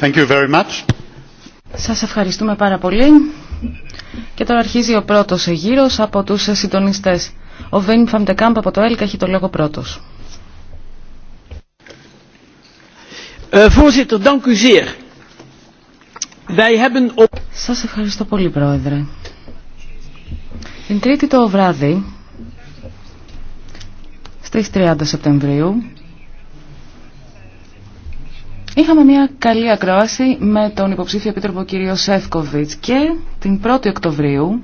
Thank Σας ευχαριστούμε πάρα πολύ. Και τώρα αρχίζει ο πρώτος γύρος από τους συντονιστές. Ο Βέιν Φαμτεκάμπ από το ΕΛΚΑ έχει το λόγο πρώτος. Ε, Σας ευχαριστώ πολύ, Πρόεδρε. Την Τρίτη το βράδυ, στις 30 Σεπτεμβρίου, Είχαμε μια καλή ακρόαση με τον υποψήφιο επίτροπο κύριο Σεύκοβιτς και την 1η Οκτωβρίου,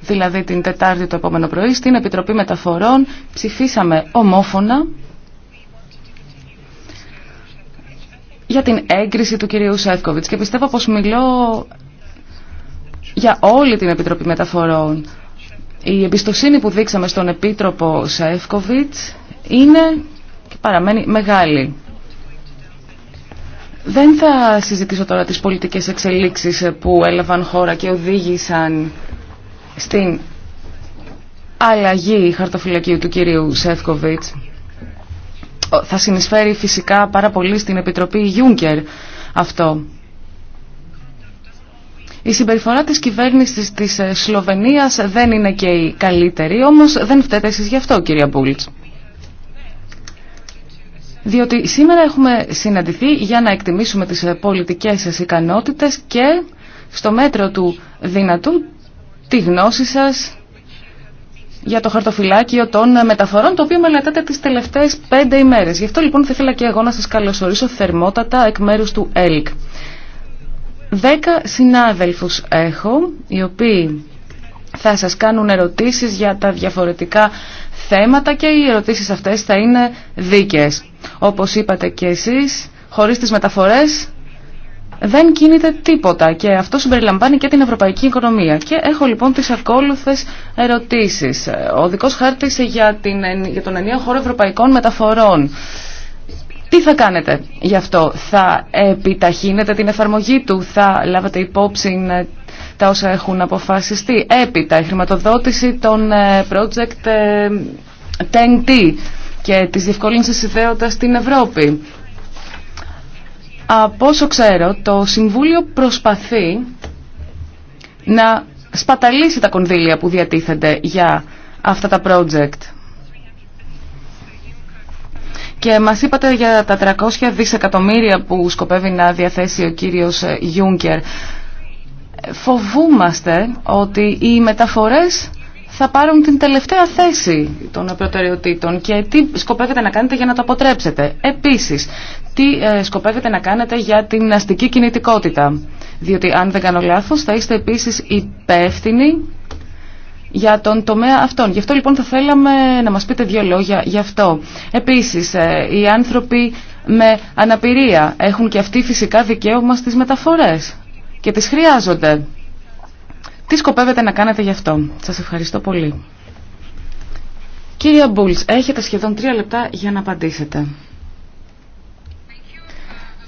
δηλαδή την Τετάρτη το επόμενο πρωί, στην Επιτροπή Μεταφορών ψηφίσαμε ομόφωνα για την έγκριση του κυρίου Σεύκοβιτς και πιστεύω πως μιλώ για όλη την Επιτροπή Μεταφορών. Η εμπιστοσύνη που δείξαμε στον Επίτροπο Σεύκοβιτς είναι παραμένει μεγάλη. Δεν θα συζητήσω τώρα τις πολιτικές εξελίξεις που έλαβαν χώρα και οδήγησαν στην αλλαγή χαρτοφυλακίου του κυρίου Σεύκοβιτς. Θα συνεισφέρει φυσικά πάρα πολύ στην Επιτροπή Γιούγκερ αυτό. Η συμπεριφορά της κυβέρνησης της ε, Σλοβενίας δεν είναι και η καλύτερη, όμως δεν φταίτε εσείς γι' αυτό κυρία Μπούλτς. Διότι σήμερα έχουμε συναντηθεί για να εκτιμήσουμε τις ε, πολιτικές σας ικανότητες και στο μέτρο του δυνατού τη γνώση σας για το χαρτοφυλάκιο των ε, μεταφορών, το οποίο μελετάτε τις τελευταίες πέντε ημέρες. Γι' αυτό λοιπόν θα ήθελα και εγώ να σας καλωσορίσω θερμότατα εκ μέρους του ΕΛΚ. Δέκα συνάδελφους έχω, οι οποίοι θα σας κάνουν ερωτήσεις για τα διαφορετικά θέματα και οι ερωτήσεις αυτές θα είναι δίκαιες. Όπως είπατε και εσείς, χωρίς τις μεταφορές δεν κινείται τίποτα και αυτό συμπεριλαμβάνει και την ευρωπαϊκή οικονομία. Και έχω λοιπόν τις ακόλουθες ερωτήσεις. Ο δικός χάρτης για, την, για τον ενίο χώρο ευρωπαϊκών μεταφορών. Τι θα κάνετε γι' αυτό, θα επιταχύνετε την εφαρμογή του, θα λάβετε υπόψη ε, τα όσα έχουν αποφασιστεί. Έπειτα, η χρηματοδότηση των ε, project 10T ε, και της διευκολύνσης ιδέωτας στην Ευρώπη. Από όσο ξέρω, το Συμβούλιο προσπαθεί να σπαταλήσει τα κονδύλια που διατίθενται για αυτά τα project. Και μας είπατε για τα 300 δισεκατομμύρια που σκοπεύει να διαθέσει ο κύριος Γιούγκερ. Φοβούμαστε ότι οι μεταφορές θα πάρουν την τελευταία θέση των προτεραιοτήτων και τι σκοπεύετε να κάνετε για να το αποτρέψετε. Επίσης, τι ε, σκοπεύετε να κάνετε για την αστική κινητικότητα. Διότι αν δεν κάνω λάθος θα είστε επίσης υπεύθυνοι για τον τομέα αυτόν. Γι' αυτό λοιπόν θα θέλαμε να μας πείτε δύο λόγια γι' αυτό. Επίσης, ε, οι άνθρωποι με αναπηρία έχουν και αυτοί φυσικά δικαίωμα στις μεταφορές και τις χρειάζονται. Τι σκοπεύετε να κάνετε γι' αυτό. Σας ευχαριστώ πολύ. Κύριε Μπούλς, έχετε σχεδόν τρία λεπτά για να απαντήσετε.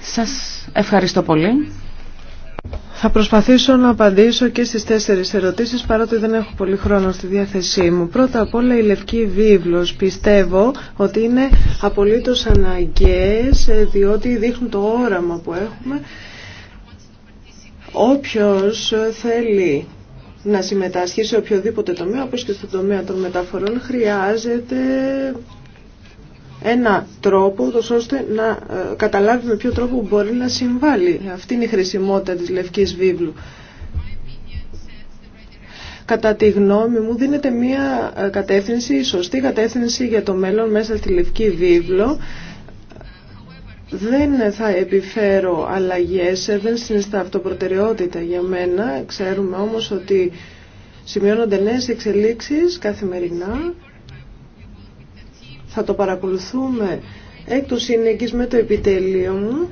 Σας ευχαριστώ πολύ. Θα προσπαθήσω να απαντήσω και στις τέσσερις ερωτήσεις παρότι δεν έχω πολύ χρόνο στη διάθεσή μου. Πρώτα απ' όλα η Λευκή Βίβλος πιστεύω ότι είναι απολύτως αναγκαίες ε, διότι δείχνουν το όραμα που έχουμε. Όποιος θέλει να συμμετάσχει σε οποιοδήποτε τομέα όπως και στο τομέα των μεταφορών χρειάζεται ένα τρόπο ώστε να ε, καταλάβει με ποιο τρόπο μπορεί να συμβάλλει. Αυτή είναι η χρησιμότητα της Λευκής Βίβλου. Κατά τη γνώμη μου δίνεται μια ε, κατεύθυνση, σωστή κατεύθυνση για το μέλλον μέσα στη Λευκή Βίβλο. Δεν θα επιφέρω αλλαγές, ε, δεν συνιστά αυτοπροτεραιότητα για μένα. Ξέρουμε όμως ότι σημειώνονται νέες εξελίξεις καθημερινά θα το παρακολουθούμε εκ του συνεγγύς με το επιτέλειο μου.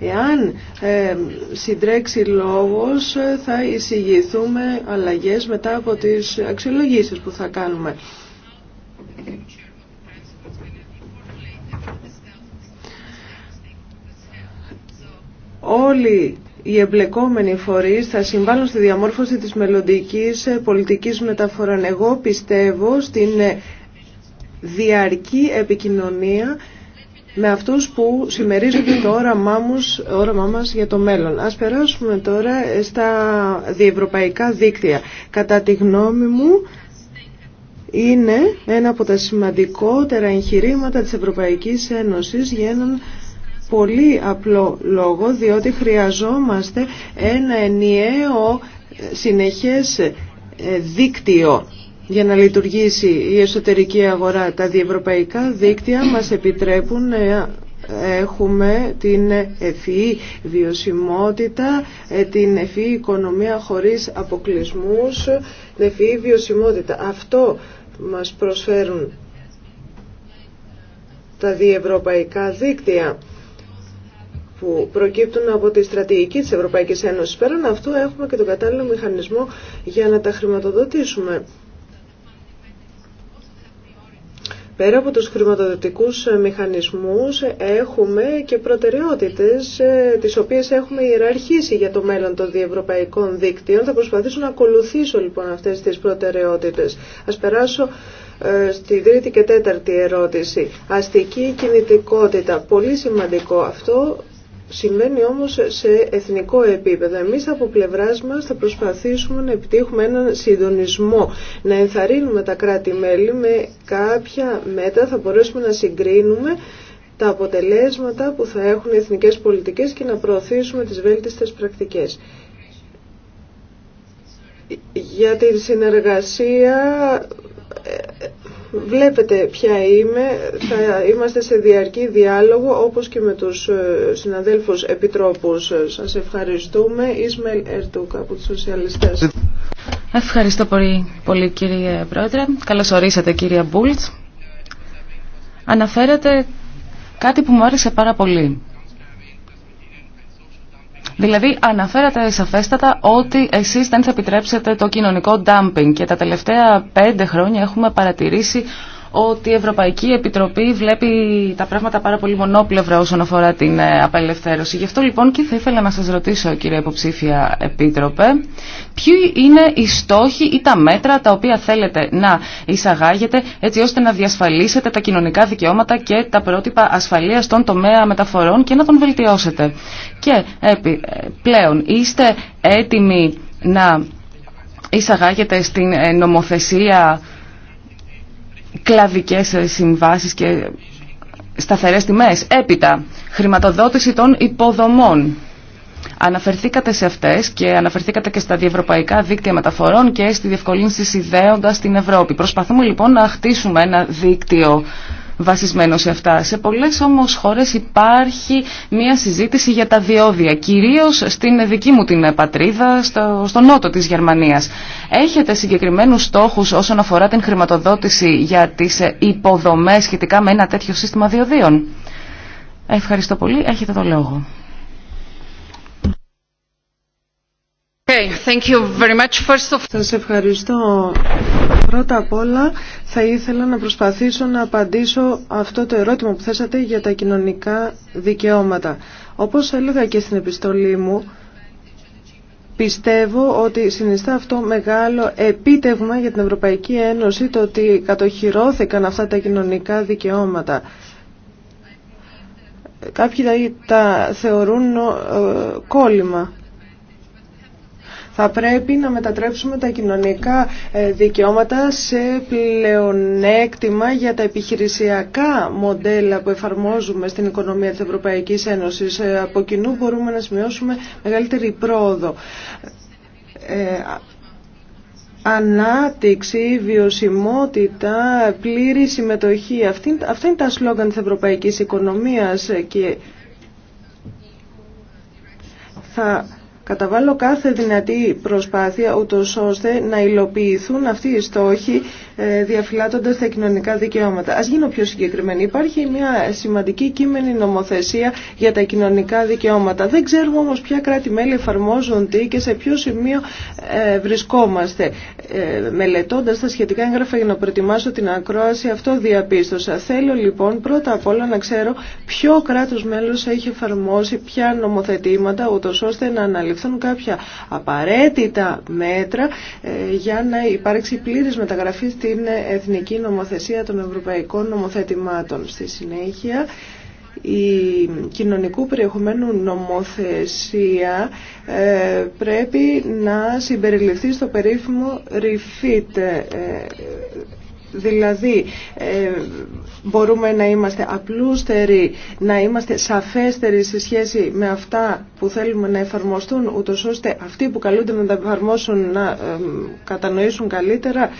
Εάν ε, συντρέξει λόγος ε, θα εισηγηθούμε αλλαγές μετά από τις αξιολογήσεις που θα κάνουμε. Όλοι οι εμπλεκόμενοι φορείς θα συμβάλλουν στη διαμόρφωση της μελλοντικής πολιτικής μεταφοράς. Εγώ πιστεύω στην διαρκή επικοινωνία με αυτούς που συμμερίζονται το όραμά, μας, όραμά μας για το μέλλον. Ας περάσουμε τώρα στα διευρωπαϊκά δίκτυα. Κατά τη γνώμη μου είναι ένα από τα σημαντικότερα εγχειρήματα της Ευρωπαϊκής Ένωσης για έναν πολύ απλό λόγο, διότι χρειαζόμαστε ένα ενιαίο συνεχές ε, δίκτυο για να λειτουργήσει η εσωτερική αγορά. Τα διευρωπαϊκά δίκτυα μας επιτρέπουν να έχουμε την ευφυή βιωσιμότητα, ε, την ευφυή οικονομία χωρίς αποκλεισμούς, την ευφυή βιωσιμότητα. Αυτό μας προσφέρουν τα διευρωπαϊκά δίκτυα που προκύπτουν από τη στρατηγική της Ευρωπαϊκής Ένωσης. Πέραν αυτού έχουμε και τον κατάλληλο μηχανισμό για να τα χρηματοδοτήσουμε. Πέρα από τους χρηματοδοτικούς μηχανισμούς έχουμε και προτεραιότητες ε, τις οποίες έχουμε ιεραρχήσει για το μέλλον των διευρωπαϊκών δίκτυων. Θα προσπαθήσω να ακολουθήσω λοιπόν αυτές τις προτεραιότητες. Ας περάσω ε, στη τρίτη και τέταρτη ερώτηση. Αστική κινητικότητα. Πολύ σημαντικό αυτό Συμβαίνει όμως σε εθνικό επίπεδο. Εμείς από πλευράς μας θα προσπαθήσουμε να επιτύχουμε έναν συντονισμό, να ενθαρρύνουμε τα κράτη-μέλη με κάποια μέτρα, θα μπορέσουμε να συγκρίνουμε τα αποτελέσματα που θα έχουν οι εθνικές πολιτικές και να προωθήσουμε τις βέλτιστες πρακτικές. Για τη συνεργασία Βλέπετε ποια είμαι, θα είμαστε σε διαρκή διάλογο όπως και με τους ε, συναδέλφους επιτρόπους. Σας ευχαριστούμε. Ισμελ Ερτούκ από τους Σοσιαλιστές. Ευχαριστώ πολύ, κύριε Πρόεδρε. Καλώς ορίσατε κύριε Μπούλτς. Αναφέρατε κάτι που μου άρεσε πάρα πολύ. Δηλαδή αναφέρατε σαφέστατα ότι εσείς δεν θα επιτρέψετε το κοινωνικό dumping και τα τελευταία πέντε χρόνια έχουμε παρατηρήσει ότι η Ευρωπαϊκή Επιτροπή βλέπει τα πράγματα πάρα πολύ μονόπλευρα όσον αφορά την ε, απελευθέρωση. Γι' αυτό λοιπόν και θα ήθελα να σας ρωτήσω κύριε υποψήφια Επίτροπε, ποιοι είναι οι στόχοι ή τα μέτρα τα οποία θέλετε να εισαγάγετε έτσι ώστε να διασφαλίσετε τα κοινωνικά δικαιώματα και τα πρότυπα ασφαλείας στον τομέα μεταφορών και να τον βελτιώσετε. Και επί, ε, πλέον είστε έτοιμοι να εισαγάγετε στην ε, νομοθεσία κλαδικές συμβάσεις και σταθερές τιμές. Έπειτα, χρηματοδότηση των υποδομών. Αναφερθήκατε σε αυτές και αναφερθήκατε και στα διευρωπαϊκά δίκτυα μεταφορών και στη διευκολύνση συνδέοντας την Ευρώπη. Προσπαθούμε λοιπόν να χτίσουμε ένα δίκτυο βασισμένο σε αυτά. Σε πολλές όμω χώρες υπάρχει μια συζήτηση για τα διόδια, Κυρίω στην δική μου την πατρίδα, στο, νότο της Γερμανίας. Έχετε συγκεκριμένους στόχου όσον αφορά την χρηματοδότηση για τις υποδομές σχετικά με ένα τέτοιο σύστημα διοδίων. Ευχαριστώ πολύ. Έχετε το λόγο. Okay, Σας ευχαριστώ. Πρώτα απ' όλα θα ήθελα να προσπαθήσω να απαντήσω αυτό το ερώτημα που θέσατε για τα κοινωνικά δικαιώματα. Όπως έλεγα και στην επιστολή μου, Πιστεύω ότι συνιστά αυτό μεγάλο επίτευγμα για την Ευρωπαϊκή Ένωση το ότι κατοχυρώθηκαν αυτά τα κοινωνικά δικαιώματα. Κάποιοι τα θεωρούν ε, κόλλημα. Θα πρέπει να μετατρέψουμε τα κοινωνικά ε, δικαιώματα σε πλεονέκτημα για τα επιχειρησιακά μοντέλα που εφαρμόζουμε στην οικονομία της Ευρωπαϊκής Ένωσης. Ε, από κοινού μπορούμε να σημειώσουμε μεγαλύτερη πρόοδο ε, ανάπτυξη, βιωσιμότητα, πλήρη συμμετοχή. Αυτή, αυτά είναι τα σλόγγαν της ευρωπαϊκής οικονομίας και καταβάλω κάθε δυνατή προσπάθεια ούτως ώστε να υλοποιηθούν αυτοί οι στόχοι ε, διαφυλάτοντας τα κοινωνικά δικαιώματα. Ας γίνω πιο συγκεκριμένη. Υπάρχει μια σημαντική κείμενη νομοθεσία για τα κοινωνικά δικαιώματα. Δεν ξέρουμε όμως ποια κράτη-μέλη εφαρμόζουν τι και σε ποιο σημείο ε, βρισκόμαστε. Ε, μελετώντας τα σχετικά έγγραφα για να προετοιμάσω την ακρόαση, αυτό διαπίστωσα. Θέλω λοιπόν πρώτα απ' όλα να ξέρω ποιο κράτος μέλος έχει εφαρμόσει ποια νομοθετήματα, ούτω ώστε να αναλυφθούν κάποια απαραίτητα μέτρα για να υπάρξει πλήρης μεταγραφή στην εθνική νομοθεσία των ευρωπαϊκών νομοθετημάτων. Στη συνέχεια, η κοινωνικού περιεχομένου νομοθεσία ε, πρέπει να συμπεριληφθεί στο περίφημο refit. Ε, δηλαδή, ε, μπορούμε να είμαστε απλούστεροι, να είμαστε σαφέστεροι σε σχέση με αυτά που θέλουμε να εφαρμοστούν, ούτως ώστε αυτοί που καλούνται να τα εφαρμόσουν να κατανοήσουν καλύτερα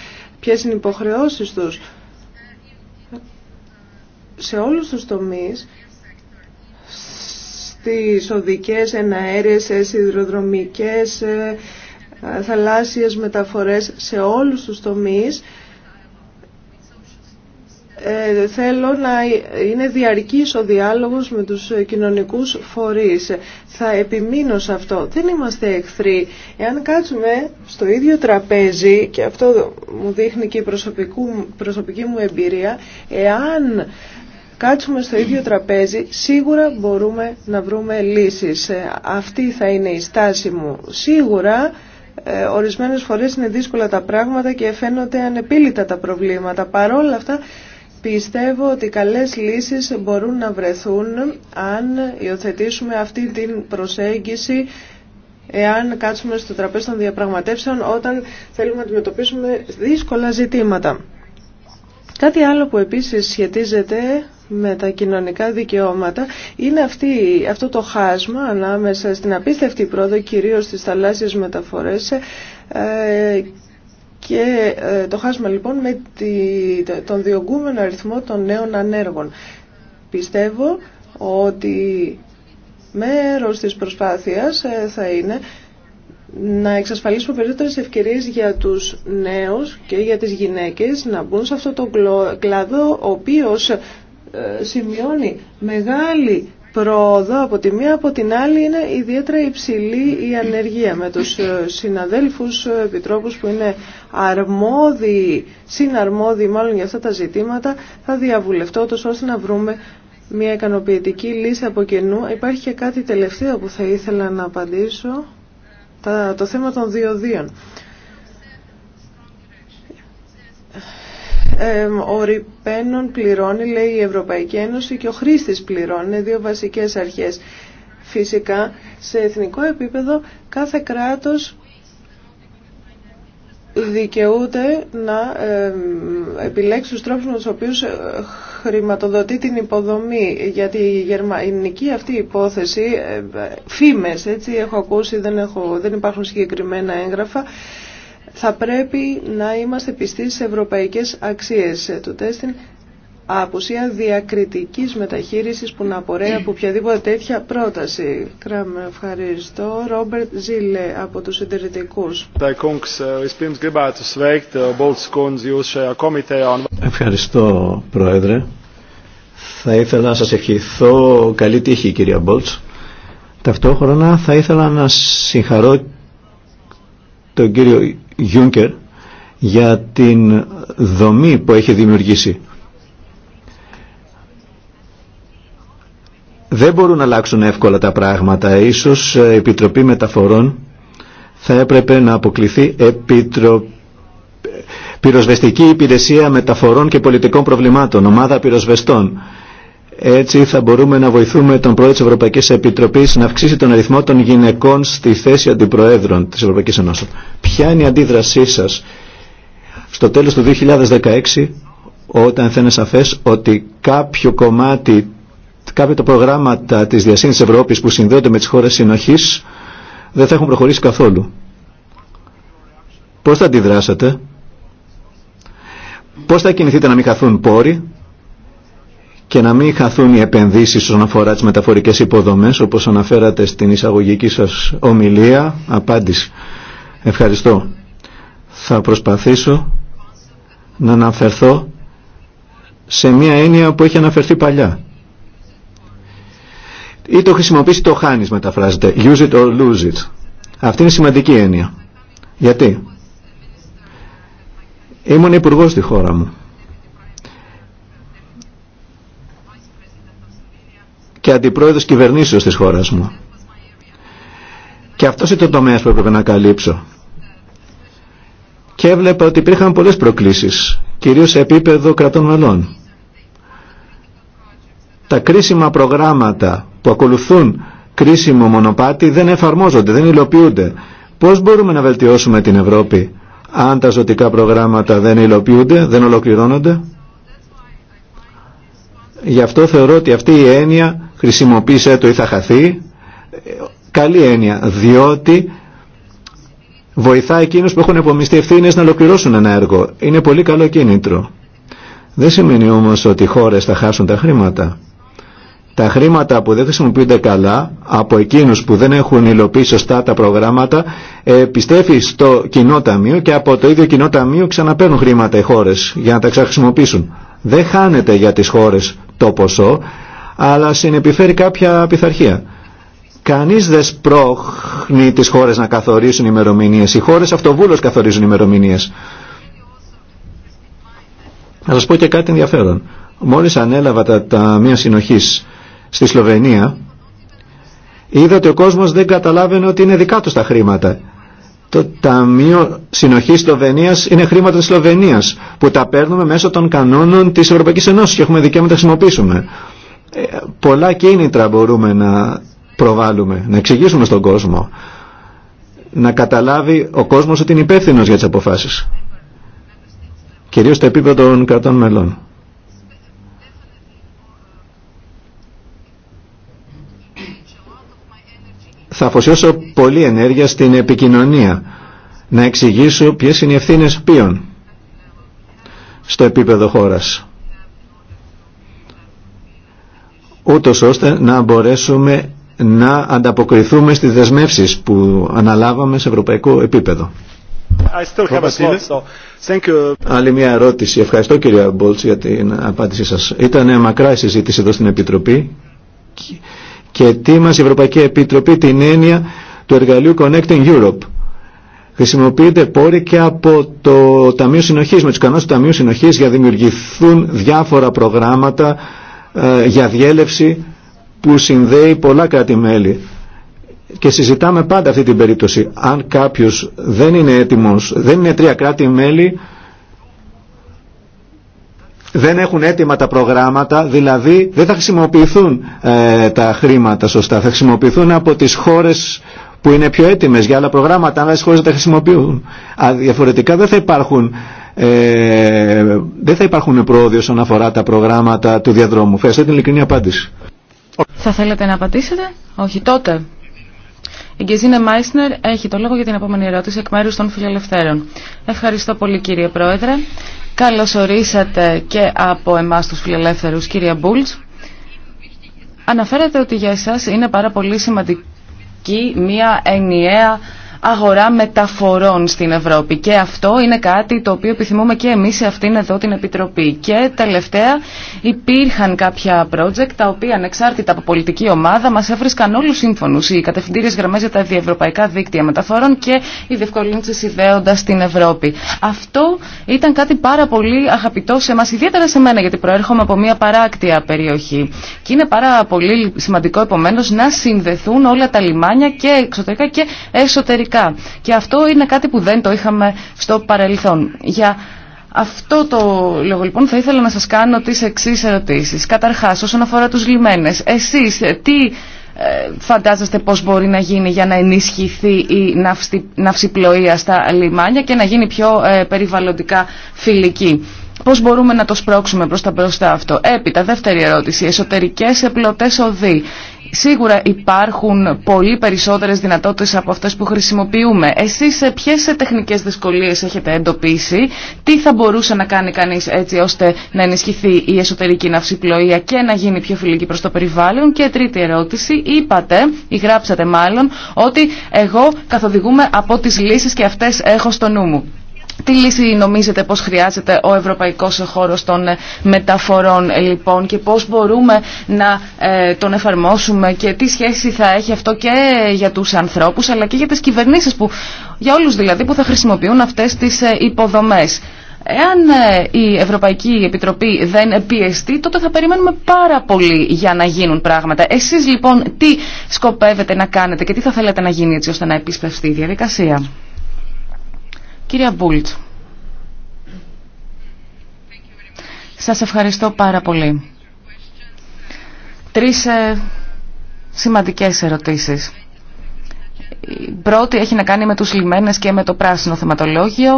ποιες είναι οι υποχρεώσεις τους. Σε όλους τους τομείς, στις οδικές, εναέρειες, σιδηροδρομικές, ε, ε, θαλάσσιες μεταφορές, σε όλους τους τομείς, ε, θέλω να είναι διαρκής ο διάλογος με τους κοινωνικούς φορείς. Θα επιμείνω σε αυτό. Δεν είμαστε εχθροί. Εάν κάτσουμε στο ίδιο τραπέζι, και αυτό μου δείχνει και η προσωπική μου εμπειρία, εάν κάτσουμε στο ίδιο τραπέζι, σίγουρα μπορούμε να βρούμε λύσεις. Ε, αυτή θα είναι η στάση μου. Σίγουρα ε, ορισμένες φορές είναι δύσκολα τα πράγματα και φαίνονται ανεπίλητα τα προβλήματα. Παρόλα αυτά Πιστεύω ότι καλές λύσεις μπορούν να βρεθούν αν υιοθετήσουμε αυτή την προσέγγιση εάν κάτσουμε στο τραπέζι των διαπραγματεύσεων όταν θέλουμε να αντιμετωπίσουμε δύσκολα ζητήματα. Κάτι άλλο που επίσης σχετίζεται με τα κοινωνικά δικαιώματα είναι αυτή, αυτό το χάσμα ανάμεσα στην απίστευτη πρόοδο κυρίως στις θαλάσσιες μεταφορές ε, και ε, το χάσμα λοιπόν με τον διωγγούμενο αριθμό των νέων ανέργων. Πιστεύω ότι μέρος της προσπάθειας ε, θα είναι να εξασφαλίσουμε περισσότερες ευκαιρίες για τους νέους και για τις γυναίκες να μπουν σε αυτό το κλάδο ο οποίος ε, σημειώνει μεγάλη πρόοδο από τη μία, από την άλλη είναι ιδιαίτερα υψηλή η ανεργία με τους ε, συναδέλφους ε, επιτρόπους που είναι αρμόδιοι, συναρμόδιοι μάλλον για αυτά τα ζητήματα, θα διαβουλευτώ τόσο ώστε να βρούμε μια ικανοποιητική λύση από κενού. Υπάρχει και κάτι τελευταίο που θα ήθελα να απαντήσω, το θέμα των διοδίων. ο ρηπαίνων πληρώνει, λέει η Ευρωπαϊκή Ένωση, και ο χρήστης πληρώνει. Είναι δύο βασικές αρχές. Φυσικά, σε εθνικό επίπεδο, κάθε κράτος δικαιούται να επιλέξει τους τρόπους με τους οποίους ε, χρηματοδοτεί την υποδομή. Γιατί η γερμανική αυτή υπόθεση, ε, ε, φήμες, έτσι έχω ακούσει, δεν, έχω, δεν υπάρχουν συγκεκριμένα έγγραφα, θα πρέπει να είμαστε πιστοί στις ευρωπαϊκές αξίες. του τέστην απουσία διακριτικής μεταχείρισης που να απορρέει από οποιαδήποτε τέτοια πρόταση. Κράμε, ευχαριστώ. Ρόμπερτ Ζήλε από τους συντηρητικούς. Ευχαριστώ, Πρόεδρε. Θα ήθελα να σας ευχηθώ καλή τύχη, κυρία Μπόλτς. Ταυτόχρονα θα ήθελα να συγχαρώ τον κύριο γιούνκερ για την δομή που έχει δημιουργήσει. Δεν μπορούν να αλλάξουν εύκολα τα πράγματα. Ίσως ε, η Επιτροπή Μεταφορών θα έπρεπε να αποκληθεί επιτρο... πυροσβεστική υπηρεσία μεταφορών και πολιτικών προβλημάτων, ομάδα πυροσβεστών. Έτσι θα μπορούμε να βοηθούμε τον πρόεδρο της Ευρωπαϊκής Επιτροπής να αυξήσει τον αριθμό των γυναικών στη θέση αντιπροέδρων της Ευρωπαϊκής Ενώσης. Ποια είναι η αντίδρασή σας στο τέλος του 2016 όταν θα είναι σαφές ότι κάποιο κομμάτι, κάποια τα προγράμματα της διασύνης της Ευρώπης που συνδέονται με τις χώρες συνοχής δεν θα έχουν προχωρήσει καθόλου. Πώς θα αντιδράσετε, πώς θα κινηθείτε να μην χαθούν πόροι, και να μην χαθούν οι επενδύσεις όσον αφορά τις μεταφορικές υποδομές όπως αναφέρατε στην εισαγωγική σας ομιλία απάντηση ευχαριστώ θα προσπαθήσω να αναφερθώ σε μια έννοια που έχει αναφερθεί παλιά ή το χρησιμοποιήσει το χάνεις μεταφράζεται use it or lose it αυτή είναι σημαντική έννοια γιατί ήμουν υπουργό στη χώρα μου και αντιπρόεδρος κυβερνήσεως της χώρας μου. Και αυτός ήταν το τομέας που έπρεπε να καλύψω. Και έβλεπα ότι υπήρχαν πολλές προκλήσεις, κυρίως σε επίπεδο κρατών μελών. Τα κρίσιμα προγράμματα που ακολουθούν κρίσιμο μονοπάτι δεν εφαρμόζονται, δεν υλοποιούνται. Πώς μπορούμε να βελτιώσουμε την Ευρώπη αν τα ζωτικά προγράμματα δεν υλοποιούνται, δεν ολοκληρώνονται. Γι' αυτό θεωρώ ότι αυτή η έννοια χρησιμοποίησέ το ή θα χαθεί, καλή έννοια, διότι βοηθά εκείνους που έχουν επομιστεί ευθύνες να ολοκληρώσουν ένα έργο. Είναι πολύ καλό κίνητρο. Δεν σημαίνει όμως ότι οι χώρες θα χάσουν τα χρήματα. Τα χρήματα που δεν χρησιμοποιούνται καλά από εκείνους που δεν έχουν υλοποιήσει σωστά τα προγράμματα ε, επιστρέφει στο κοινό ταμείο και από το ίδιο κοινό ταμείο ξαναπαίρνουν χρήματα οι χώρες για να τα ξαχρησιμοποιήσουν. Δεν χάνεται για τις χώρες το ποσό, αλλά συνεπιφέρει κάποια πειθαρχία. Κανείς δεν σπρώχνει τις χώρες να καθορίσουν ημερομηνίες. Οι χώρες αυτοβούλως καθορίζουν ημερομηνίες. Να σας πω και κάτι ενδιαφέρον. Μόλις ανέλαβα τα ταμεία συνοχής στη Σλοβενία, είδα ότι ο κόσμος δεν καταλάβαινε ότι είναι δικά του τα χρήματα. Το Ταμείο Συνοχή Σλοβενία είναι χρήματα τη Σλοβενία που τα παίρνουμε μέσω των κανόνων τη Ευρωπαϊκή Ενώση και έχουμε δικαίωμα να τα χρησιμοποιήσουμε. Ε, πολλά κίνητρα μπορούμε να προβάλλουμε, να εξηγήσουμε στον κόσμο, να καταλάβει ο κόσμος ότι είναι υπεύθυνο για τις αποφάσεις. Κυρίως στο επίπεδο των κρατών μελών. Θα αφοσιώσω πολλή ενέργεια στην επικοινωνία, να εξηγήσω ποιες είναι οι ευθύνες ποιων στο επίπεδο χώρας ούτως ώστε να μπορέσουμε να ανταποκριθούμε στις δεσμεύσεις που αναλάβαμε σε ευρωπαϊκό επίπεδο. Άλλη μια ερώτηση. Ευχαριστώ κύριε Μπόλτς για την απάντησή σας. Ήταν μακρά η συζήτηση εδώ στην Επιτροπή και τι μας η Ευρωπαϊκή Επιτροπή την έννοια του εργαλείου Connecting Europe. Χρησιμοποιείται πόρη και από το Ταμείο Συνοχής, με τους κανόνες του Ταμείου Συνοχής για να δημιουργηθούν διάφορα προγράμματα ε, για διέλευση που συνδέει πολλά κράτη-μέλη. Και συζητάμε πάντα αυτή την περίπτωση. Αν κάποιος δεν είναι έτοιμος, δεν είναι τρία κράτη-μέλη, δεν έχουν έτοιμα τα προγράμματα, δηλαδή δεν θα χρησιμοποιηθούν ε, τα χρήματα σωστά. Θα χρησιμοποιηθούν από τις χώρες που είναι πιο έτοιμες για άλλα προγράμματα, αλλά τις δεν τα χρησιμοποιούν. Α, διαφορετικά δεν θα υπάρχουν ε, δεν θα υπάρχουν πρόοδοι όσον αφορά τα προγράμματα του διαδρόμου. Φέρετε την ειλικρινή απάντηση. Θα θέλετε να απαντήσετε? Όχι τότε. Η Γκεζίνε Μάισνερ έχει το λόγο για την επόμενη ερώτηση εκ μέρους των φιλελευθέρων. Ευχαριστώ πολύ κύριε Πρόεδρε. Καλώς ορίσατε και από εμάς τους φιλελεύθερους κύριε Μπούλτς. Αναφέρατε ότι για εσάς είναι πάρα πολύ σημαντική μια ενιαία αγορά μεταφορών στην Ευρώπη και αυτό είναι κάτι το οποίο επιθυμούμε και εμείς σε αυτήν εδώ την Επιτροπή. Και τελευταία υπήρχαν κάποια project τα οποία ανεξάρτητα από πολιτική ομάδα μας έβρισκαν όλους σύμφωνους οι κατευθυντήριες γραμμές για τα διευρωπαϊκά δίκτυα μεταφορών και οι διευκολύνσει ιδέοντα στην Ευρώπη. Αυτό ήταν κάτι πάρα πολύ αγαπητό σε εμάς, ιδιαίτερα σε μένα γιατί προέρχομαι από μια παράκτια περιοχή και είναι πάρα πολύ σημαντικό επομένω να συνδεθούν όλα τα λιμάνια και εξωτερικά και εσωτερικά και αυτό είναι κάτι που δεν το είχαμε στο παρελθόν. Για αυτό το λόγο λοιπόν θα ήθελα να σας κάνω τις εξής ερωτήσεις. Καταρχάς όσον αφορά τους λιμένες, εσείς τι ε, φαντάζεστε πώς μπορεί να γίνει για να ενισχυθεί η ναυσιπλοεία στα λιμάνια και να γίνει πιο ε, περιβαλλοντικά φιλική. Πώς μπορούμε να το σπρώξουμε προς τα μπροστά αυτό. Έπειτα, δεύτερη ερώτηση, εσωτερικές επλωτές οδοί. Σίγουρα υπάρχουν πολύ περισσότερες δυνατότητες από αυτές που χρησιμοποιούμε. Εσείς ποιες τεχνικές δυσκολίες έχετε εντοπίσει, τι θα μπορούσε να κάνει κανείς έτσι ώστε να ενισχυθεί η εσωτερική ναυσιπλοεία και να γίνει πιο φιλική προς το περιβάλλον. Και τρίτη ερώτηση, είπατε ή γράψατε μάλλον ότι εγώ καθοδηγούμε από τις λύσεις και αυτές έχω στο νου μου. Τι λύση νομίζετε πώς χρειάζεται ο ευρωπαϊκός χώρος των ε, μεταφορών ε, λοιπόν και πώς μπορούμε να ε, τον εφαρμόσουμε και τι σχέση θα έχει αυτό και για τους ανθρώπους αλλά και για τις κυβερνήσεις που, για όλους δηλαδή που θα χρησιμοποιούν αυτές τις υποδομές. Εάν η Ευρωπαϊκή Επιτροπή δεν πιεστεί, τότε θα περιμένουμε πάρα πολύ για να γίνουν πράγματα. Εσείς λοιπόν τι σκοπεύετε να κάνετε και τι θα θέλετε να γίνει έτσι ώστε να επισπευστεί η διαδικασία. Κυρία Μπούλτ, σας ευχαριστώ πάρα πολύ. Τρεις ε, σημαντικές ερωτήσεις. Η πρώτη έχει να κάνει με τους λιμένες και με το πράσινο θεματολόγιο.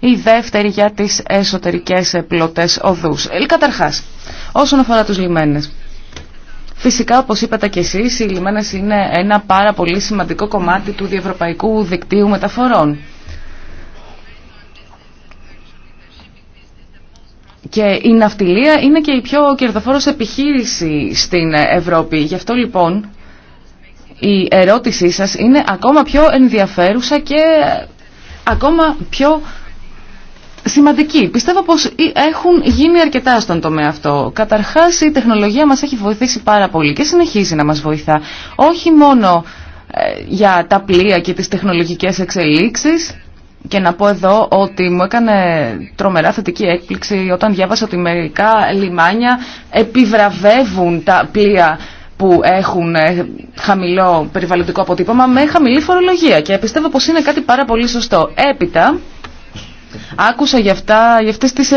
Η δεύτερη για τις εσωτερικές πλωτές οδούς. Ε, καταρχάς, όσον αφορά τους λιμένες. Φυσικά, όπως είπατε και εσείς, οι λιμένες είναι ένα πάρα πολύ σημαντικό κομμάτι του διευρωπαϊκού δικτύου μεταφορών. Και η ναυτιλία είναι και η πιο κερδοφόρος επιχείρηση στην Ευρώπη. Γι' αυτό λοιπόν η ερώτησή σας είναι ακόμα πιο ενδιαφέρουσα και ακόμα πιο σημαντική. Πιστεύω πως έχουν γίνει αρκετά στον τομέα αυτό. Καταρχάς η τεχνολογία μας έχει βοηθήσει πάρα πολύ και συνεχίζει να μας βοηθά. Όχι μόνο ε, για τα πλοία και τις τεχνολογικές εξελίξεις, και να πω εδώ ότι μου έκανε τρομερά θετική έκπληξη όταν διάβασα ότι μερικά λιμάνια επιβραβεύουν τα πλοία που έχουν ε, χαμηλό περιβαλλοντικό αποτύπωμα με χαμηλή φορολογία και πιστεύω πως είναι κάτι πάρα πολύ σωστό. Έπειτα άκουσα για, αυτά, για αυτές τις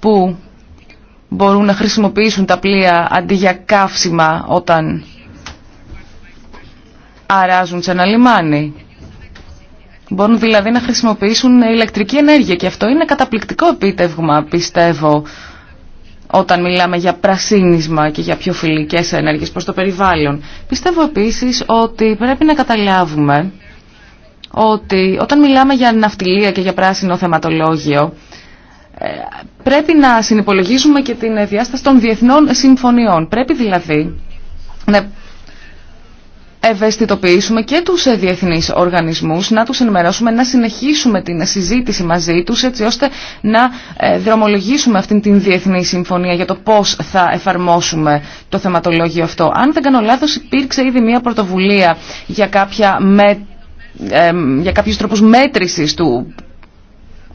που μπορούν να χρησιμοποιήσουν τα πλοία αντί για καύσιμα όταν αράζουν σε ένα λιμάνι. Μπορούν δηλαδή να χρησιμοποιήσουν ηλεκτρική ενέργεια και αυτό είναι καταπληκτικό επίτευγμα πιστεύω όταν μιλάμε για πρασίνισμα και για πιο φιλικές ενέργειες προς το περιβάλλον. Πιστεύω επίσης ότι πρέπει να καταλάβουμε ότι όταν μιλάμε για ναυτιλία και για πράσινο θεματολόγιο ε, πρέπει να συνυπολογίζουμε και την διάσταση των διεθνών συμφωνιών. Πρέπει δηλαδή να ευαισθητοποιήσουμε και τους ε, διεθνείς οργανισμούς, να τους ενημερώσουμε, να συνεχίσουμε την συζήτηση μαζί τους έτσι ώστε να ε, δρομολογήσουμε αυτήν την διεθνή συμφωνία για το πώς θα εφαρμόσουμε το θεματολόγιο αυτό. Αν δεν κάνω λάθος υπήρξε ήδη μια πρωτοβουλία για, κάποια με, ε, για κάποιους τρόπους μέτρησης του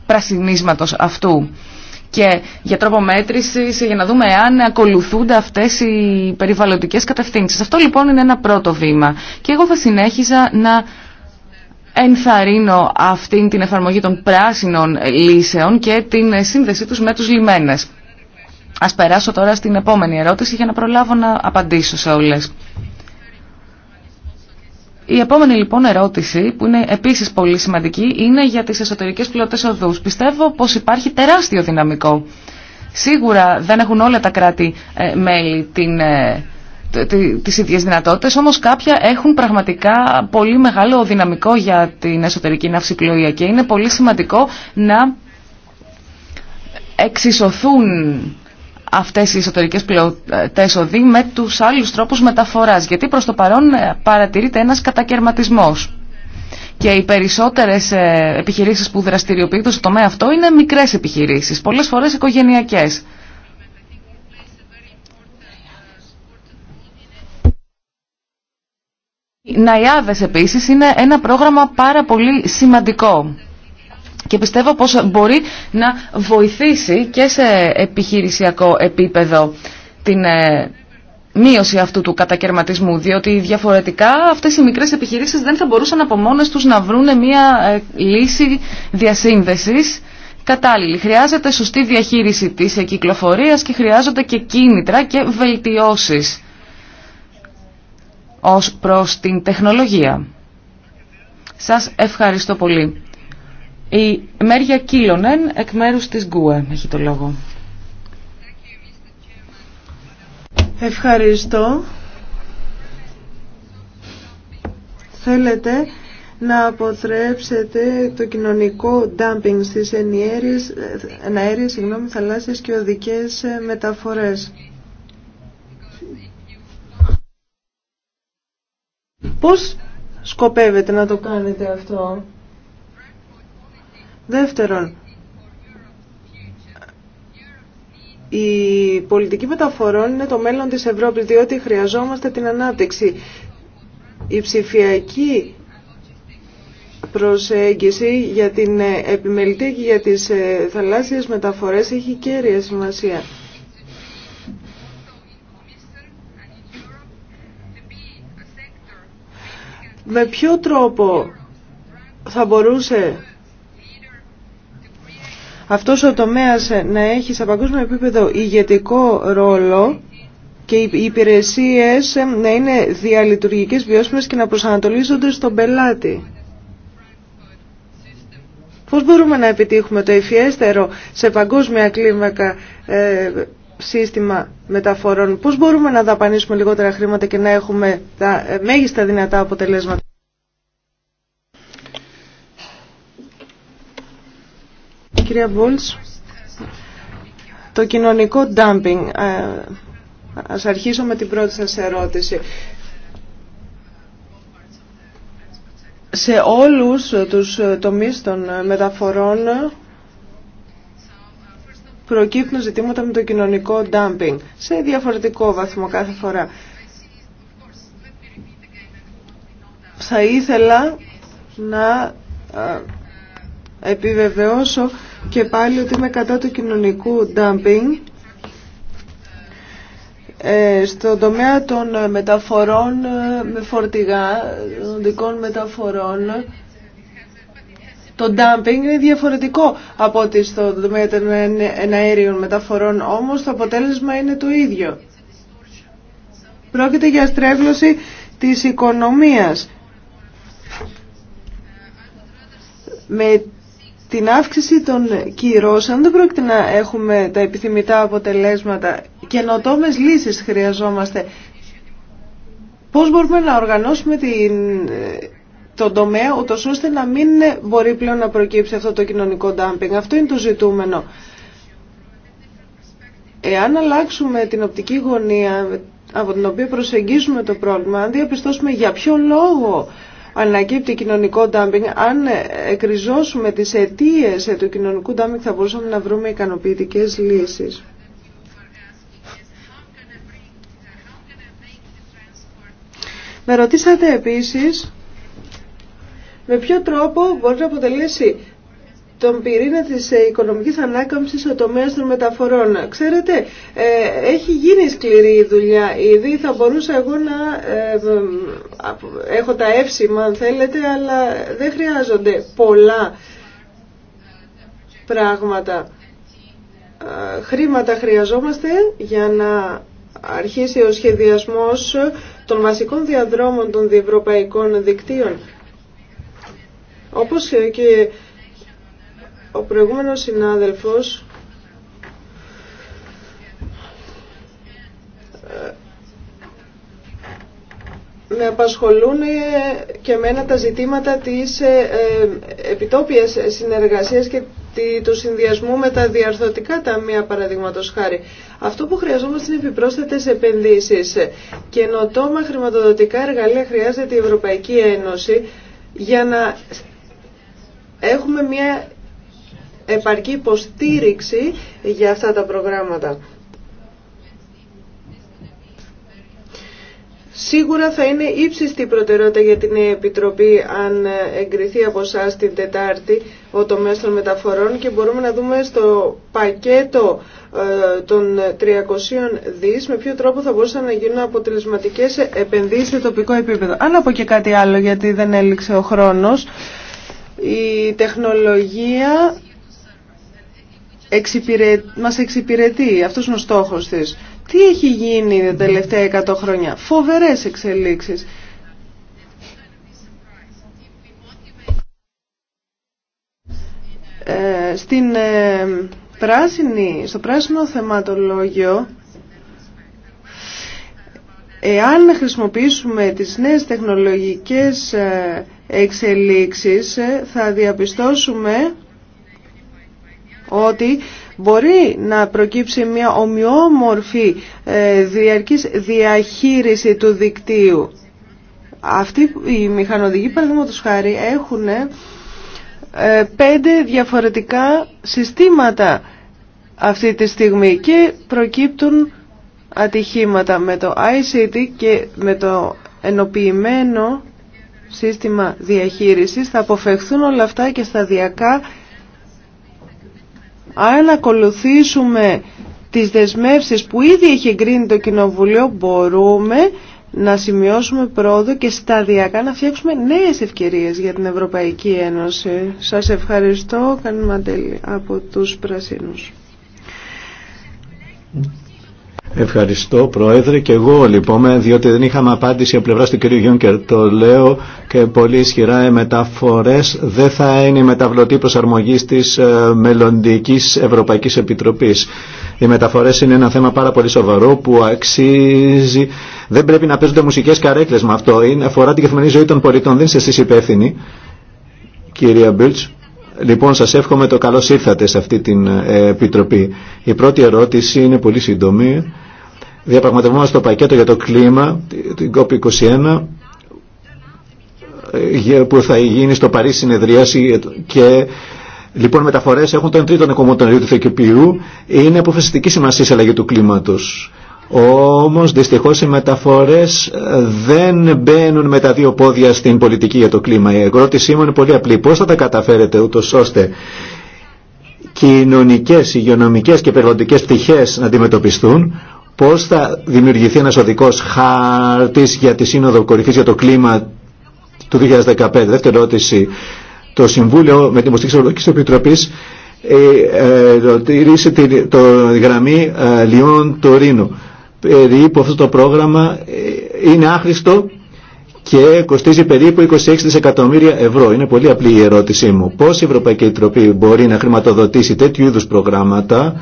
πρασινίσματος αυτού και για τρόπο μέτρηση για να δούμε αν ακολουθούνται αυτές οι περιβαλλοντικέ κατευθύνσει. Αυτό λοιπόν είναι ένα πρώτο βήμα και εγώ θα συνέχιζα να ενθαρρύνω αυτήν την εφαρμογή των πράσινων λύσεων και την σύνδεσή τους με τους λιμένες. Ας περάσω τώρα στην επόμενη ερώτηση για να προλάβω να απαντήσω σε όλες. Η επόμενη λοιπόν ερώτηση, που είναι επίσης πολύ σημαντική, είναι για τις εσωτερικέ πλειοτές οδού. Πιστεύω πως υπάρχει τεράστιο δυναμικό. Σίγουρα δεν έχουν όλα τα κράτη-μέλη ε, τι ε, ίδιε δυνατότητε, όμως κάποια έχουν πραγματικά πολύ μεγάλο δυναμικό για την εσωτερική ναυσιπλοεία και είναι πολύ σημαντικό να εξισωθούν αυτές οι εσωτερικές πλωτές οδοί με τους άλλους τρόπους μεταφοράς γιατί προς το παρόν ε, παρατηρείται ένας κατακαιρματισμός και οι περισσότερες ε, επιχειρήσεις που δραστηριοποιούνται στο τομέα αυτό είναι μικρές επιχειρήσεις, πολλές φορές οικογενειακές. Ναϊάδες επίσης είναι ένα πρόγραμμα πάρα πολύ σημαντικό και πιστεύω πως μπορεί να βοηθήσει και σε επιχειρησιακό επίπεδο την ε, μείωση αυτού του κατακαιρματισμού, διότι διαφορετικά αυτές οι μικρές επιχειρήσεις δεν θα μπορούσαν από μόνες τους να βρουν μια ε, λύση διασύνδεσης κατάλληλη. Χρειάζεται σωστή διαχείριση της κυκλοφορίας και χρειάζονται και κίνητρα και βελτιώσεις ως προς την τεχνολογία. Σας ευχαριστώ πολύ. Η Μέρια Κίλονεν εκ μέρους της Γκουε έχει το λόγο. Ευχαριστώ. Θέλετε να αποτρέψετε το κοινωνικό ντάμπινγκ στις ενιέρειες, εναέρειες, συγγνώμη, θαλάσσιες και οδικές μεταφορές. Πώς σκοπεύετε να το κάνετε αυτό. Δεύτερον, η πολιτική μεταφορών είναι το μέλλον της Ευρώπης, διότι χρειαζόμαστε την ανάπτυξη. Η ψηφιακή προσέγγιση για την ε, επιμελητή και για τις ε, θαλάσσιες μεταφορές έχει κέρια σημασία. Με ποιο τρόπο θα μπορούσε αυτός ο τομέας να έχει σε παγκόσμιο επίπεδο ηγετικό ρόλο και οι υπηρεσίες να είναι διαλειτουργικές βιώσιμες και να προσανατολίζονται στον πελάτη. Πώς μπορούμε να επιτύχουμε το υφιέστερο σε παγκόσμια κλίμακα ε, σύστημα μεταφορών. Πώς μπορούμε να δαπανίσουμε λιγότερα χρήματα και να έχουμε τα ε, μέγιστα δυνατά αποτελέσματα. κυρία Βούλς. Το κοινωνικό ντάμπινγκ. Ε, ας αρχίσω με την πρώτη σας ερώτηση. Σε όλους τους τομείς των μεταφορών προκύπτουν ζητήματα με το κοινωνικό ντάμπινγκ σε διαφορετικό βαθμό κάθε φορά. Θα ήθελα να ε, επιβεβαιώσω και πάλι ότι είμαι κατά του κοινωνικού dumping ε, στον τομέα των ε, μεταφορών ε, με φορτηγά, των μεταφορών, το dumping είναι διαφορετικό από ότι στον τομέα των εναέριων μεταφορών, όμως το αποτέλεσμα είναι το ίδιο. Πρόκειται για στρέβλωση της οικονομίας. Με την αύξηση των κυρώσεων δεν πρόκειται να έχουμε τα επιθυμητά αποτελέσματα. Καινοτόμες λύσεις χρειαζόμαστε. Πώς μπορούμε να οργανώσουμε την, τον τομέα ούτως ώστε να μην μπορεί πλέον να προκύψει αυτό το κοινωνικό ντάμπινγκ. Αυτό είναι το ζητούμενο. Εάν αλλάξουμε την οπτική γωνία από την οποία προσεγγίζουμε το πρόβλημα, αν διαπιστώσουμε για ποιο λόγο ανακύπτει κοινωνικό ντάμπινγκ, αν εκριζώσουμε τις αιτίες του κοινωνικού ντάμπινγκ θα μπορούσαμε να βρούμε ικανοποιητικές λύσεις. Με ρωτήσατε επίσης με ποιο τρόπο μπορεί να αποτελέσει τον πυρήνα της ε, οικονομική ανάκαμψης ο τομέα των μεταφορών. Ξέρετε, ε, έχει γίνει σκληρή η δουλειά ήδη, θα μπορούσα εγώ να ε, έχω τα εύσημα αν θέλετε, αλλά δεν χρειάζονται πολλά πράγματα. Χρήματα χρειαζόμαστε για να αρχίσει ο σχεδιασμός των βασικών διαδρόμων των διευρωπαϊκών δικτύων. Όπως και ο προηγούμενος συνάδελφος ε, με απασχολούν και μένα τα ζητήματα της ε, ε, επιτόπιας συνεργασίας και του συνδυασμού με τα διαρθωτικά ταμεία παραδείγματο χάρη. Αυτό που χρειαζόμαστε είναι επιπρόσθετες επενδύσεις. Καινοτόμα χρηματοδοτικά εργαλεία χρειάζεται η Ευρωπαϊκή Ένωση για να έχουμε μια επαρκή υποστήριξη για αυτά τα προγράμματα. Σίγουρα θα είναι ύψιστη προτεραιότητα για την Επιτροπή αν εγκριθεί από εσά την Τετάρτη ο τομέας των μεταφορών και μπορούμε να δούμε στο πακέτο ε, των 300 δις με ποιο τρόπο θα μπορούσαν να γίνουν αποτελεσματικές επενδύσεις σε τοπικό επίπεδο. Αν να πω και κάτι άλλο γιατί δεν έλειξε ο χρόνος. Η τεχνολογία εξυπηρε... μας εξυπηρετεί. Αυτός είναι ο στόχος της. Τι έχει γίνει τα τελευταία 100 χρόνια. Φοβερές εξελίξεις. Ε, στην, ε, πράσινη, στο πράσινο θεματολόγιο εάν χρησιμοποιήσουμε τις νέες τεχνολογικές ε, εξελίξεις ε, θα διαπιστώσουμε ότι μπορεί να προκύψει μια ομοιόμορφη ε, διαρκής διαχείριση του δικτύου. Αυτοί οι μηχανοδηγοί, παραδείγματο χάρη, έχουν ε, πέντε διαφορετικά συστήματα αυτή τη στιγμή και προκύπτουν ατυχήματα με το ICT και με το ενοποιημένο σύστημα διαχείρισης θα αποφευχθούν όλα αυτά και σταδιακά αν ακολουθήσουμε τις δεσμεύσεις που ήδη έχει εγκρίνει το Κοινοβουλίο μπορούμε να σημειώσουμε πρόοδο και σταδιακά να φτιάξουμε νέες ευκαιρίες για την Ευρωπαϊκή Ένωση. Σας ευχαριστώ, Κανμαντέλη, από τους Πρασίνους. Ευχαριστώ Πρόεδρε και εγώ λοιπόν ε, διότι δεν είχαμε απάντηση από πλευρά του κ. Γιούνκερ. Το λέω και πολύ ισχυρά οι μεταφορές δεν θα είναι η μεταβλωτή προσαρμογή της ε, μελλοντική Ευρωπαϊκής Επιτροπής. Οι μεταφορές είναι ένα θέμα πάρα πολύ σοβαρό που αξίζει. Δεν πρέπει να παίζονται μουσικές καρέκλες με αυτό. Είναι, αφορά την καθημερινή ζωή των πολιτών. Δεν είστε εσείς υπεύθυνοι κυρία Μπίλτς. Λοιπόν, σας εύχομαι το καλώς ήρθατε σε αυτή την ε, επιτροπή. Η πρώτη ερώτηση είναι πολύ σύντομη. Διαπραγματευόμαστε το πακέτο για το κλίμα, την COP21, ε, που θα γίνει στο Παρίσι συνεδρίαση και λοιπόν μεταφορές έχουν τον τρίτο νεκομό του θεκεπιού. Είναι αποφασιστική σημασία η αλλαγή του κλίματος. Όμως δυστυχώς οι μεταφορές ε, δεν μπαίνουν με τα δύο πόδια στην πολιτική για το κλίμα. Η ερώτησή μου είναι πολύ απλή. Πώς θα τα καταφέρετε ούτως ώστε κοινωνικές, υγειονομικές και περιβαλλοντικές πτυχές να αντιμετωπιστούν πώς θα δημιουργηθεί ένας οδικός χάρτης για τη Σύνοδο Κορυφής για το κλίμα του 2015. Δεύτερη ερώτηση, το Συμβούλιο με την υποστήριξη της Επιτροπής ε, ε, το, τη γραμμή ε, Λιόν τωρινου περίπου αυτό το πρόγραμμα ε, είναι άχρηστο και κοστίζει περίπου 26 δισεκατομμύρια ευρώ. Είναι πολύ απλή η ερώτησή μου. Πώς η Ευρωπαϊκή Επιτροπή μπορεί να χρηματοδοτήσει τέτοιου είδους προγράμματα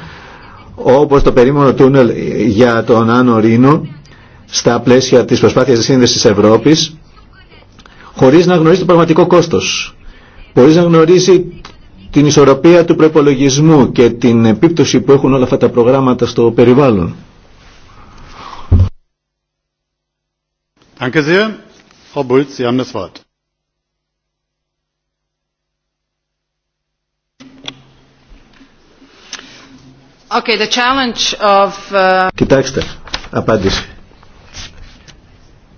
όπως το περίμονο τούνελ για τον Άνω Ρήνο στα πλαίσια της προσπάθειας της σύνδεσης Ευρώπης χωρίς να γνωρίζει το πραγματικό κόστος, χωρίς να γνωρίζει την ισορροπία του προπολογισμού και την επίπτωση που έχουν όλα αυτά τα προγράμματα στο περιβάλλον. Danke sehr. Frau das uh, Κοιτάξτε, απάντηση.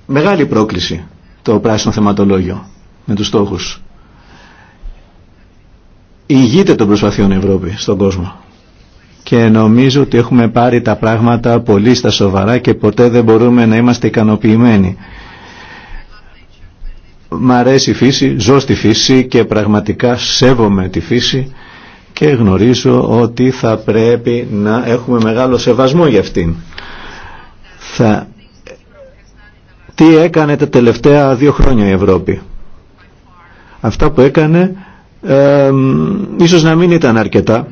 Μεγάλη πρόκληση το πράσινο θεματολόγιο με τους στόχους. Υγείται των προσπαθειών Ευρώπη στον κόσμο και νομίζω ότι έχουμε πάρει τα πράγματα πολύ στα σοβαρά και ποτέ δεν μπορούμε να είμαστε ικανοποιημένοι. Μ' αρέσει η φύση, ζω στη φύση και πραγματικά σέβομαι τη φύση και γνωρίζω ότι θα πρέπει να έχουμε μεγάλο σεβασμό για αυτήν. Τι έκανε τα τελευταία δύο χρόνια η Ευρώπη. Αυτά που έκανε ε, ίσως να μην ήταν αρκετά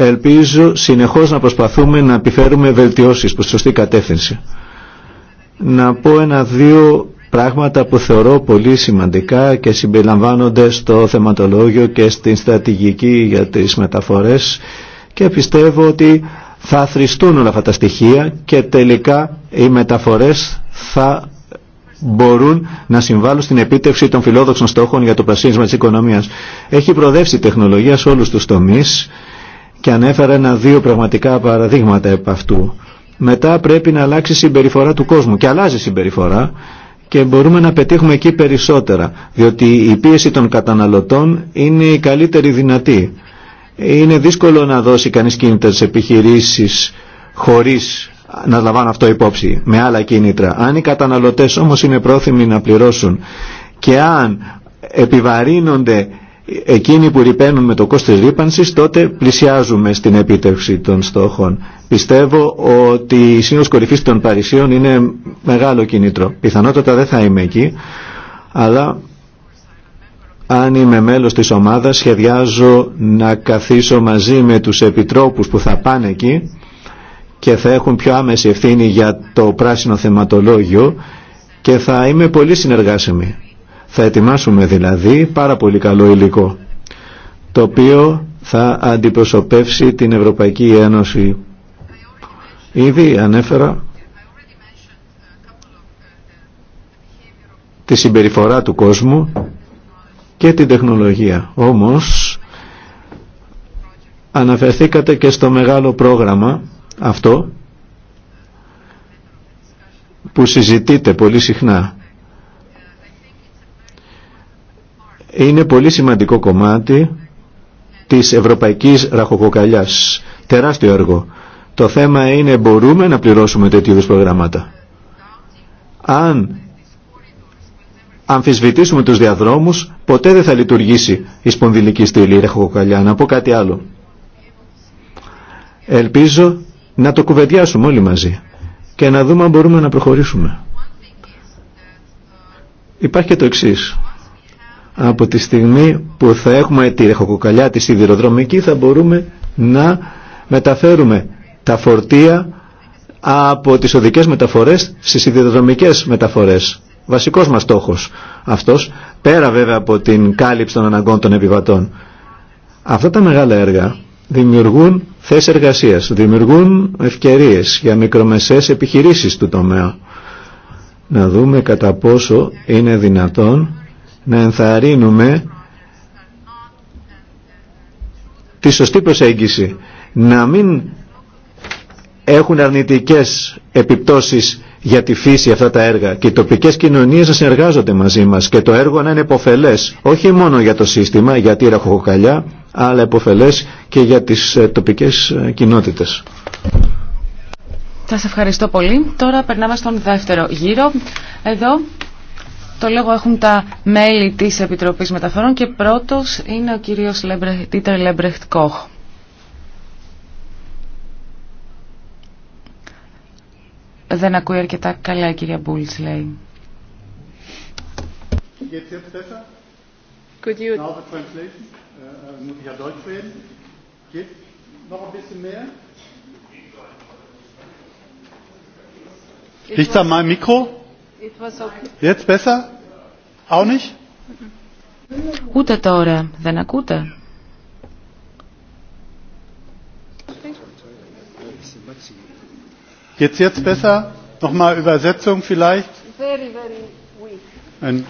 Ελπίζω συνεχώς να προσπαθούμε να επιφέρουμε βελτιώσεις προς τη σωστή κατεύθυνση. Να πω ένα-δύο πράγματα που θεωρώ πολύ σημαντικά και συμπεριλαμβάνονται στο θεματολόγιο και στην στρατηγική για τις μεταφορές και πιστεύω ότι θα θρηστούν όλα αυτά τα στοιχεία και τελικά οι μεταφορές θα μπορούν να συμβάλλουν στην επίτευξη των φιλόδοξων στόχων για το πρασίνισμα της οικονομίας. Έχει προοδεύσει η τεχνολογία σε όλους τους τομείς και ανέφερα ένα-δύο πραγματικά παραδείγματα επ' αυτού. Μετά πρέπει να αλλάξει η συμπεριφορά του κόσμου και αλλάζει η συμπεριφορά και μπορούμε να πετύχουμε εκεί περισσότερα διότι η πίεση των καταναλωτών είναι η καλύτερη δυνατή. Είναι δύσκολο να δώσει κανείς κίνητες επιχειρήσεις χωρίς να λαμβάνω αυτό υπόψη με άλλα κίνητρα. Αν οι καταναλωτές όμως είναι πρόθυμοι να πληρώσουν και αν επιβαρύνονται εκείνοι που ρηπαίνουν με το κόστος ρήπανσης, τότε πλησιάζουμε στην επίτευξη των στόχων. Πιστεύω ότι η σύνολος Κορυφής των Παρισίων είναι μεγάλο κίνητρο. Πιθανότατα δεν θα είμαι εκεί, αλλά αν είμαι μέλος της ομάδας σχεδιάζω να καθίσω μαζί με τους επιτρόπους που θα πάνε εκεί και θα έχουν πιο άμεση ευθύνη για το πράσινο θεματολόγιο και θα είμαι πολύ συνεργάσιμη θα ετοιμάσουμε δηλαδή πάρα πολύ καλό υλικό, το οποίο θα αντιπροσωπεύσει την Ευρωπαϊκή Ένωση. Ήδη ανέφερα τη συμπεριφορά του κόσμου και την τεχνολογία. Όμως αναφερθήκατε και στο μεγάλο πρόγραμμα αυτό που συζητείτε πολύ συχνά είναι πολύ σημαντικό κομμάτι της ευρωπαϊκής ραχοκοκαλιάς. Τεράστιο έργο. Το θέμα είναι μπορούμε να πληρώσουμε τέτοιου είδους προγράμματα. Αν αμφισβητήσουμε τους διαδρόμους, ποτέ δεν θα λειτουργήσει η σπονδυλική στήλη, η ραχοκοκαλιά. Να πω κάτι άλλο. Ελπίζω να το κουβεντιάσουμε όλοι μαζί και να δούμε αν μπορούμε να προχωρήσουμε. Υπάρχει και το εξής από τη στιγμή που θα έχουμε τη ρεχοκοκαλιά τη σιδηροδρομική θα μπορούμε να μεταφέρουμε τα φορτία από τις οδικές μεταφορές στις σιδηροδρομικές μεταφορές. Βασικός μας στόχος αυτός, πέρα βέβαια από την κάλυψη των αναγκών των επιβατών. Αυτά τα μεγάλα έργα δημιουργούν θέσεις εργασίας, δημιουργούν ευκαιρίες για μικρομεσαίες επιχειρήσεις του τομέα. Να δούμε κατά πόσο είναι δυνατόν να ενθαρρύνουμε τη σωστή προσέγγιση, να μην έχουν αρνητικές επιπτώσεις για τη φύση αυτά τα έργα και οι τοπικές κοινωνίες να συνεργάζονται μαζί μας και το έργο να είναι εποφελές όχι μόνο για το σύστημα, για τη ραχοκοκαλιά αλλά εποφελές και για τις ε, τοπικές ε, κοινότητες. Σας ευχαριστώ πολύ. Τώρα περνάμε στον δεύτερο γύρο. Εδώ το λόγο έχουν τα μέλη της Επιτροπής Μεταφορών και πρώτος είναι ο κύριος Τίτερ Λέμπρεχτ Κόχ. Δεν ακούει αρκετά καλά η κυρία Μπούλτς, λέει. Jetzt besser? Auch nicht? Ούτε τώρα. Δεν ακούτε. Jetzt jetzt besser? Nochmal Übersetzung vielleicht? Very, very weak. Ein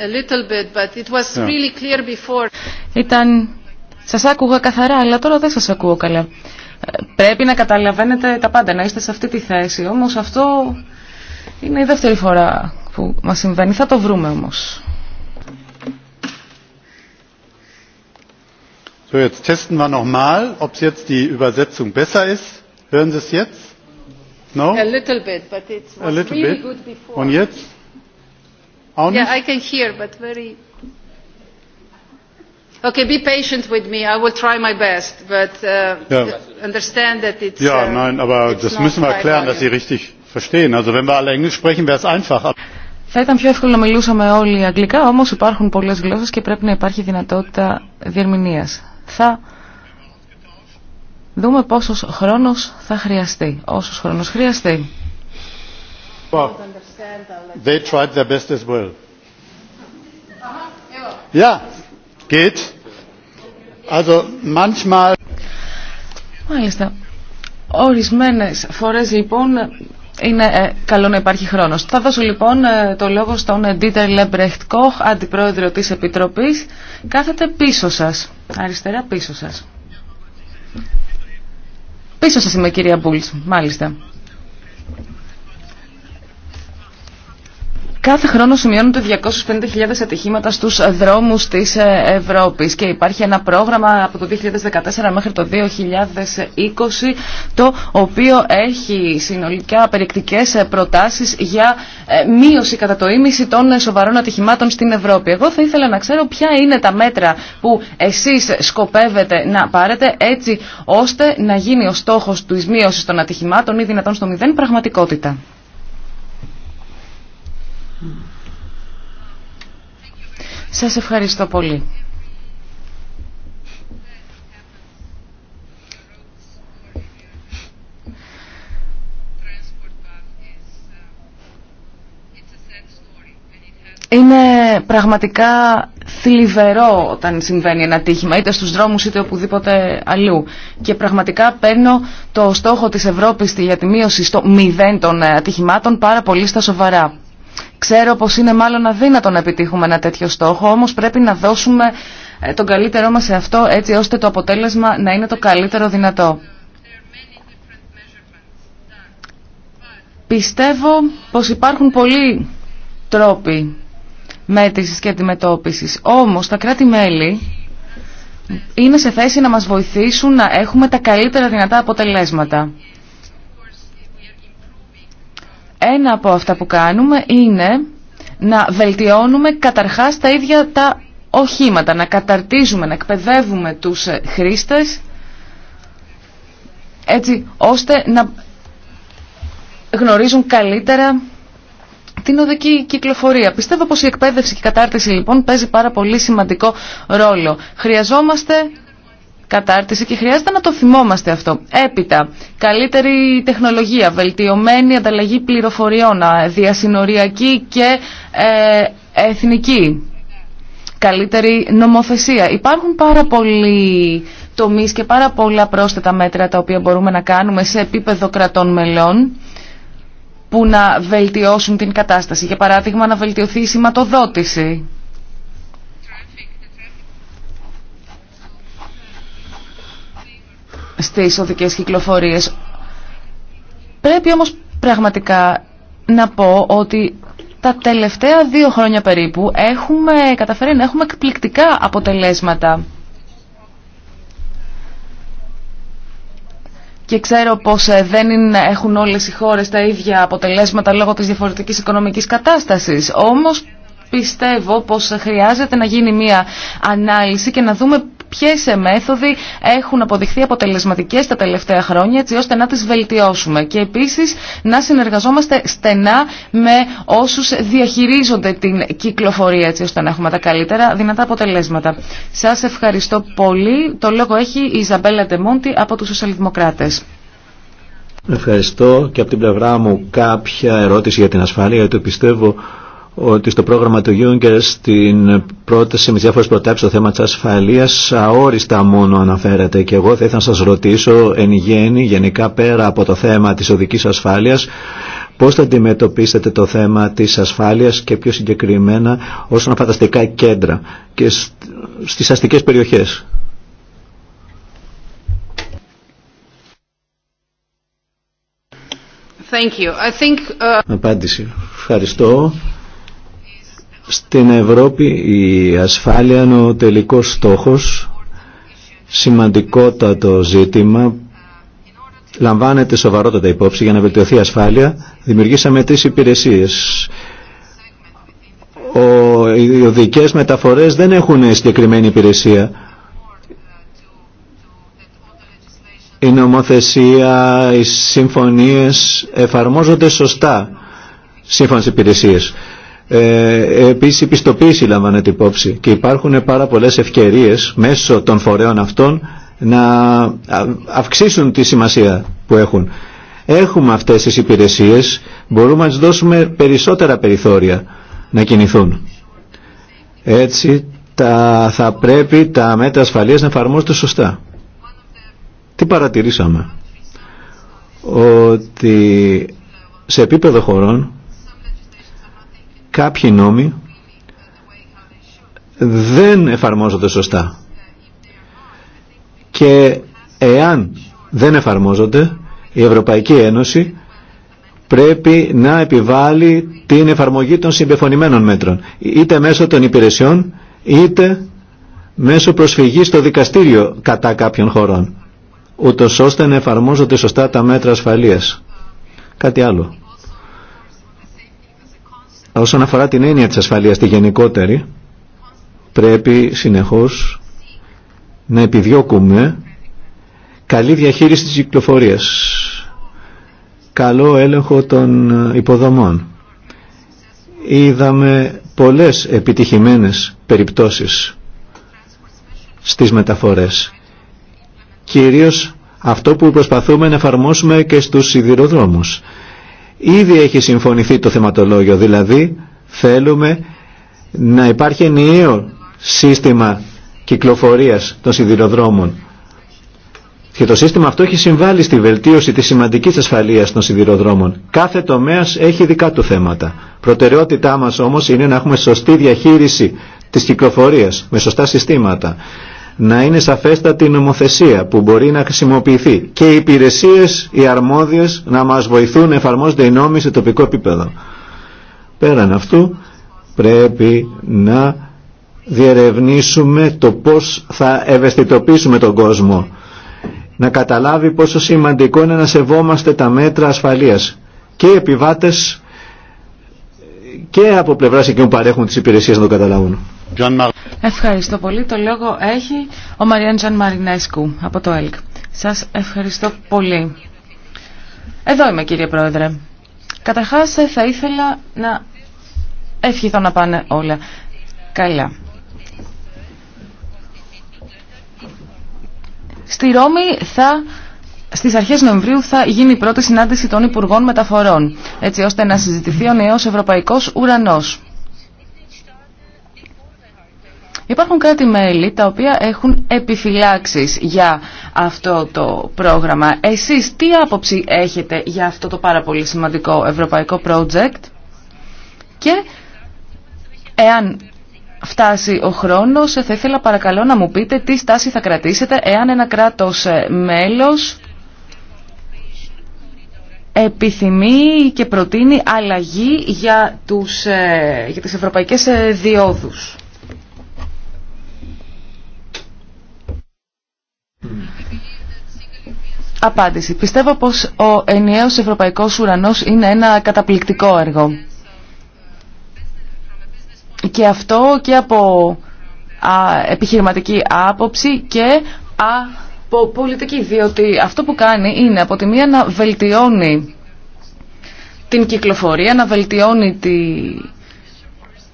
A little bit, but it was really clear before. Ήταν σας άκουγα καθαρά, αλλά τώρα δεν σας ακούω καλά. Πρέπει να καταλαβαίνετε τα πάντα, να είστε σε αυτή τη θέση. Όμως αυτό είναι η δεύτερη φορά που μας συμβαίνει. Θα το βρούμε όμως. So, jetzt testen wir nochmal, ob es jetzt die Übersetzung besser ist. Hören Sie es jetzt? No? A little bit, but it was really good before. Und jetzt? Auch nicht? Yeah, I can hear, but very Okay, be patient with me. I will try my best, but uh, ja. understand that it's. Ja, nein, aber das müssen wir erklären, dass Sie richtig verstehen. Also wenn wir alle Englisch sprechen, wäre es einfach. Θα ήταν πιο εύκολο να μιλούσαμε όλοι αγγλικά, όμως υπάρχουν πολλές γλώσσες και πρέπει να υπάρχει δυνατότητα διερμηνίας. Θα δούμε πόσος χρόνος θα χρειαστεί, όσος χρόνος χρειαστεί. Well, They tried their best as well. Yeah. Μάλιστα. Ορισμένες φορές λοιπόν είναι ε, καλό να υπάρχει χρόνος. Θα δώσω λοιπόν ε, το λόγο στον Dieter Λεμπρεχτ Κοχ, αντιπρόεδρο της Επιτροπής. Κάθετε πίσω σας. Αριστερά πίσω σας. Πίσω σας είμαι κυρία Μπούλς, μάλιστα. Κάθε χρόνο σημειώνονται 250.000 ατυχήματα στους δρόμους της ε, Ευρώπης και υπάρχει ένα πρόγραμμα από το 2014 μέχρι το 2020 το οποίο έχει συνολικά περιεκτικές ε, προτάσεις για ε, μείωση κατά το ίμιση των σοβαρών ατυχημάτων στην Ευρώπη. Εγώ θα ήθελα να ξέρω ποια είναι τα μέτρα που εσείς σκοπεύετε να πάρετε έτσι ώστε να γίνει ο στόχος του μείωσης των ατυχημάτων ή δυνατόν στο μηδέν πραγματικότητα. Σας ευχαριστώ πολύ. Είναι πραγματικά θλιβερό όταν συμβαίνει ένα τύχημα, είτε στους δρόμους είτε οπουδήποτε αλλού. Και πραγματικά παίρνω το στόχο της Ευρώπης για τη μείωση στο μηδέν των ατυχημάτων πάρα πολύ στα σοβαρά. Ξέρω πως είναι μάλλον αδύνατο να επιτύχουμε ένα τέτοιο στόχο, όμως πρέπει να δώσουμε ε, τον καλύτερό μας σε αυτό έτσι ώστε το αποτέλεσμα να είναι το καλύτερο δυνατό. Πιστεύω πως υπάρχουν πολλοί τρόποι μέτρησης και αντιμετώπισης, όμως τα κράτη-μέλη είναι σε θέση να μας βοηθήσουν να έχουμε τα καλύτερα δυνατά αποτελέσματα. Ένα από αυτά που κάνουμε είναι να βελτιώνουμε καταρχάς τα ίδια τα οχήματα, να καταρτίζουμε, να εκπαιδεύουμε τους χρήστες έτσι ώστε να γνωρίζουν καλύτερα την οδική κυκλοφορία. Πιστεύω πως η εκπαίδευση και η κατάρτιση λοιπόν παίζει πάρα πολύ σημαντικό ρόλο. Χρειαζόμαστε κατάρτιση και χρειάζεται να το θυμόμαστε αυτό. Έπειτα, καλύτερη τεχνολογία, βελτιωμένη ανταλλαγή πληροφοριών, διασυνοριακή και ε, εθνική. Καλύτερη νομοθεσία. Υπάρχουν πάρα πολλοί τομείς και πάρα πολλά πρόσθετα μέτρα τα οποία μπορούμε να κάνουμε σε επίπεδο κρατών μελών που να βελτιώσουν την κατάσταση. Για παράδειγμα, να βελτιωθεί η σηματοδότηση στις οδικές κυκλοφορίες. Πρέπει όμως πραγματικά να πω ότι τα τελευταία δύο χρόνια περίπου έχουμε καταφέρει να έχουμε εκπληκτικά αποτελέσματα. Και ξέρω πως ε, δεν είναι, έχουν όλες οι χώρες τα ίδια αποτελέσματα λόγω της διαφορετικής οικονομικής κατάστασης. Όμως πιστεύω πως χρειάζεται να γίνει μια ανάλυση και να δούμε ποιες μέθοδοι έχουν αποδειχθεί αποτελεσματικές τα τελευταία χρόνια έτσι ώστε να τις βελτιώσουμε και επίσης να συνεργαζόμαστε στενά με όσους διαχειρίζονται την κυκλοφορία έτσι ώστε να έχουμε τα καλύτερα δυνατά αποτελέσματα. Σας ευχαριστώ πολύ. Το λόγο έχει η Ιζαμπέλα Ντεμόντι από τους Σοσιαλδημοκράτες. Ευχαριστώ και από την πλευρά μου κάποια ερώτηση για την ασφάλεια, γιατί πιστεύω ότι στο πρόγραμμα του Γιούγκερ στην πρόταση με διάφορε προτάσει στο θέμα τη ασφαλεία αόριστα μόνο αναφέρεται. Και εγώ θα ήθελα να σα ρωτήσω εν γέννη, γενικά πέρα από το θέμα τη οδική ασφάλεια, πώ θα αντιμετωπίσετε το θέμα τη ασφάλεια και πιο συγκεκριμένα όσον αφορά τα κέντρα και στι αστικέ περιοχέ. Thank uh, Ευχαριστώ. Στην Ευρώπη η ασφάλεια είναι ο τελικός στόχος, σημαντικότατο ζήτημα. Λαμβάνεται σοβαρότατα υπόψη για να βελτιωθεί η ασφάλεια. Δημιουργήσαμε τρεις υπηρεσίες. οι οδικέ μεταφορές δεν έχουν συγκεκριμένη υπηρεσία. Η νομοθεσία, οι συμφωνίες εφαρμόζονται σωστά σύμφωνα στις υπηρεσίες. Ε, επίσης η πιστοποίηση λαμβάνεται υπόψη και υπάρχουν πάρα πολλές ευκαιρίες μέσω των φορέων αυτών να αυξήσουν τη σημασία που έχουν. Έχουμε αυτές τις υπηρεσίες, μπορούμε να τις δώσουμε περισσότερα περιθώρια να κινηθούν. Έτσι τα, θα πρέπει τα μέτρα ασφαλείας να εφαρμόζονται σωστά. Τι παρατηρήσαμε. Ότι σε επίπεδο χωρών κάποιοι νόμοι δεν εφαρμόζονται σωστά. Και εάν δεν εφαρμόζονται, η Ευρωπαϊκή Ένωση πρέπει να επιβάλλει την εφαρμογή των συμπεφωνημένων μέτρων, είτε μέσω των υπηρεσιών, είτε μέσω προσφυγής στο δικαστήριο κατά κάποιων χωρών, ούτως ώστε να εφαρμόζονται σωστά τα μέτρα ασφαλείας. Κάτι άλλο. Όσον αφορά την έννοια της ασφαλείας, τη γενικότερη, πρέπει συνεχώς να επιδιώκουμε καλή διαχείριση της κυκλοφορίας, καλό έλεγχο των υποδομών. Είδαμε πολλές επιτυχημένες περιπτώσεις στις μεταφορές. Κυρίως αυτό που προσπαθούμε να εφαρμόσουμε και στους σιδηροδρόμους. Ήδη έχει συμφωνηθεί το θεματολόγιο, δηλαδή θέλουμε να υπάρχει ενιαίο σύστημα κυκλοφορίας των σιδηροδρόμων. Και το σύστημα αυτό έχει συμβάλει στη βελτίωση της σημαντικής ασφαλείας των σιδηροδρόμων. Κάθε τομέας έχει δικά του θέματα. Προτεραιότητά μας όμως είναι να έχουμε σωστή διαχείριση της κυκλοφορίας με σωστά συστήματα να είναι σαφέστατη η νομοθεσία που μπορεί να χρησιμοποιηθεί και οι υπηρεσίες, οι αρμόδιες να μας βοηθούν να εφαρμόζονται οι νόμοι σε τοπικό επίπεδο. Πέραν αυτού πρέπει να διερευνήσουμε το πώς θα ευαισθητοποιήσουμε τον κόσμο να καταλάβει πόσο σημαντικό είναι να σεβόμαστε τα μέτρα ασφαλείας και οι επιβάτες και από πλευράς εκείνων που παρέχουν τις υπηρεσίες να το καταλάβουν. Ευχαριστώ πολύ. Το λόγο έχει ο Μαριάν Τζαν Μαρινέσκου από το ΕΛΚ. Σας ευχαριστώ πολύ. Εδώ είμαι κύριε Πρόεδρε. Καταρχάς θα ήθελα να ευχηθώ να πάνε όλα καλά. Στη Ρώμη θα στις αρχές Νοεμβρίου θα γίνει η πρώτη συνάντηση των Υπουργών Μεταφορών, έτσι ώστε να συζητηθεί ο νέος Ευρωπαϊκός Ουρανός. Υπάρχουν κράτη-μέλη τα οποία έχουν επιφυλάξεις για αυτό το πρόγραμμα. Εσείς τι άποψη έχετε για αυτό το πάρα πολύ σημαντικό ευρωπαϊκό project και εάν φτάσει ο χρόνος θα ήθελα παρακαλώ να μου πείτε τι στάση θα κρατήσετε εάν ένα κράτος ε, μέλος επιθυμεί και προτείνει αλλαγή για, τους, ε, για τις ευρωπαϊκές ε, διόδους. Απάντηση. Πιστεύω πως ο ενιαίος ευρωπαϊκός ουρανός είναι ένα καταπληκτικό έργο. Και αυτό και από α, επιχειρηματική άποψη και από πολιτική, διότι αυτό που κάνει είναι από τη μία να βελτιώνει την κυκλοφορία, να βελτιώνει τη,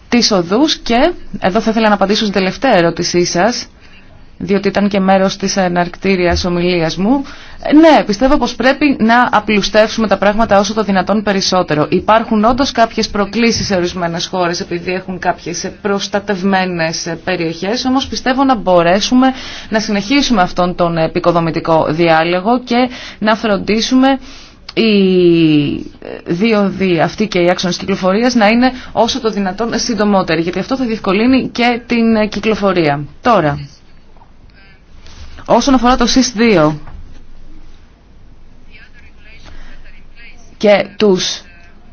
τις οδούς και, εδώ θα ήθελα να απαντήσω στην τελευταία ερώτησή σας, διότι ήταν και μέρος της εναρκτήριας ομιλίας μου. Ναι, πιστεύω πως πρέπει να απλουστεύσουμε τα πράγματα όσο το δυνατόν περισσότερο. Υπάρχουν όντως κάποιες προκλήσεις σε ορισμένες χώρες επειδή έχουν κάποιες προστατευμένες περιοχές, όμως πιστεύω να μπορέσουμε να συνεχίσουμε αυτόν τον επικοδομητικό διάλογο και να φροντίσουμε οι δύο δι αυτοί και οι άξονες κυκλοφορίας να είναι όσο το δυνατόν συντομότεροι, γιατί αυτό θα διευκολύνει και την κυκλοφορία. Τώρα, Όσον αφορά το ΣΥΣ2 και τους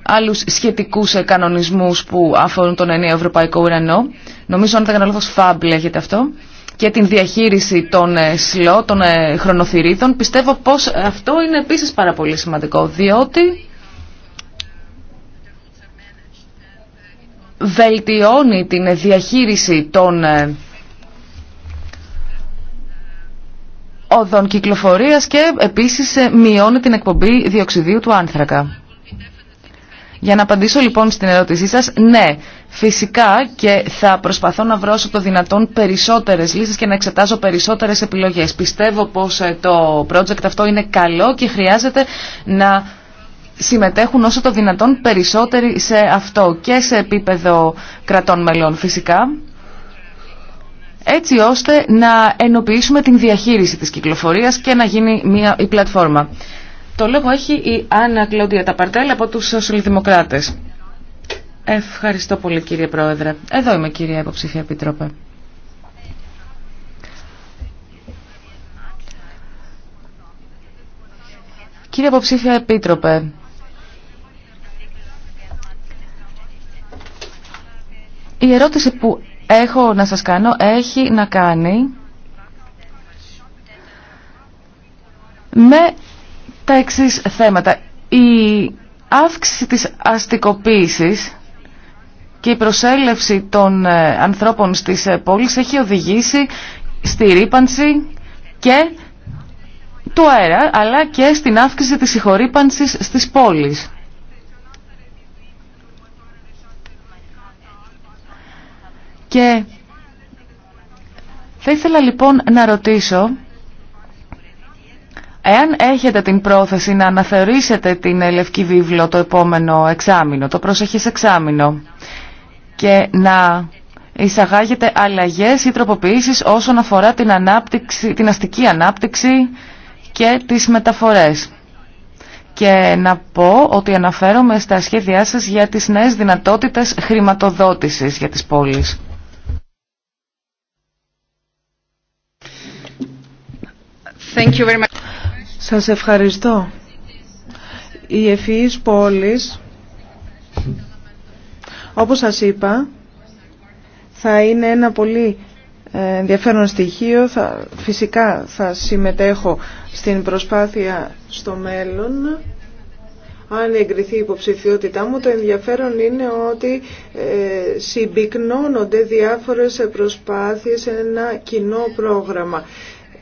άλλους σχετικούς κανονισμούς που αφορούν τον ενιαίο ευρωπαϊκό ουρανό, νομίζω αν δεν κάνω λάθος FAB λέγεται αυτό, και την διαχείριση των ε, σλό, των ε, χρονοθυρίδων, πιστεύω πως αυτό είναι επίσης πάρα πολύ σημαντικό, διότι βελτιώνει την διαχείριση των ε, οδών κυκλοφορίας και επίσης ε, μειώνει την εκπομπή διοξιδίου του άνθρακα. Για να απαντήσω λοιπόν στην ερώτησή σας, ναι, φυσικά και θα προσπαθώ να βρώσω το δυνατόν περισσότερες λύσεις και να εξετάζω περισσότερες επιλογές. Πιστεύω πως ε, το project αυτό είναι καλό και χρειάζεται να συμμετέχουν όσο το δυνατόν περισσότεροι σε αυτό και σε επίπεδο κρατών μελών φυσικά έτσι ώστε να ενοποιήσουμε την διαχείριση της κυκλοφορίας και να γίνει μια, η πλατφόρμα. Το λόγο έχει η Άννα Κλόντια Ταπαρτέλ από τους Σοσιαλδημοκράτες. Ευχαριστώ πολύ κύριε Πρόεδρε. Εδώ είμαι κύριε Υποψήφια Επιτρόπε. Κύριε Υποψήφια Επίτροπε, η ερώτηση που έχω να σας κάνω έχει να κάνει με τα εξή θέματα. Η αύξηση της αστικοποίησης και η προσέλευση των ε, ανθρώπων στις ε, πόλεις έχει οδηγήσει στη ρήπανση και του αέρα αλλά και στην αύξηση της συγχωρήπανσης στις πόλεις. Και θα ήθελα λοιπόν να ρωτήσω Εάν έχετε την πρόθεση να αναθεωρήσετε την Λευκή Βίβλο το επόμενο εξάμεινο, το προσεχής εξάμεινο και να εισαγάγετε αλλαγές ή τροποποιήσεις όσον αφορά την, ανάπτυξη, την αστική ανάπτυξη και τις μεταφορές. Και να πω ότι αναφέρομαι στα σχέδιά σας για τις νέες δυνατότητες χρηματοδότησης για τις πόλεις. Thank Σας ευχαριστώ. Η ευφυείς πόλης όπως σας είπα, θα είναι ένα πολύ ε, ενδιαφέρον στοιχείο. Θα, φυσικά θα συμμετέχω στην προσπάθεια στο μέλλον. Αν εγκριθεί η υποψηφιότητά μου, το ενδιαφέρον είναι ότι ε, συμπυκνώνονται διάφορες προσπάθειες σε ένα κοινό πρόγραμμα.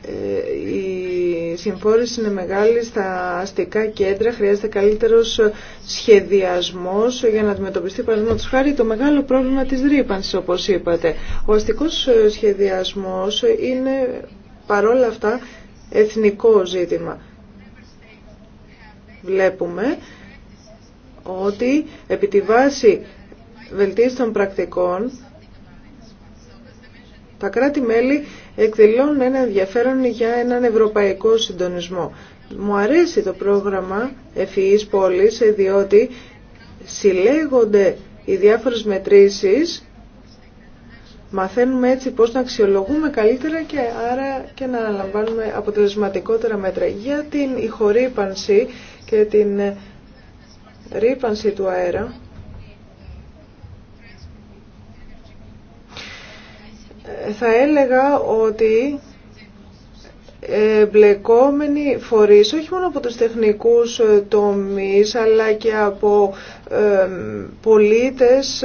Ε, η συμφόρηση είναι μεγάλη στα αστικά κέντρα, χρειάζεται καλύτερος σχεδιασμός για να αντιμετωπιστεί παραδείγματος χάρη το μεγάλο πρόβλημα της ρήπανσης όπως είπατε. Ο αστικός σχεδιασμός είναι παρόλα αυτά εθνικό ζήτημα. Βλέπουμε ότι επί τη βάση βελτίστων πρακτικών τα κράτη-μέλη εκδηλώνουν ένα ενδιαφέρον για έναν ευρωπαϊκό συντονισμό. Μου αρέσει το πρόγραμμα Ευφυής Πόλης διότι συλλέγονται οι διάφορες μετρήσεις Μαθαίνουμε έτσι πώς να αξιολογούμε καλύτερα και άρα και να αναλαμβάνουμε αποτελεσματικότερα μέτρα. Για την ηχορύπανση και την ρύπανση του αέρα, θα έλεγα ότι ε, μπλεκόμενοι φορείς όχι μόνο από τους τεχνικούς ε, τομείς αλλά και από ε, πολίτες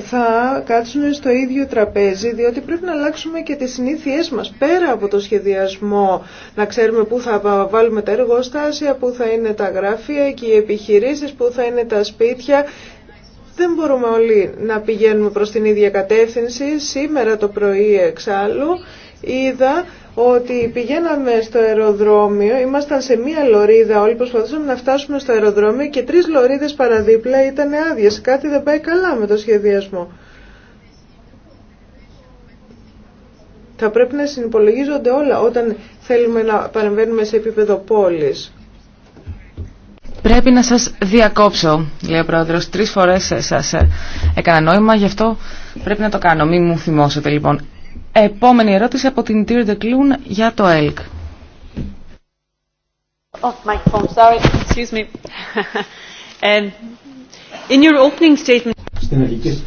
θα κάτσουν στο ίδιο τραπέζι διότι πρέπει να αλλάξουμε και τις συνήθειές μας πέρα από το σχεδιασμό να ξέρουμε πού θα βάλουμε τα εργοστάσια, πού θα είναι τα γραφεία και οι επιχειρήσεις, πού θα είναι τα σπίτια δεν μπορούμε όλοι να πηγαίνουμε προς την ίδια κατεύθυνση. Σήμερα το πρωί εξάλλου είδα ότι πηγαίναμε στο αεροδρόμιο, ήμασταν σε μία λωρίδα όλοι, προσπαθούσαμε να φτάσουμε στο αεροδρόμιο και τρεις λωρίδες παραδίπλα ήταν άδειε. Κάτι δεν πάει καλά με το σχεδιασμό. Θα πρέπει να συνυπολογίζονται όλα όταν θέλουμε να παρεμβαίνουμε σε επίπεδο πόλης. Πρέπει να σας διακόψω, λέει ο πρόεδρος. Τρεις φορές σας έκανα νόημα, γι' αυτό πρέπει να το κάνω. Μην μου θυμώσετε λοιπόν. Επόμενη ερώτηση από την τύριο Δεκλούν για το ΕΛΚ. Στην αρχική,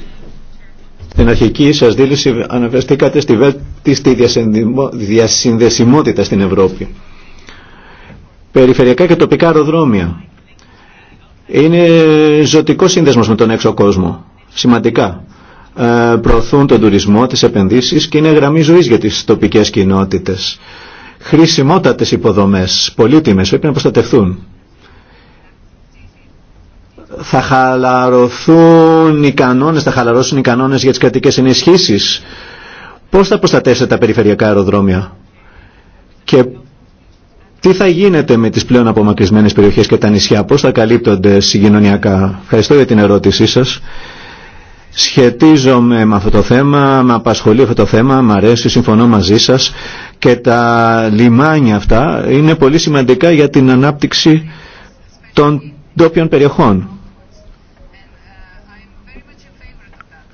στην αρχική σας δήλωση αναφερθήκατε στη βέλτιστη διασυνδεσιμότητα στην Ευρώπη. Περιφερειακά και τοπικά αεροδρόμια είναι ζωτικό σύνδεσμος με τον έξω κόσμο. Σημαντικά. Ε, προωθούν τον τουρισμό, τις επενδύσεις και είναι γραμμή ζωής για τις τοπικές κοινότητες. Χρησιμότατες υποδομές, πολύτιμες, πρέπει να προστατευτούν. Θα χαλαρωθούν οι κανόνες, θα χαλαρώσουν οι κανόνες για τις κρατικές ενισχύσεις. Πώς θα προστατεύσετε τα περιφερειακά αεροδρόμια και τι θα γίνεται με τις πλέον απομακρυσμένες περιοχές και τα νησιά, πώς θα καλύπτονται συγκοινωνιακά. Ευχαριστώ για την ερώτησή σας. Σχετίζομαι με αυτό το θέμα, με απασχολεί αυτό το θέμα, με αρέσει, συμφωνώ μαζί σας και τα λιμάνια αυτά είναι πολύ σημαντικά για την ανάπτυξη των ντόπιων περιοχών.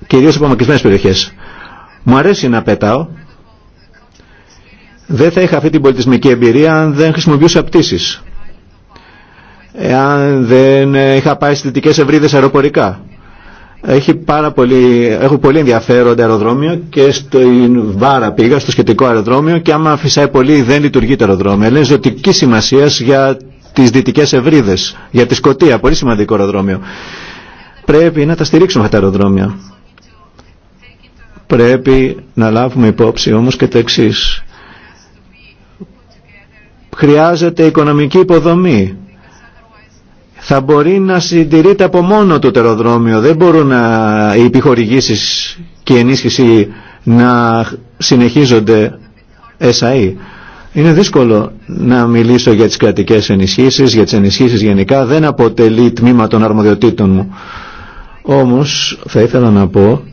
Κυρίως από μακρισμένες περιοχές. Μου αρέσει να πετάω δεν θα είχα αυτή την πολιτισμική εμπειρία αν δεν χρησιμοποιούσα πτήσεις. Εάν δεν είχα πάει στις δυτικές ευρύδες αεροπορικά. Έχει πάρα πολύ, έχω πολύ ενδιαφέροντα αεροδρόμιο και στο Βάρα πήγα, στο σχετικό αεροδρόμιο και άμα αφησάει πολύ δεν λειτουργεί το αεροδρόμιο. Είναι ζωτική σημασία για τις δυτικές ευρύδες, για τη Σκοτία, πολύ σημαντικό αεροδρόμιο. Πρέπει να τα στηρίξουμε αυτά τα αεροδρόμια. Πρέπει να λάβουμε υπόψη όμως και το εξής χρειάζεται οικονομική υποδομή. Θα μπορεί να συντηρείται από μόνο το τεροδρόμιο. Δεν μπορούν να, οι επιχορηγήσεις και η ενίσχυση να συνεχίζονται SAE. Είναι δύσκολο να μιλήσω για τις κρατικές ενισχύσεις, για τις ενισχύσεις γενικά. Δεν αποτελεί τμήμα των αρμοδιοτήτων μου. Όμως θα ήθελα να πω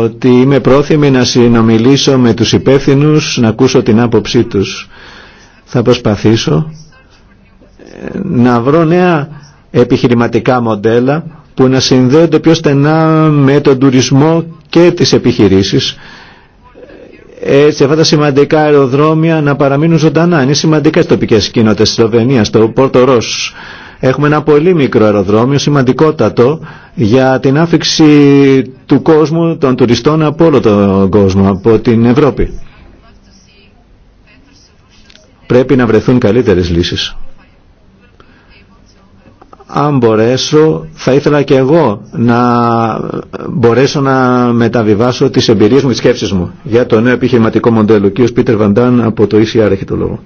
ότι είμαι πρόθυμη να συνομιλήσω με τους υπεύθυνους, να ακούσω την άποψή τους θα προσπαθήσω ε, να βρω νέα επιχειρηματικά μοντέλα που να συνδέονται πιο στενά με τον τουρισμό και τις επιχειρήσεις έτσι αυτά τα σημαντικά αεροδρόμια να παραμείνουν ζωντανά. Είναι σημαντικά στις τοπικές κοινότητες της Σλοβενίας, το Πόρτο Ρος. Έχουμε ένα πολύ μικρό αεροδρόμιο, σημαντικότατο, για την άφηξη του κόσμου, των τουριστών από όλο τον κόσμο, από την Ευρώπη πρέπει να βρεθούν καλύτερες λύσεις. Αν μπορέσω, θα ήθελα και εγώ να μπορέσω να μεταβιβάσω τις εμπειρίες μου, τις σκέψεις μου για το νέο επιχειρηματικό μοντέλο. Κύριος Πίτερ Βαντάν από το ECR έχει το λόγο.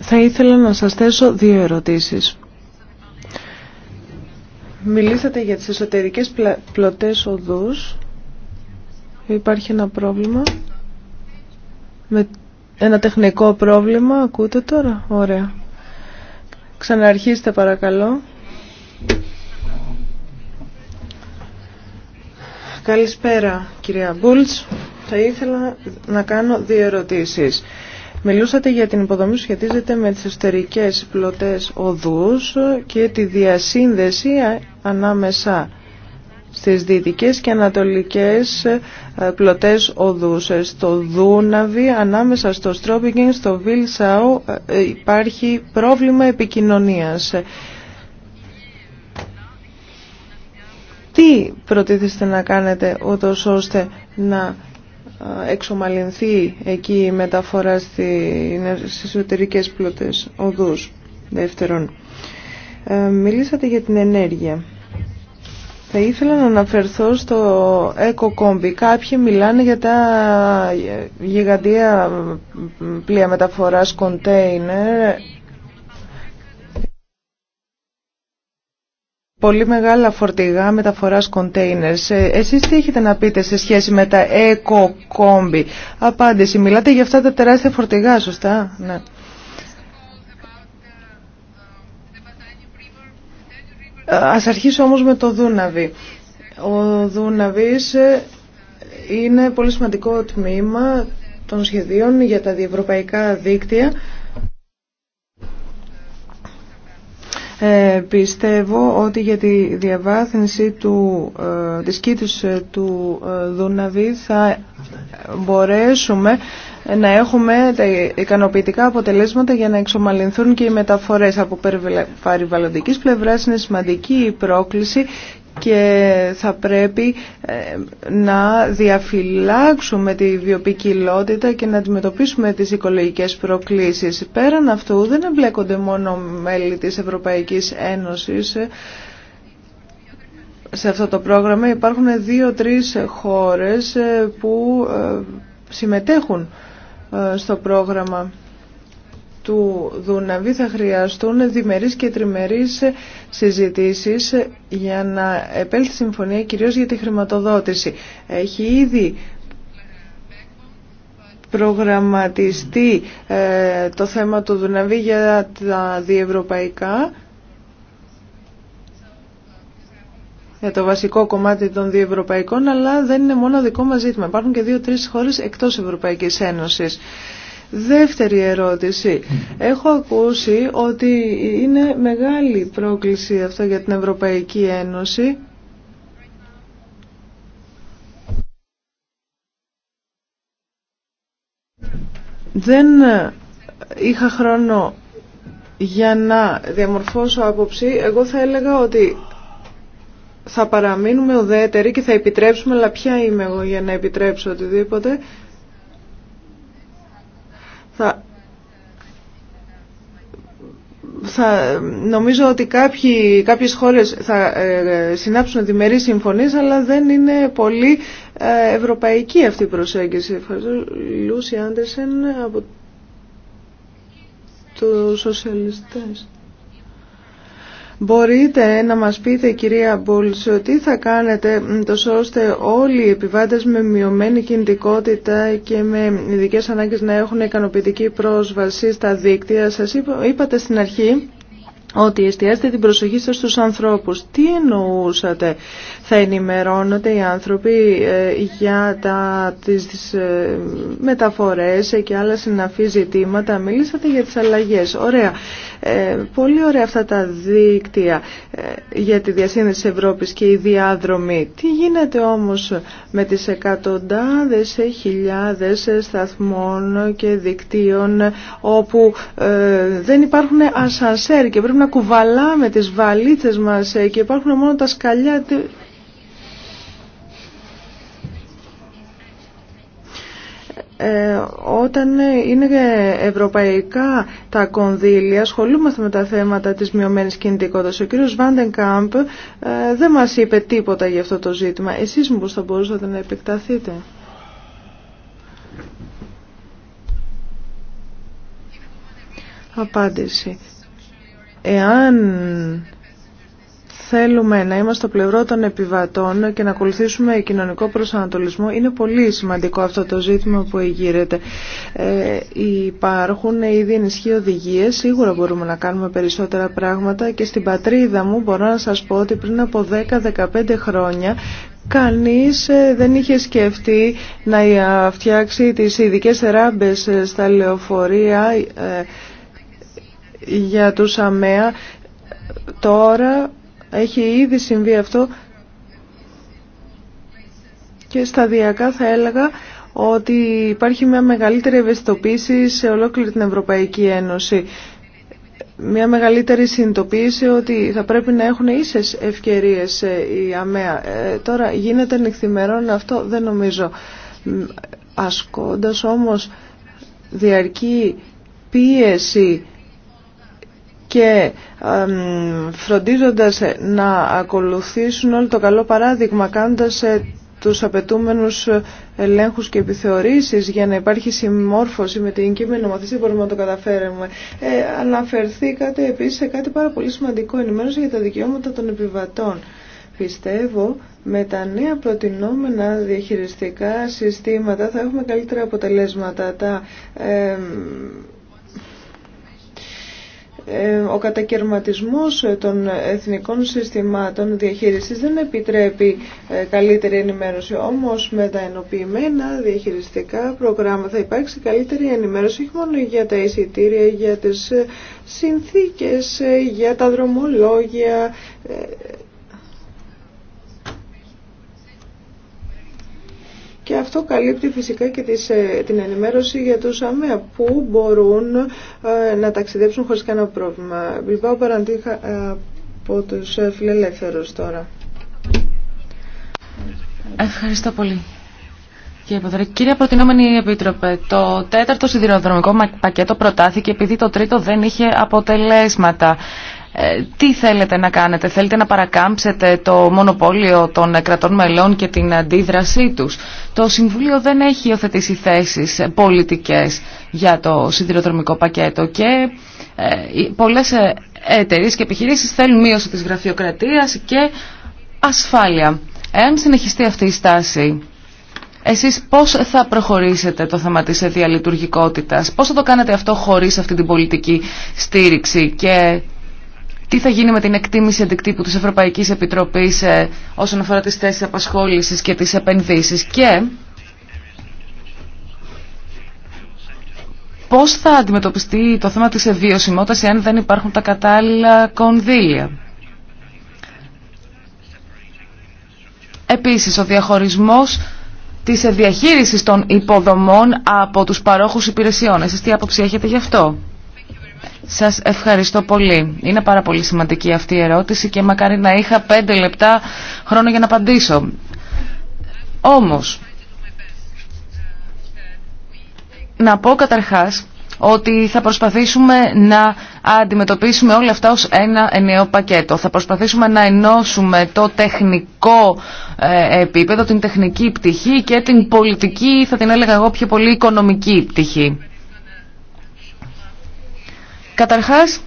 Θα ήθελα να σας θέσω δύο ερωτήσεις. Μιλήσατε για τις εσωτερικές πλωτές οδούς Υπάρχει ένα πρόβλημα. Με ένα τεχνικό πρόβλημα. Ακούτε τώρα. Ωραία. Ξαναρχίστε παρακαλώ. Καλησπέρα κυρία Μπούλτς. Θα ήθελα να κάνω δύο ερωτήσεις. Μιλούσατε για την υποδομή που σχετίζεται με τις εσωτερικές πλωτές οδούς και τη διασύνδεση ανάμεσα στις δυτικές και ανατολικές ε, πλωτές οδούς. Ε, στο Δούναβι, ανάμεσα στο Στρόπικινγκ, στο Βίλσαου ε, υπάρχει πρόβλημα επικοινωνίας. Τι προτίθεστε να κάνετε ούτως ώστε να εξομαλυνθεί εκεί η μεταφορά στις εσωτερικές πλωτές οδούς. Δεύτερον, μιλήσατε για την ενέργεια. Θα ήθελα να αναφερθώ στο EcoCombi. Κάποιοι μιλάνε για τα γιγαντία πλοία μεταφοράς κοντέινερ. Πολύ μεγάλα φορτηγά μεταφοράς κοντέινερς. Ε, εσείς τι έχετε να πείτε σε σχέση με τα EcoCombi. Απάντηση. Μιλάτε για αυτά τα τεράστια φορτηγά, σωστά. Ναι. Ας αρχίσω όμως με το Δούναβι. Ο Δούναβις ε, είναι πολύ σημαντικό τμήμα των σχεδίων για τα διευρωπαϊκά δίκτυα. Ε, πιστεύω ότι για τη διαβάθυνση του, ε, ε του Δούναβι θα μπορέσουμε να έχουμε τα ικανοποιητικά αποτελέσματα για να εξομαλυνθούν και οι μεταφορές από περιβαλλοντικής πλευράς είναι σημαντική η πρόκληση και θα πρέπει ε, να διαφυλάξουμε τη βιοπικιλότητα και να αντιμετωπίσουμε τις οικολογικές προκλήσεις. Πέραν αυτού δεν εμπλέκονται μόνο μέλη της Ευρωπαϊκής Ένωσης ε, σε αυτό το πρόγραμμα. Υπάρχουν δύο-τρεις χώρες ε, που συμμετέχουν ε, στο πρόγραμμα του Δούναβη θα χρειαστούν διμερείς και τριμερείς συζητήσεις για να επέλθει συμφωνία κυρίως για τη χρηματοδότηση. Έχει ήδη προγραμματιστεί ε, το θέμα του Δουναβή για τα διευρωπαϊκά για το βασικό κομμάτι των Ευρωπαϊκών αλλά δεν είναι μόνο δικό μας ζήτημα. Υπάρχουν και δύο-τρεις χώρες εκτός Ευρωπαϊκής Ένωσης. Δεύτερη ερώτηση. Έχω ακούσει ότι είναι μεγάλη πρόκληση αυτό για την Ευρωπαϊκή Ένωση. Δεν είχα χρόνο για να διαμορφώσω άποψη. Εγώ θα έλεγα ότι θα παραμείνουμε ουδέτεροι και θα επιτρέψουμε, αλλά ποια είμαι εγώ για να επιτρέψω οτιδήποτε, θα, θα, νομίζω ότι κάποιοι, κάποιες χώρες θα ε, συνάψουν διμερείς συμφωνίες, αλλά δεν είναι πολύ ε, ευρωπαϊκή αυτή η προσέγγιση. Ευχαριστώ. Λούση Άντερσεν από τους σοσιαλιστές. Μπορείτε να μας πείτε κυρία Μπούλς τι θα κάνετε τόσο ώστε όλοι οι επιβάτες με μειωμένη κινητικότητα και με ειδικές ανάγκες να έχουν ικανοποιητική πρόσβαση στα δίκτυα. Σας είπα, είπατε στην αρχή ότι εστιάζετε την προσοχή σας στους ανθρώπους. Τι εννοούσατε, θα ενημερώνονται οι άνθρωποι ε, για τα, τις, τις ε, μεταφορές και άλλα συναφή ζητήματα. Μίλησατε για τις αλλαγές. Ωραία. Ε, πολύ ωραία αυτά τα δίκτυα για τη διασύνδεση της Ευρώπης και η διάδρομη. Τι γίνεται όμως με τις εκατοντάδες χιλιάδες σταθμών και δικτύων όπου δεν υπάρχουν ασανσέρ και πρέπει να κουβαλάμε τις βαλίτσες μας ε, και υπάρχουν μόνο τα σκαλιά. Ε, όταν είναι ευρωπαϊκά τα κονδύλια, ασχολούμαστε με τα θέματα της μειωμένης κινητικότητας. Ο κύριος Βάντεν Κάμπ ε, δεν μας είπε τίποτα για αυτό το ζήτημα. Εσείς πώς θα μπορούσατε να επεκταθείτε. Απάντηση. Εάν θέλουμε να είμαστε στο πλευρό των επιβατών και να ακολουθήσουμε κοινωνικό προσανατολισμό, είναι πολύ σημαντικό αυτό το ζήτημα που εγείρεται. Ε, υπάρχουν ήδη ενισχύει οδηγίε, σίγουρα μπορούμε να κάνουμε περισσότερα πράγματα και στην πατρίδα μου μπορώ να σας πω ότι πριν από 10-15 χρόνια Κανείς ε, δεν είχε σκεφτεί να φτιάξει τις ειδικές ράμπες ε, στα λεωφορεία ε, για τους ΑΜΕΑ. Τώρα έχει ήδη συμβεί αυτό και σταδιακά θα έλεγα ότι υπάρχει μια μεγαλύτερη ευαισθητοποίηση σε ολόκληρη την Ευρωπαϊκή Ένωση. Μια μεγαλύτερη συνειδητοποίηση ότι θα πρέπει να έχουν ίσες ευκαιρίες ε, οι ΑΜΕΑ. Ε, τώρα γίνεται νυχθημερών αυτό δεν νομίζω. Ασκώντας όμως διαρκή πίεση και φροντίζοντας να ακολουθήσουν όλο το καλό παράδειγμα κάνοντας ε, τους απαιτούμενους ε, ελέγχους και επιθεωρήσεις για να υπάρχει συμμόρφωση με την κείμενη νομοθεσία μπορούμε να το καταφέρουμε. Ε, αναφερθήκατε επίσης σε κάτι πάρα πολύ σημαντικό, ενημέρωση για τα δικαιώματα των επιβατών. Πιστεύω με τα νέα προτινόμενα διαχειριστικά συστήματα θα έχουμε καλύτερα αποτελέσματα. Τα, ε, ε, ο κατακαιρματισμός των εθνικών συστημάτων διαχείρισης δεν επιτρέπει ε, καλύτερη ενημέρωση. Όμως με τα ενοποιημένα διαχειριστικά προγράμματα θα υπάρξει καλύτερη ενημέρωση όχι μόνο για τα εισιτήρια, για τις ε, συνθήκες, για τα δρομολόγια, Και αυτό καλύπτει φυσικά και ε, την ενημέρωση για τους ΑΜΕΑ που μπορούν ε, να ταξιδέψουν χωρίς κανένα πρόβλημα. Μπιλμπάου Παραντίχα ε, από τους φιλελεύθερους τώρα. Ευχαριστώ πολύ. Κύριε κύριε Προτινόμενη Επίτροπε, το τέταρτο σιδηροδρομικό πακέτο προτάθηκε επειδή το τρίτο δεν είχε αποτελέσματα. Ε, τι θέλετε να κάνετε, θέλετε να παρακάμψετε το μονοπόλιο των κρατών μελών και την αντίδρασή τους. Το Συμβούλιο δεν έχει υιοθετήσει θέσεις πολιτικές για το σιδηροδρομικό πακέτο και ε, πολλές ε, εταιρείε και επιχειρήσεις θέλουν μείωση της γραφειοκρατίας και ασφάλεια. Εάν συνεχιστεί αυτή η στάση, εσείς πώς θα προχωρήσετε το θέμα της διαλειτουργικότητας, πώς θα το κάνετε αυτό χωρίς αυτή την πολιτική στήριξη και τι θα γίνει με την εκτίμηση αντικτύπου της Ευρωπαϊκής Επιτροπής ε, όσον αφορά τις θέσεις απασχόλησης και τις επενδύσεις και πώς θα αντιμετωπιστεί το θέμα της ευβιωσιμότητας εάν δεν υπάρχουν τα κατάλληλα κονδύλια. Επίσης, ο διαχωρισμός της διαχείρισης των υποδομών από τους παρόχους υπηρεσιών. Εσείς τι άποψη έχετε γι' αυτό. Σας ευχαριστώ πολύ. Είναι πάρα πολύ σημαντική αυτή η ερώτηση και μακάρι να είχα πέντε λεπτά χρόνο για να απαντήσω. Όμως, να πω καταρχάς ότι θα προσπαθήσουμε να αντιμετωπίσουμε όλα αυτά ως ένα ενιαίο πακέτο. Θα προσπαθήσουμε να ενώσουμε το τεχνικό ε, επίπεδο, την τεχνική πτυχή και την πολιτική, θα την έλεγα εγώ πιο πολύ οικονομική πτυχή. Καταρχάς,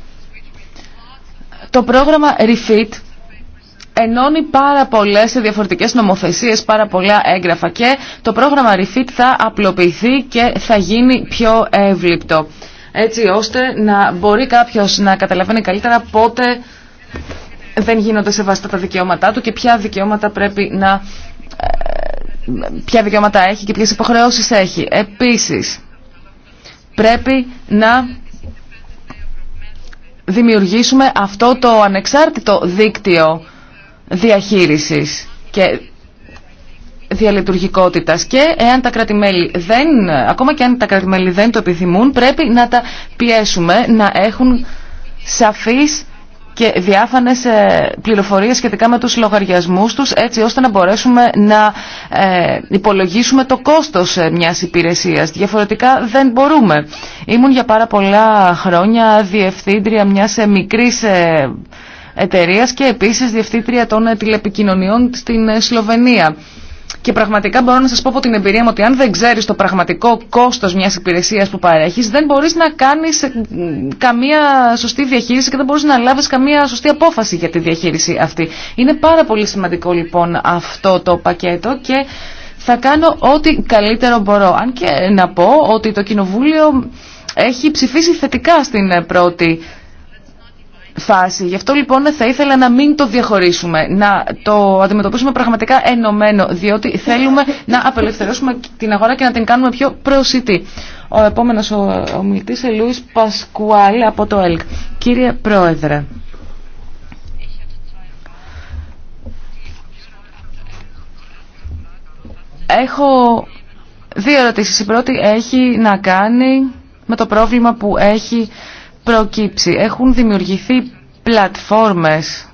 το πρόγραμμα REFIT ενώνει πάρα πολλές διαφορετικές νομοθεσίες, πάρα πολλά έγγραφα και το πρόγραμμα REFIT θα απλοποιηθεί και θα γίνει πιο εύληπτο έτσι ώστε να μπορεί κάποιος να καταλαβαίνει καλύτερα πότε δεν γίνονται σεβαστά τα δικαιώματά του και ποια δικαιώματα πρέπει να ε, ποια δικαιώματα έχει και ποιες υποχρεώσεις έχει. Επίσης, πρέπει να δημιουργήσουμε αυτό το ανεξάρτητο δίκτυο διαχείρισης και διαλειτουργικότητας και εάν τα κρατημέλη δεν, ακόμα και αν τα κρατημέλη δεν το επιθυμούν, πρέπει να τα πιέσουμε να έχουν σαφείς και διάφανες ε, πληροφορίες σχετικά με τους λογαριασμούς τους έτσι ώστε να μπορέσουμε να ε, υπολογίσουμε το κόστος ε, μιας υπηρεσίας. Διαφορετικά δεν μπορούμε. Ήμουν για πάρα πολλά χρόνια διευθύντρια μιας μικρής εταιρείας και επίσης διευθύντρια των τηλεπικοινωνιών στην Σλοβενία. Και πραγματικά μπορώ να σας πω από την εμπειρία μου ότι αν δεν ξέρεις το πραγματικό κόστος μιας υπηρεσία που παρέχει, δεν μπορεί να κάνεις ε, καμία σωστή διαχείριση και δεν μπορείς να λάβεις καμία σωστή απόφαση για τη διαχείριση αυτή. Είναι πάρα πολύ σημαντικό λοιπόν αυτό το πακέτο και θα κάνω ό,τι καλύτερο μπορώ. Αν και να πω ότι το Κοινοβούλιο έχει ψηφίσει θετικά στην πρώτη φάση. Γι' αυτό λοιπόν θα ήθελα να μην το διαχωρίσουμε, να το αντιμετωπίσουμε πραγματικά ενωμένο, διότι θέλουμε να απελευθερώσουμε την αγορά και να την κάνουμε πιο προσιτή. Ο επόμενος ο, ομιλητής είναι Λούις Πασκουάλ από το ΕΛΚ. Κύριε Πρόεδρε. Έχω δύο ερωτήσεις. Η πρώτη έχει να κάνει με το πρόβλημα που έχει προκύψει. Έχουν δημιουργηθεί πλατφόρμες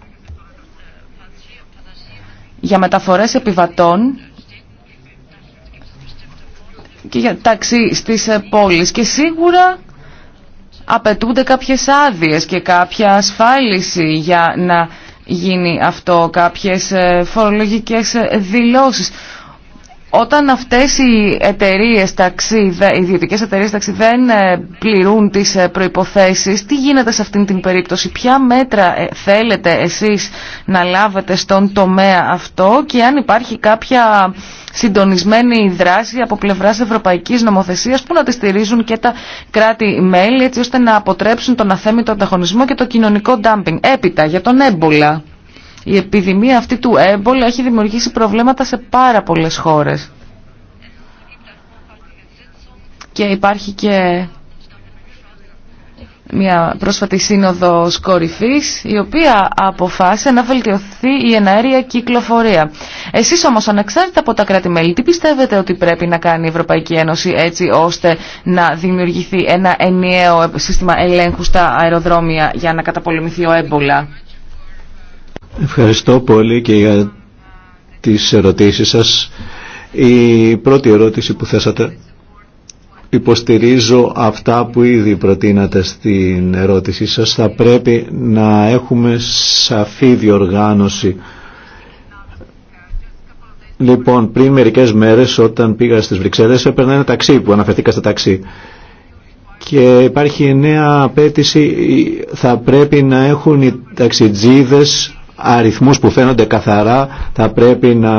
για μεταφορές επιβατών και για ταξί στις ε, πόλεις και σίγουρα απαιτούνται κάποιες άδειες και κάποια ασφάλιση για να γίνει αυτό, κάποιες ε, φορολογικές ε, δηλώσεις όταν αυτές οι εταιρείες ταξί, οι ιδιωτικές εταιρείες ταξί δεν ε, πληρούν τις ε, προϋποθέσεις, τι γίνεται σε αυτήν την περίπτωση, ποια μέτρα ε, θέλετε εσείς να λάβετε στον τομέα αυτό και αν υπάρχει κάποια συντονισμένη δράση από πλευράς ευρωπαϊκής νομοθεσίας που να τη στηρίζουν και τα κράτη-μέλη έτσι ώστε να αποτρέψουν τον αθέμητο ανταγωνισμό και το κοινωνικό ντάμπινγκ. Έπειτα για τον έμπολα. Η επιδημία αυτή του έμπολα έχει δημιουργήσει προβλήματα σε πάρα πολλές χώρες. Και υπάρχει και μια πρόσφατη σύνοδο κορυφής η οποία αποφάσισε να βελτιωθεί η εναέρια κυκλοφορία. Εσείς όμως ανεξάρτητα από τα κράτη-μέλη τι πιστεύετε ότι πρέπει να κάνει η Ευρωπαϊκή Ένωση έτσι ώστε να δημιουργηθεί ένα ενιαίο σύστημα ελέγχου στα αεροδρόμια για να καταπολεμηθεί ο έμπολα. Ευχαριστώ πολύ και για τις ερωτήσεις σας. Η πρώτη ερώτηση που θέσατε υποστηρίζω αυτά που ήδη προτείνατε στην ερώτησή σας. Θα πρέπει να έχουμε σαφή διοργάνωση. Λοιπόν, πριν μερικές μέρες όταν πήγα στις Βρυξέλλες έπαιρνα ένα ταξί που αναφερθήκα στα ταξί και υπάρχει νέα απέτηση θα πρέπει να έχουν οι ταξιτζίδες αριθμούς που φαίνονται καθαρά θα πρέπει να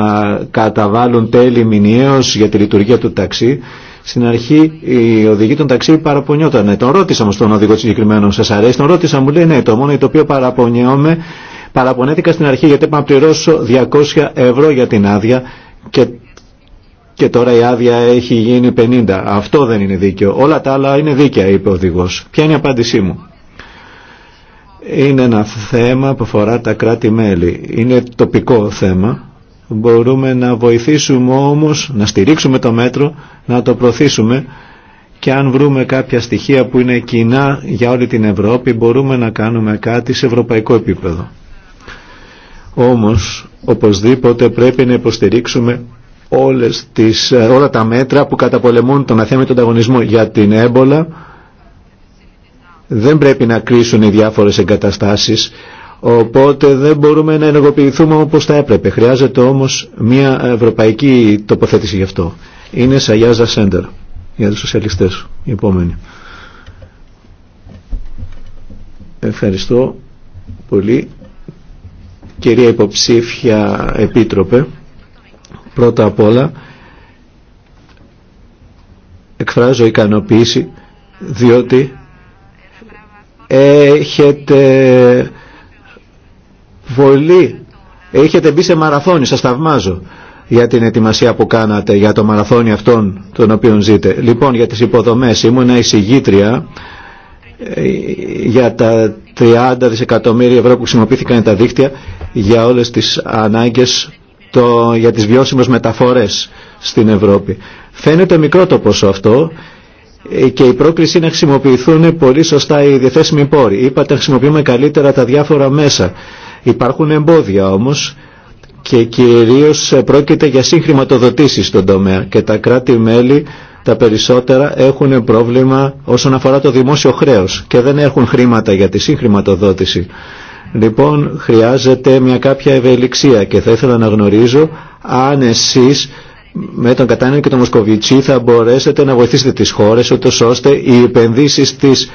καταβάλουν τέλη μηνιαίως για τη λειτουργία του ταξί. Στην αρχή η οδηγή των ταξί παραπονιότανε. Τον ρώτησα μου στον οδηγό συγκεκριμένο συγκεκριμένου, σας αρέσει. Τον ρώτησα, μου λέει ναι, το μόνο το οποίο παραπονιόμαι, παραπονέθηκα στην αρχή γιατί είπα να πληρώσω 200 ευρώ για την άδεια και και τώρα η άδεια έχει γίνει 50. Αυτό δεν είναι δίκαιο. Όλα τα άλλα είναι δίκαια, είπε ο οδηγός. Ποια είναι η απάντησή μου είναι ένα θέμα που αφορά τα κράτη-μέλη. Είναι τοπικό θέμα. Μπορούμε να βοηθήσουμε όμως, να στηρίξουμε το μέτρο, να το προωθήσουμε και αν βρούμε κάποια στοιχεία που είναι κοινά για όλη την Ευρώπη μπορούμε να κάνουμε κάτι σε ευρωπαϊκό επίπεδο. Όμως, οπωσδήποτε πρέπει να υποστηρίξουμε όλες τις, ε, όλα τα μέτρα που καταπολεμούν τον τον ανταγωνισμό για την έμπολα δεν πρέπει να κρίσουν οι διάφορες εγκαταστάσεις οπότε δεν μπορούμε να ενεργοποιηθούμε όπως θα έπρεπε. Χρειάζεται όμως μια ευρωπαϊκή τοποθέτηση γι' αυτό. Είναι Σαγιάζα Σέντερ για τους σοσιαλιστές. επόμενη. Ευχαριστώ πολύ. Κυρία Υποψήφια Επίτροπε, πρώτα απ' όλα εκφράζω ικανοποίηση διότι έχετε βολή, έχετε μπει σε μαραθώνη. σας θαυμάζω για την ετοιμασία που κάνατε για το μαραθώνι αυτόν τον οποίο ζείτε. Λοιπόν, για τις υποδομές ήμουν εισηγήτρια ε, για τα 30 δισεκατομμύρια ευρώ που χρησιμοποιήθηκαν τα δίκτυα για όλες τις ανάγκες το, για τις βιώσιμες μεταφορές στην Ευρώπη. Φαίνεται μικρό το ποσό αυτό και η πρόκληση είναι να χρησιμοποιηθούν πολύ σωστά οι διαθέσιμοι πόροι. Είπατε να χρησιμοποιούμε καλύτερα τα διάφορα μέσα. Υπάρχουν εμπόδια όμως και κυρίως πρόκειται για συγχρηματοδοτήσεις στον τομέα και τα κράτη-μέλη τα περισσότερα έχουν πρόβλημα όσον αφορά το δημόσιο χρέος και δεν έχουν χρήματα για τη συγχρηματοδότηση. Λοιπόν, χρειάζεται μια κάποια ευελιξία και θα ήθελα να γνωρίζω αν εσείς με τον Κατάνιο και τον Μοσκοβιτσί θα μπορέσετε να βοηθήσετε τις χώρες ούτως ώστε οι επενδύσει τις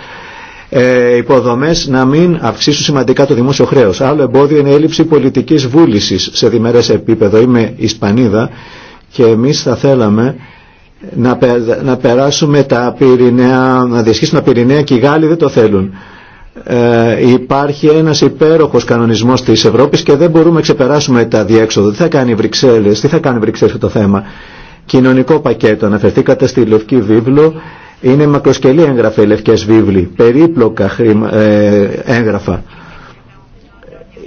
ε, υποδομές να μην αυξήσουν σημαντικά το δημόσιο χρέος. Άλλο εμπόδιο είναι η έλλειψη πολιτικής βούλησης σε διμερές επίπεδο. Είμαι Ισπανίδα και εμείς θα θέλαμε να, να περάσουμε τα πυρηναία, να διασχίσουμε τα πυρηναία και οι Γάλλοι δεν το θέλουν ε, υπάρχει ένας υπέροχος κανονισμός της Ευρώπης και δεν μπορούμε να ξεπεράσουμε τα διέξοδο. Τι θα κάνει η Βρυξέλλες, τι θα κάνει η Βρυξέλλες το θέμα. Κοινωνικό πακέτο, αναφερθήκατε στη Λευκή Βίβλο, είναι μακροσκελή έγγραφα οι Λευκές Βίβλοι, περίπλοκα χρήμα, ε, έγγραφα.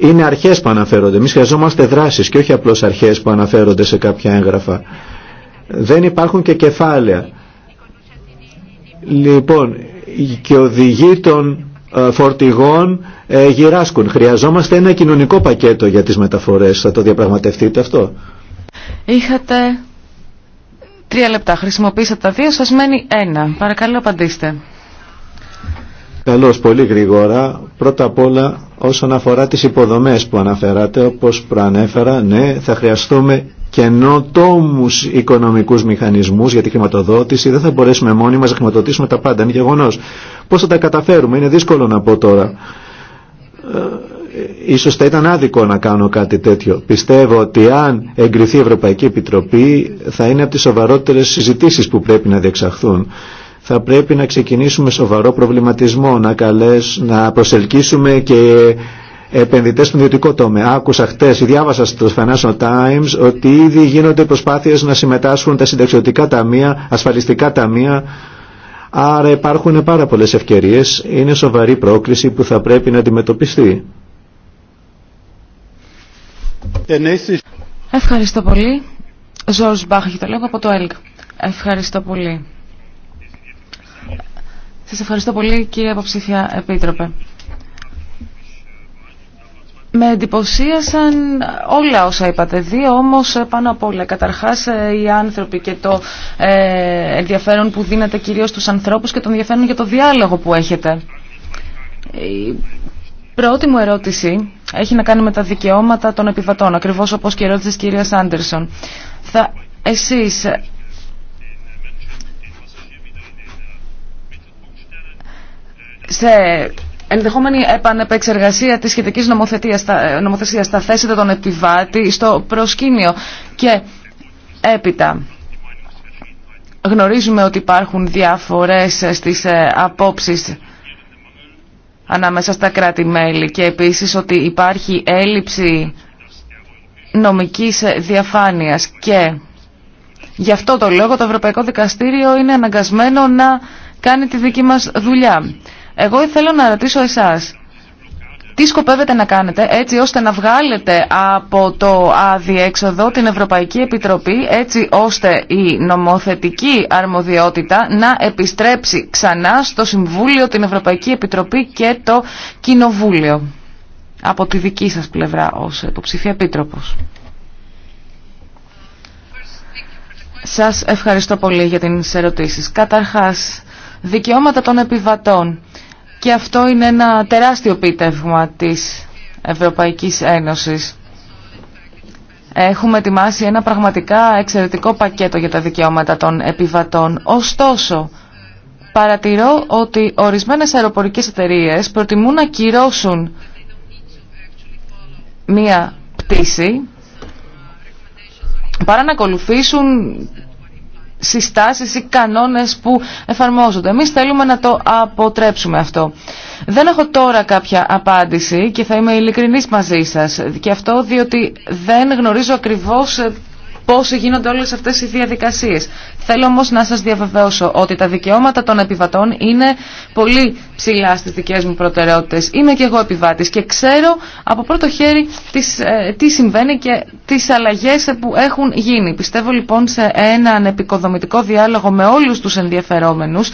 Είναι αρχές που αναφέρονται. Εμεί χρειαζόμαστε δράσεις και όχι απλώς αρχές που αναφέρονται σε κάποια έγγραφα. Δεν υπάρχουν και κεφάλαια. Λοιπόν, και οδηγεί τον ε, φορτηγών ε, γυράσκουν. Χρειαζόμαστε ένα κοινωνικό πακέτο για τις μεταφορές. Θα το διαπραγματευτείτε αυτό. Είχατε τρία λεπτά. Χρησιμοποίησατε τα δύο. Σας μένει ένα. Παρακαλώ απαντήστε. Καλώς, πολύ γρήγορα. Πρώτα απ' όλα όσον αφορά τις υποδομές που αναφερατε, όπως προανέφερα, ναι, θα χρειαστούμε καινοτόμου οικονομικούς μηχανισμούς για τη χρηματοδότηση. Δεν θα μπορέσουμε μόνοι μας να χρηματοδοτήσουμε τα πάντα. Είναι γεγονός. Πώς θα τα καταφέρουμε. Είναι δύσκολο να πω τώρα. Ε, ίσως θα ήταν άδικο να κάνω κάτι τέτοιο. Πιστεύω ότι αν εγκριθεί η Ευρωπαϊκή Επιτροπή θα είναι από τις σοβαρότερες συζητήσεις που πρέπει να διεξαχθούν θα πρέπει να ξεκινήσουμε σοβαρό προβληματισμό, να, καλές, να προσελκύσουμε και επενδυτέ στον ιδιωτικό τομέα. Άκουσα χτε διάβασα στο Financial Times ότι ήδη γίνονται προσπάθειε να συμμετάσχουν τα συνταξιωτικά ταμεία, ασφαλιστικά ταμεία. Άρα υπάρχουν πάρα πολλέ ευκαιρίε. Είναι σοβαρή πρόκληση που θα πρέπει να αντιμετωπιστεί. Ευχαριστώ πολύ. Μπάχ, το λέω από το ΕΛΚ. Ευχαριστώ πολύ. Σας ευχαριστώ πολύ κύριε Αποψήφια Επίτροπε. Με εντυπωσίασαν όλα όσα είπατε. Δύο όμως ε, πάνω απ' όλα. Καταρχάς ε, οι άνθρωποι και το ε, ενδιαφέρον που δίνετε κυρίως στους ανθρώπους και το ενδιαφέρον για το διάλογο που έχετε. Η πρώτη μου ερώτηση έχει να κάνει με τα δικαιώματα των επιβατών, ακριβώς όπως και η ερώτηση της κυρίας Άντερσον. Θα, εσείς σε ενδεχόμενη επανεπεξεργασία της σχετικής ε, νομοθεσίας θα θέσετε τον επιβάτη στο προσκήνιο και έπειτα. Γνωρίζουμε ότι υπάρχουν διάφορες στις ε, απόψεις ανάμεσα στα κράτη-μέλη και επίσης ότι υπάρχει έλλειψη νομικής διαφάνειας και γι' αυτό το λόγο το Ευρωπαϊκό Δικαστήριο είναι αναγκασμένο να κάνει τη δική μας δουλειά. Εγώ θέλω να ρωτήσω εσάς, τι σκοπεύετε να κάνετε έτσι ώστε να βγάλετε από το αδιέξοδο την Ευρωπαϊκή Επιτροπή έτσι ώστε η νομοθετική αρμοδιότητα να επιστρέψει ξανά στο Συμβούλιο, την Ευρωπαϊκή Επιτροπή και το Κοινοβούλιο από τη δική σας πλευρά ως υποψήφια επίτροπος. Σας ευχαριστώ πολύ για τις ερωτήσεις. Καταρχάς, δικαιώματα των επιβατών και αυτό είναι ένα τεράστιο πίτευγμα της Ευρωπαϊκής Ένωσης. Έχουμε ετοιμάσει ένα πραγματικά εξαιρετικό πακέτο για τα δικαιώματα των επιβατών. Ωστόσο, παρατηρώ ότι ορισμένες αεροπορικές εταιρείες προτιμούν να κυρώσουν μία πτήση παρά να ακολουθήσουν συστάσεις ή κανόνες που εφαρμόζονται. Εμείς θέλουμε να το αποτρέψουμε αυτό. Δεν έχω τώρα κάποια απάντηση και θα είμαι ειλικρινής μαζί σας και αυτό διότι δεν γνωρίζω ακριβώς πώς γίνονται όλες αυτές οι διαδικασίες. Θέλω όμως να σας διαβεβαιώσω ότι τα δικαιώματα των επιβατών είναι πολύ ψηλά στις δικές μου προτεραιότητες. Είμαι και εγώ επιβάτης και ξέρω από πρώτο χέρι ε, τι συμβαίνει και τις αλλαγές που έχουν γίνει. Πιστεύω λοιπόν σε έναν επικοδομητικό διάλογο με όλους τους ενδιαφερόμενους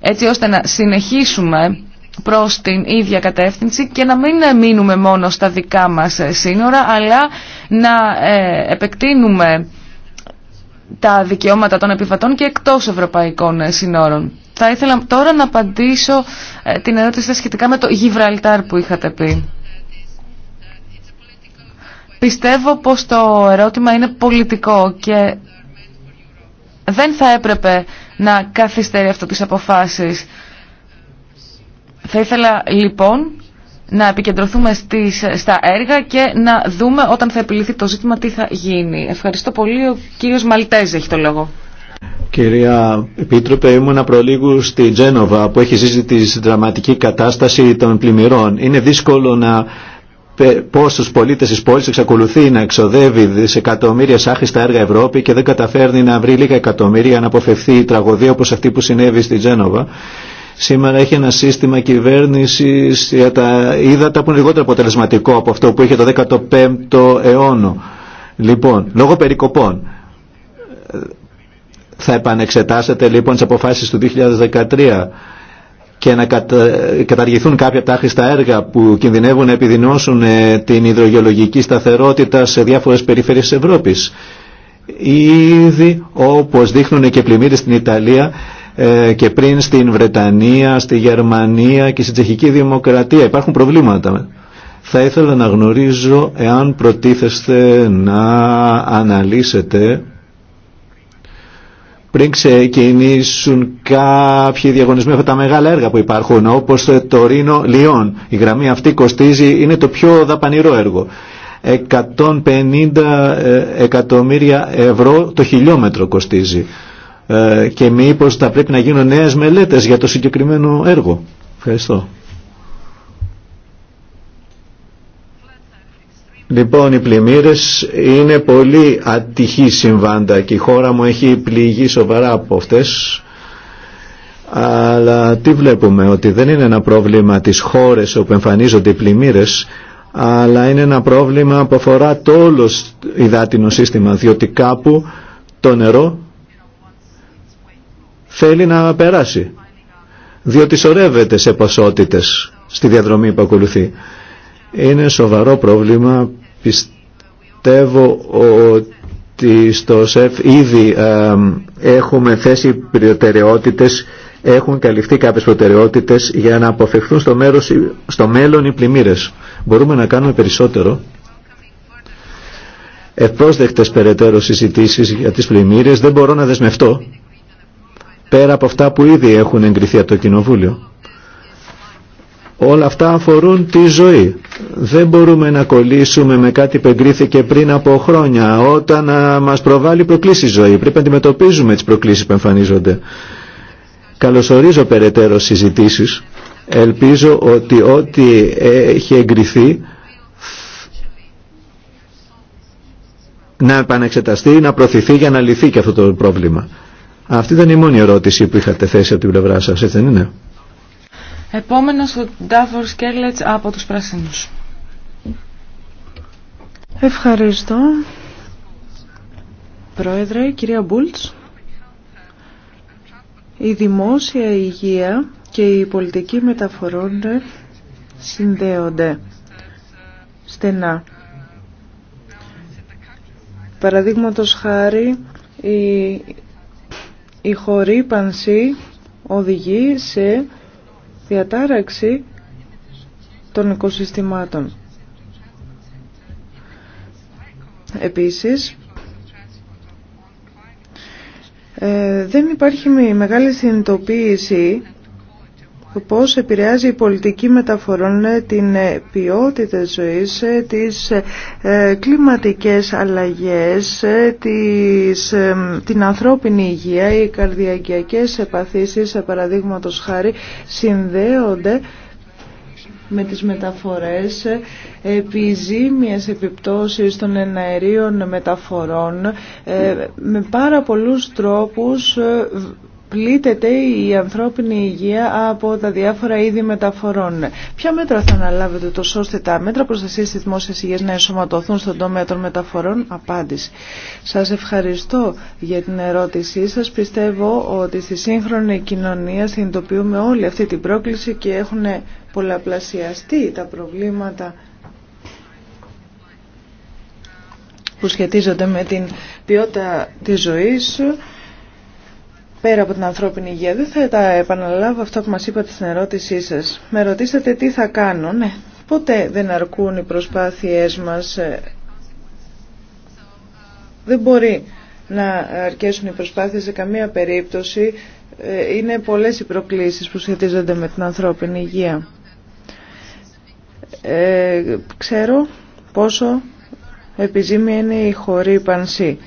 έτσι ώστε να συνεχίσουμε προς την ίδια κατεύθυνση και να μην μείνουμε μόνο στα δικά μας σύνορα αλλά να ε, επεκτείνουμε τα δικαιώματα των επιβατών και εκτός ευρωπαϊκών σύνορων. Θα ήθελα τώρα να απαντήσω ε, την ερώτηση σχετικά με το Γιβραλτάρ που είχατε πει. Πιστεύω πως το ερώτημα είναι πολιτικό και δεν θα έπρεπε να καθυστερεί αυτό τις αποφάσεις θα ήθελα λοιπόν να επικεντρωθούμε στις, στα έργα και να δούμε όταν θα επιληθεί το ζήτημα τι θα γίνει. Ευχαριστώ πολύ. Ο κύριος Μαλτέζ έχει το λόγο. Κυρία Επίτροπε, ήμουν προλίγου στη Τζένοβα που έχει ζήσει τη δραματική κατάσταση των πλημμυρών. Είναι δύσκολο να πώ στου πολίτε τη πόλη εξακολουθεί να εξοδεύει δισεκατομμύρια στα έργα Ευρώπη και δεν καταφέρνει να βρει λίγα εκατομμύρια να αποφευθεί η τραγωδία όπω αυτή που συνέβη στη Τζένοβα. Σήμερα έχει ένα σύστημα κυβέρνηση για τα ύδατα που είναι λιγότερο αποτελεσματικό από αυτό που είχε το 15ο αιώνο. Λοιπόν, λόγω περικοπών. Θα επανεξετάσετε λοιπόν τι αποφάσει του 2013 και να καταργηθούν κάποια από τα άχρηστα έργα που κινδυνεύουν να επιδεινώσουν ε, την υδρογεολογική σταθερότητα σε διάφορε περιφερειε της Ευρώπης. Ήδη όπω δείχνουν και πλημμύρε στην Ιταλία ε, και πριν στην Βρετανία, στη Γερμανία και στη Τσεχική Δημοκρατία. Υπάρχουν προβλήματα. Θα ήθελα να γνωρίζω εάν προτίθεστε να αναλύσετε πριν ξεκινήσουν κάποιοι διαγωνισμοί από τα μεγάλα έργα που υπάρχουν όπως το Ρήνο Λιόν. Η γραμμή αυτή κοστίζει, είναι το πιο δαπανηρό έργο. 150 ε, εκατομμύρια ευρώ το χιλιόμετρο κοστίζει ε, και μήπως θα πρέπει να γίνουν νέες μελέτες για το συγκεκριμένο έργο. Ευχαριστώ. Λοιπόν, οι πλημμύρες είναι πολύ ατυχή συμβάντα και η χώρα μου έχει πληγεί σοβαρά από αυτές. Αλλά τι βλέπουμε, ότι δεν είναι ένα πρόβλημα της χώρες όπου εμφανίζονται οι πλημμύρες, αλλά είναι ένα πρόβλημα που αφορά το όλο υδάτινο σύστημα, διότι κάπου το νερό θέλει να περάσει. Διότι σωρεύεται σε ποσότητες στη διαδρομή που ακολουθεί. Είναι σοβαρό πρόβλημα. Πιστεύω ότι στο ΣΕΦ ήδη ε, έχουμε θέσει προτεραιότητες, έχουν καλυφθεί κάποιες προτεραιότητες για να αποφευχθούν στο, μέρος, στο μέλλον οι πλημμύρες. Μπορούμε να κάνουμε περισσότερο ευπρόσδεκτες περαιτέρω συζητήσεις για τις πλημμύρες δεν μπορώ να δεσμευτώ πέρα από αυτά που ήδη έχουν εγκριθεί από το Κοινοβούλιο. Όλα αυτά αφορούν τη ζωή. Δεν μπορούμε να κολλήσουμε με κάτι που εγκρίθηκε πριν από χρόνια, όταν α, μας προβάλλει προκλήσει ζωή. Πρέπει να αντιμετωπίζουμε τις προκλήσεις που εμφανίζονται. Καλωσορίζω περαιτέρω συζητήσεις. Ελπίζω ότι ό,τι έχει εγκριθεί να επανεξεταστεί, να προωθηθεί για να λυθεί και αυτό το πρόβλημα. Αυτή δεν ήταν η μόνη ερώτηση που είχατε θέσει από την πλευρά σας, έτσι δεν είναι. Επόμενος ο Ντάφορ Σκέρλετς από τους Πράσινους. Ευχαριστώ. Πρόεδρε, κυρία Μπούλτς, η δημόσια υγεία και η πολιτική μεταφορών συνδέονται στενά. Παραδείγματος χάρη, η η χορύπανση οδηγεί σε διατάραξη των οικοσυστημάτων. Επίσης, ε, δεν υπάρχει μεγάλη συνειδητοποίηση πώς επηρεάζει η πολιτική μεταφορών ε, την ε, ποιότητα ζωής, ε, τις κλιματικές αλλαγές, τις, την ανθρώπινη υγεία, οι καρδιακιακές επαθήσεις, παραδείγματος χάρη, συνδέονται με τις μεταφορές, επιζήμιες επιπτώσεις των εναερίων μεταφορών, με πάρα πολλούς τρόπους πλήττεται η ανθρώπινη υγεία από τα διάφορα είδη μεταφορών. Ποια μέτρα θα αναλάβετε το ώστε τα μέτρα προστασίας της δημόσιας υγείας να ενσωματωθούν στον τομέα των μεταφορών. Απάντηση. Σας ευχαριστώ για την ερώτησή σας. Πιστεύω ότι στη σύγχρονη κοινωνία συνειδητοποιούμε όλη αυτή την πρόκληση και έχουν πολλαπλασιαστεί τα προβλήματα που σχετίζονται με την ποιότητα της ζωής πέρα από την ανθρώπινη υγεία. Δεν θα τα επαναλάβω αυτό που μας είπατε στην ερώτησή σας. Με ρωτήσατε τι θα κάνω. Ναι, ποτέ δεν αρκούν οι προσπάθειές μας. Δεν μπορεί να αρκέσουν οι προσπάθειες σε καμία περίπτωση. Είναι πολλές οι προκλήσεις που σχετίζονται με την ανθρώπινη υγεία. Ε, ξέρω πόσο επιζήμια είναι η χορύπανση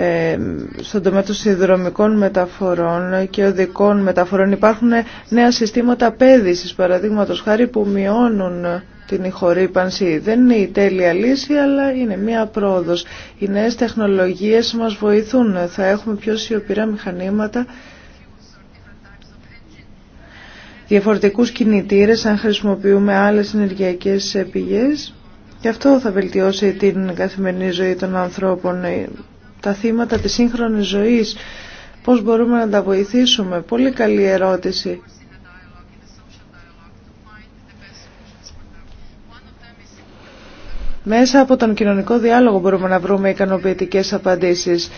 ε, στον τομέα των συνδρομικών μεταφορών και οδικών μεταφορών υπάρχουν νέα συστήματα πέδησης παραδείγματο χάρη που μειώνουν την ηχορύπανση. Δεν είναι η τέλεια λύση, αλλά είναι μία πρόοδος. Οι νέες τεχνολογίες μας βοηθούν. Θα έχουμε πιο σιωπηρά μηχανήματα, διαφορετικούς κινητήρες, αν χρησιμοποιούμε άλλες ενεργειακές πηγές. Και αυτό θα βελτιώσει την καθημερινή ζωή των ανθρώπων τα θύματα της σύγχρονης ζωής, πώς μπορούμε να τα βοηθήσουμε. Πολύ καλή ερώτηση. Μέσα από τον κοινωνικό διάλογο μπορούμε να βρούμε ικανοποιητικές απαντήσεις.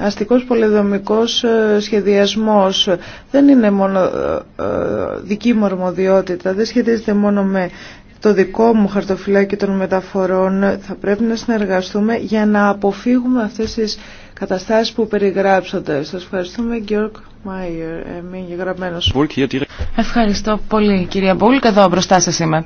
Αστικός πολεδομικός ε, σχεδιασμός δεν είναι μόνο ε, ε, δική μου αρμοδιότητα, δεν σχετίζεται μόνο με το δικό μου χαρτοφυλάκι των μεταφορών θα πρέπει να συνεργαστούμε για να αποφύγουμε αυτές τις καταστάσεις που περιγράψονται. Σας ευχαριστούμε Γιώργ Μάιερ, ε, μη γραμμένος. Ευχαριστώ πολύ κυρία Μπούλκ, εδώ μπροστά σας είμαι.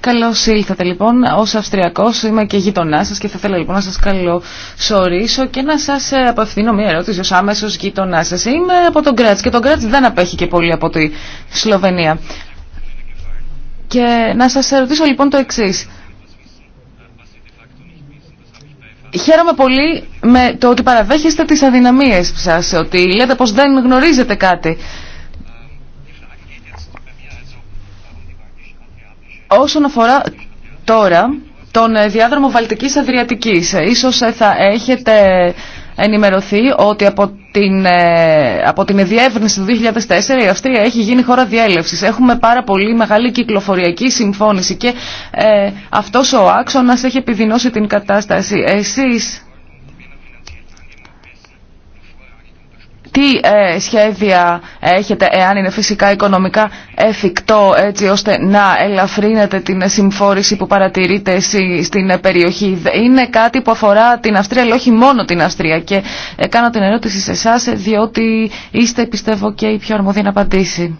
Καλώ ήλθατε λοιπόν. Ω Αυστριακό είμαι και γείτονά σα και θα ήθελα λοιπόν να σα καλωσορίσω και να σα ε, απευθύνω μια ερώτηση ω άμεσο γείτονά σα. Είμαι από τον Κράτ και τον Κράτ δεν απέχει και πολύ από τη Σλοβενία. Και να σας ερωτήσω λοιπόν το εξής. Χαίρομαι πολύ με το ότι παραδέχεστε τις αδυναμίες σας, ότι λέτε πως δεν γνωρίζετε κάτι. Όσον αφορά τώρα τον ε, διάδρομο Βαλτικής Αδριατικής, ε, ίσως ε, θα έχετε ενημερωθεί ότι από την, ε, από την διεύρυνση του 2004 η Αυστρία έχει γίνει χώρα διέλευσης. Έχουμε πάρα πολύ μεγάλη κυκλοφοριακή συμφώνηση και ε, αυτός ο άξονας έχει επιδεινώσει την κατάσταση. Εσείς τι ε, σχέδια έχετε, εάν είναι φυσικά οικονομικά εφικτό, έτσι ώστε να ελαφρύνετε την συμφόρηση που παρατηρείτε εσεί στην περιοχή. Είναι κάτι που αφορά την Αυστρία, αλλά όχι μόνο την Αυστρία. Και ε, κάνω την ερώτηση σε εσά, ε, διότι είστε, πιστεύω, και η πιο αρμοδία να απαντήσει.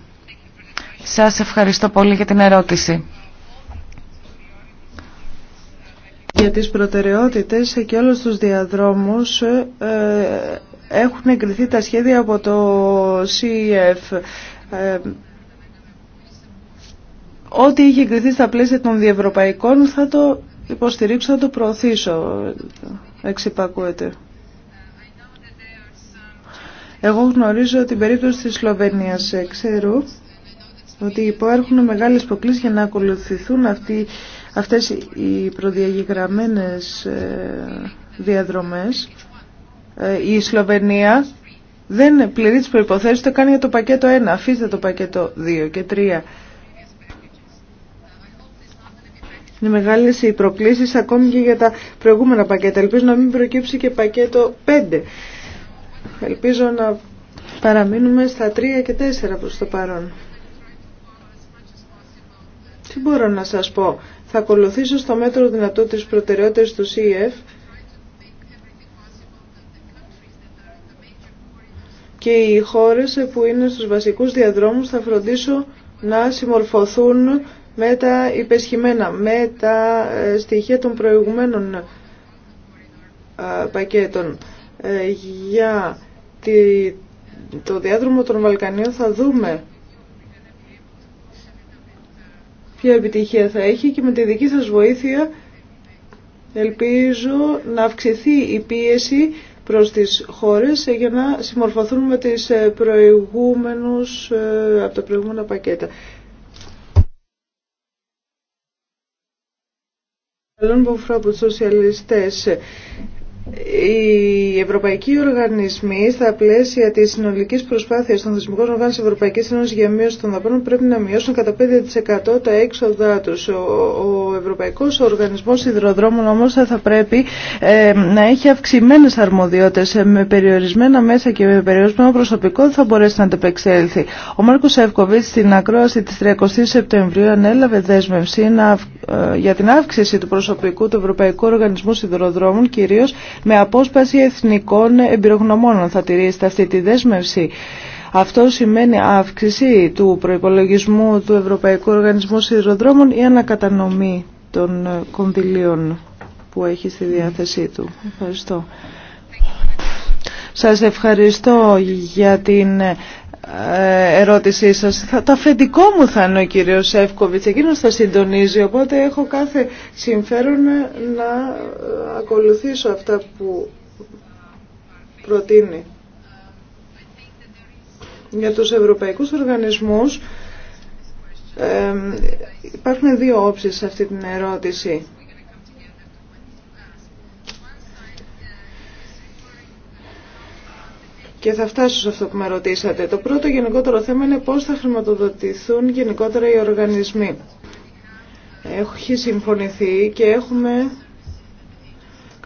Σας ευχαριστώ πολύ για την ερώτηση. Για τις προτεραιότητες και όλους τους διαδρόμους έχουν εγκριθεί τα σχέδια από το CEF. Ε, ό,τι είχε εγκριθεί στα πλαίσια των διευρωπαϊκών θα το υποστηρίξω, θα το προωθήσω. Εξυπακούεται. Εγώ γνωρίζω την περίπτωση της Σλοβενίας. Ε, ξέρω ότι υπάρχουν μεγάλες προκλήσεις για να ακολουθηθούν αυτοί, αυτές οι προδιαγεγραμμένες ε, διαδρομές. Ε, η Σλοβενία δεν πληρεί τις προϋποθέσεις, το κάνει για το πακέτο 1, αφήστε το πακέτο 2 και 3. Είναι μεγάλε οι προκλήσει ακόμη και για τα προηγούμενα πακέτα. Ελπίζω να μην προκύψει και πακέτο 5. Ελπίζω να παραμείνουμε στα 3 και 4 προς το παρόν. Τι μπορώ να σας πω. Θα ακολουθήσω στο μέτρο δυνατό τις προτεραιότητες του CEF και οι χώρες που είναι στους βασικούς διαδρόμους θα φροντίσω να συμμορφωθούν με τα υπεσχημένα, με τα ε, στοιχεία των προηγουμένων ε, πακέτων. Ε, για το διάδρομο των Βαλκανίων θα δούμε ποια επιτυχία θα έχει και με τη δική σας βοήθεια ελπίζω να αυξηθεί η πίεση προς τις χώρες ε, για να συμμορφωθούν με τις ε, προηγούμενους, ε, από τα προηγούμενα πακέτα. Καλόν που φορά από τους σοσιαλιστές οι ευρωπαϊκοί οργανισμοί στα πλαίσια τη συνολική προσπάθεια των θεσμικών οργάνων τη Ευρωπαϊκή Ένωση για μείωση των δαπάνων πρέπει να μειώσουν κατά 5% τα έξοδά του. Ο, ο Ευρωπαϊκό Οργανισμό Ιδροδρόμων όμω θα, πρέπει ε, να έχει αυξημένε αρμοδιότητε. Ε, με περιορισμένα μέσα και με περιορισμένο προσωπικό θα μπορέσει να αντεπεξέλθει. Ο Μάρκο Εύκοβιτ στην ακρόαση τη 30 Σεπτεμβρίου ανέλαβε δέσμευση να, ε, για την αύξηση του προσωπικού του Ευρωπαϊκού Οργανισμού Ιδροδρόμων κυρίω με απόσπαση εθνικών εμπειρογνωμών. Θα τηρήσετε αυτή τη δέσμευση. Αυτό σημαίνει αύξηση του προϋπολογισμού του Ευρωπαϊκού Οργανισμού Σιδηροδρόμων ή ανακατανομή των ε, κονδυλίων που έχει στη διάθεσή του. Ευχαριστώ. Σας ευχαριστώ για την ε, ε, ερώτησή σας. Θα, το αφεντικό μου θα είναι ο κύριος Εύκοβιτς, εκείνος θα συντονίζει, οπότε έχω κάθε συμφέρον να ε, ακολουθήσω αυτά που προτείνει. Για τους ευρωπαϊκούς οργανισμούς ε, υπάρχουν δύο όψεις σε αυτή την ερώτηση. Και θα φτάσω σε αυτό που με ρωτήσατε. Το πρώτο γενικότερο θέμα είναι πώς θα χρηματοδοτηθούν γενικότερα οι οργανισμοί. Έχει συμφωνηθεί και έχουμε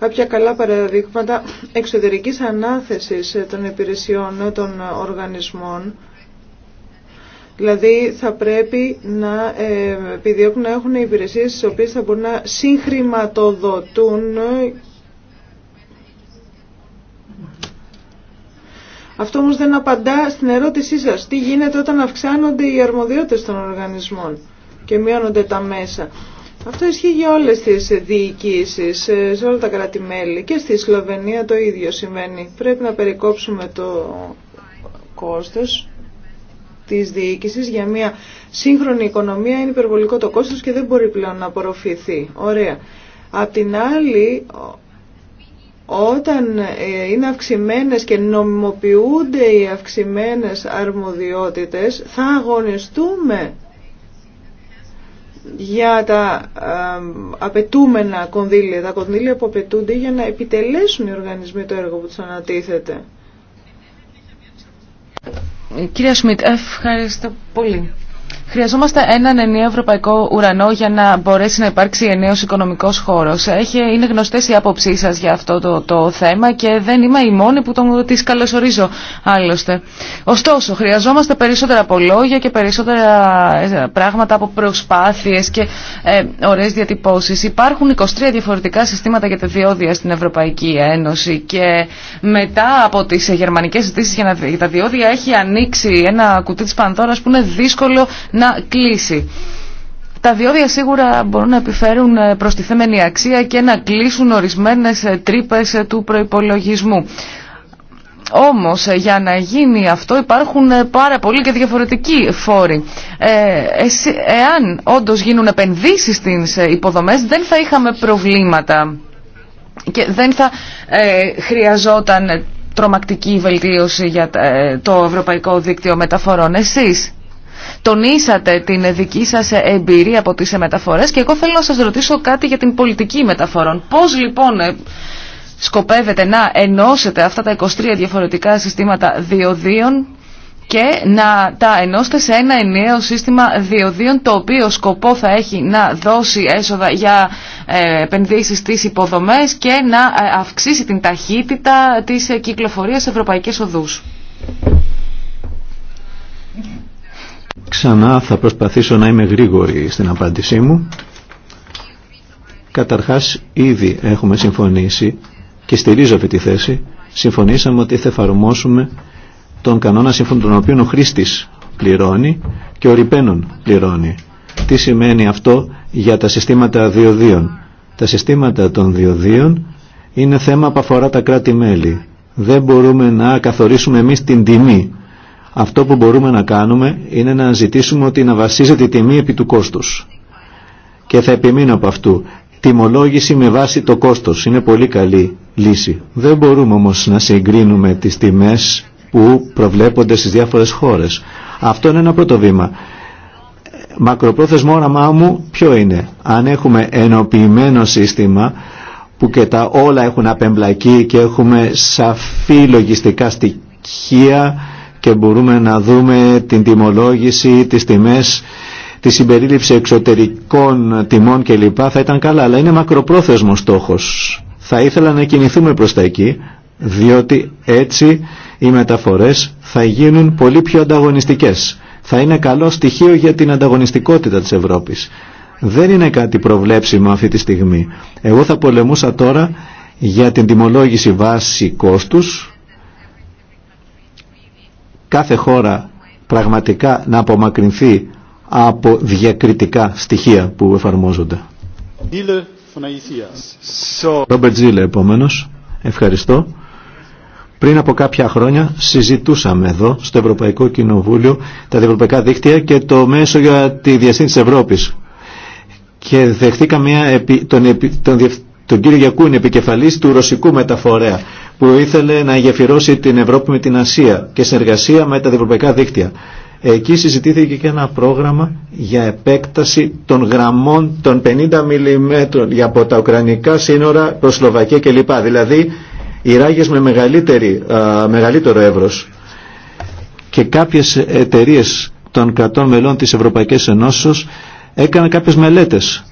κάποια καλά παραδείγματα εξωτερικής ανάθεσης των υπηρεσιών των οργανισμών. Δηλαδή θα πρέπει να ε, επιδιώκουν να έχουν υπηρεσίες στις οποίες θα μπορούν να συγχρηματοδοτούν Αυτό όμως δεν απαντά στην ερώτησή σας. Τι γίνεται όταν αυξάνονται οι αρμοδιότητες των οργανισμών και μειώνονται τα μέσα. Αυτό ισχύει για όλες τις διοικήσεις, ε, σε όλα τα κράτη-μέλη και στη Σλοβενία το ίδιο σημαίνει. Πρέπει να περικόψουμε το κόστος της διοίκησης για μια σύγχρονη οικονομία είναι υπερβολικό το κόστος και δεν μπορεί πλέον να απορροφηθεί. Ωραία. Απ' την άλλη όταν ε, είναι αυξημένες και νομιμοποιούνται οι αυξημένες αρμοδιότητες θα αγωνιστούμε για τα απαιτούμενα κονδύλια, τα κονδύλια που απαιτούνται για να επιτελέσουν οι οργανισμοί το έργο που τους ανατίθεται. Κυρία Σμιτ, ευχαριστώ πολύ. Χρειαζόμαστε έναν ενιαίο ευρωπαϊκό ουρανό για να μπορέσει να υπάρξει ενιαίος οικονομικός χώρος. είναι γνωστές οι άποψή σας για αυτό το, θέμα και δεν είμαι η μόνη που τον, τις καλωσορίζω άλλωστε. Ωστόσο, χρειαζόμαστε περισσότερα από λόγια και περισσότερα ε, πράγματα από προσπάθειες και ε, ωραίες διατυπώσεις. Υπάρχουν 23 διαφορετικά συστήματα για τα διόδια στην Ευρωπαϊκή Ένωση και μετά από τις γερμανικές συζητήσεις για τα διόδια έχει ανοίξει ένα κουτί της Πανδώρας που είναι δύσκολο να κλείσει. Τα διόδια σίγουρα μπορούν να επιφέρουν ε, προστιθέμενη αξία και να κλείσουν ορισμένες ε, τρύπες ε, του προϋπολογισμού. Όμως για να γίνει αυτό υπάρχουν πάρα πολλοί και διαφορετικοί φόροι. Ε, εάν όντως γίνουν επενδύσεις στις υποδομές δεν θα είχαμε προβλήματα και δεν θα χρειαζόταν τρομακτική βελτίωση για το Ευρωπαϊκό Δίκτυο Μεταφορών. Εσείς τονίσατε την δική σας εμπειρία από τις μεταφορές και εγώ θέλω να σας ρωτήσω κάτι για την πολιτική μεταφορών. Πώς λοιπόν ε, σκοπεύετε να ενώσετε αυτά τα 23 διαφορετικά συστήματα διοδίων και να τα ενώσετε σε ένα ενιαίο σύστημα διοδίων το οποίο σκοπό θα έχει να δώσει έσοδα για ε, επενδύσεις στις υποδομές και να ε, αυξήσει την ταχύτητα της κυκλοφορίας σε ευρωπαϊκές οδούς. Ξανά θα προσπαθήσω να είμαι γρήγορη στην απάντησή μου. Καταρχάς ήδη έχουμε συμφωνήσει και στηρίζω αυτή τη θέση. Συμφωνήσαμε ότι θα εφαρμόσουμε τον κανόνα σύμφωνα τον οποίο ο χρήστης πληρώνει και ο ρηπαίνων πληρώνει. Τι σημαίνει αυτό για τα συστήματα διοδίων. Τα συστήματα των διοδίων είναι θέμα που αφορά τα κράτη-μέλη. Δεν μπορούμε να καθορίσουμε εμείς την τιμή αυτό που μπορούμε να κάνουμε είναι να ζητήσουμε ότι να βασίζεται η τιμή επί του κόστους. Και θα επιμείνω από αυτού. Τιμολόγηση με βάση το κόστος είναι πολύ καλή λύση. Δεν μπορούμε όμως να συγκρίνουμε τις τιμές που προβλέπονται στις διάφορες χώρες. Αυτό είναι ένα πρώτο βήμα. Μακροπρόθεσμο όραμά μου ποιο είναι. Αν έχουμε ενοποιημένο σύστημα που και τα όλα έχουν απεμπλακεί και έχουμε σαφή λογιστικά στοιχεία και μπορούμε να δούμε την τιμολόγηση, τις τιμές, τη συμπερίληψη εξωτερικών τιμών κλπ. θα ήταν καλά, αλλά είναι μακροπρόθεσμος στόχος. Θα ήθελα να κινηθούμε προς τα εκεί, διότι έτσι οι μεταφορές θα γίνουν πολύ πιο ανταγωνιστικές. Θα είναι καλό στοιχείο για την ανταγωνιστικότητα της Ευρώπης. Δεν είναι κάτι προβλέψιμο αυτή τη στιγμή. Εγώ θα πολεμούσα τώρα για την τιμολόγηση βάση κόστους κάθε χώρα πραγματικά να απομακρυνθεί από διακριτικά στοιχεία που εφαρμόζονται. Ρόμπερτ Ζήλε, Ευχαριστώ. Πριν από κάποια χρόνια συζητούσαμε εδώ στο Ευρωπαϊκό Κοινοβούλιο τα ευρωπαϊκά δίκτυα και το μέσο για τη διασύνδεση της Ευρώπης. Και δεχτήκαμε τον, τον, τον κύριο Γιακούνη, επικεφαλής του ρωσικού μεταφορέα που ήθελε να γεφυρώσει την Ευρώπη με την Ασία και συνεργασία με τα ευρωπαϊκά δίκτυα. Εκεί συζητήθηκε και ένα πρόγραμμα για επέκταση των γραμμών των 50 μιλιμέτρων για από τα Ουκρανικά σύνορα προς Σλοβακία κλπ. Δηλαδή οι ράγες με μεγαλύτερη, μεγαλύτερο εύρος και κάποιες εταιρείε των κρατών μελών της Ευρωπαϊκής Ενώσεως έκαναν κάποιες μελέτες.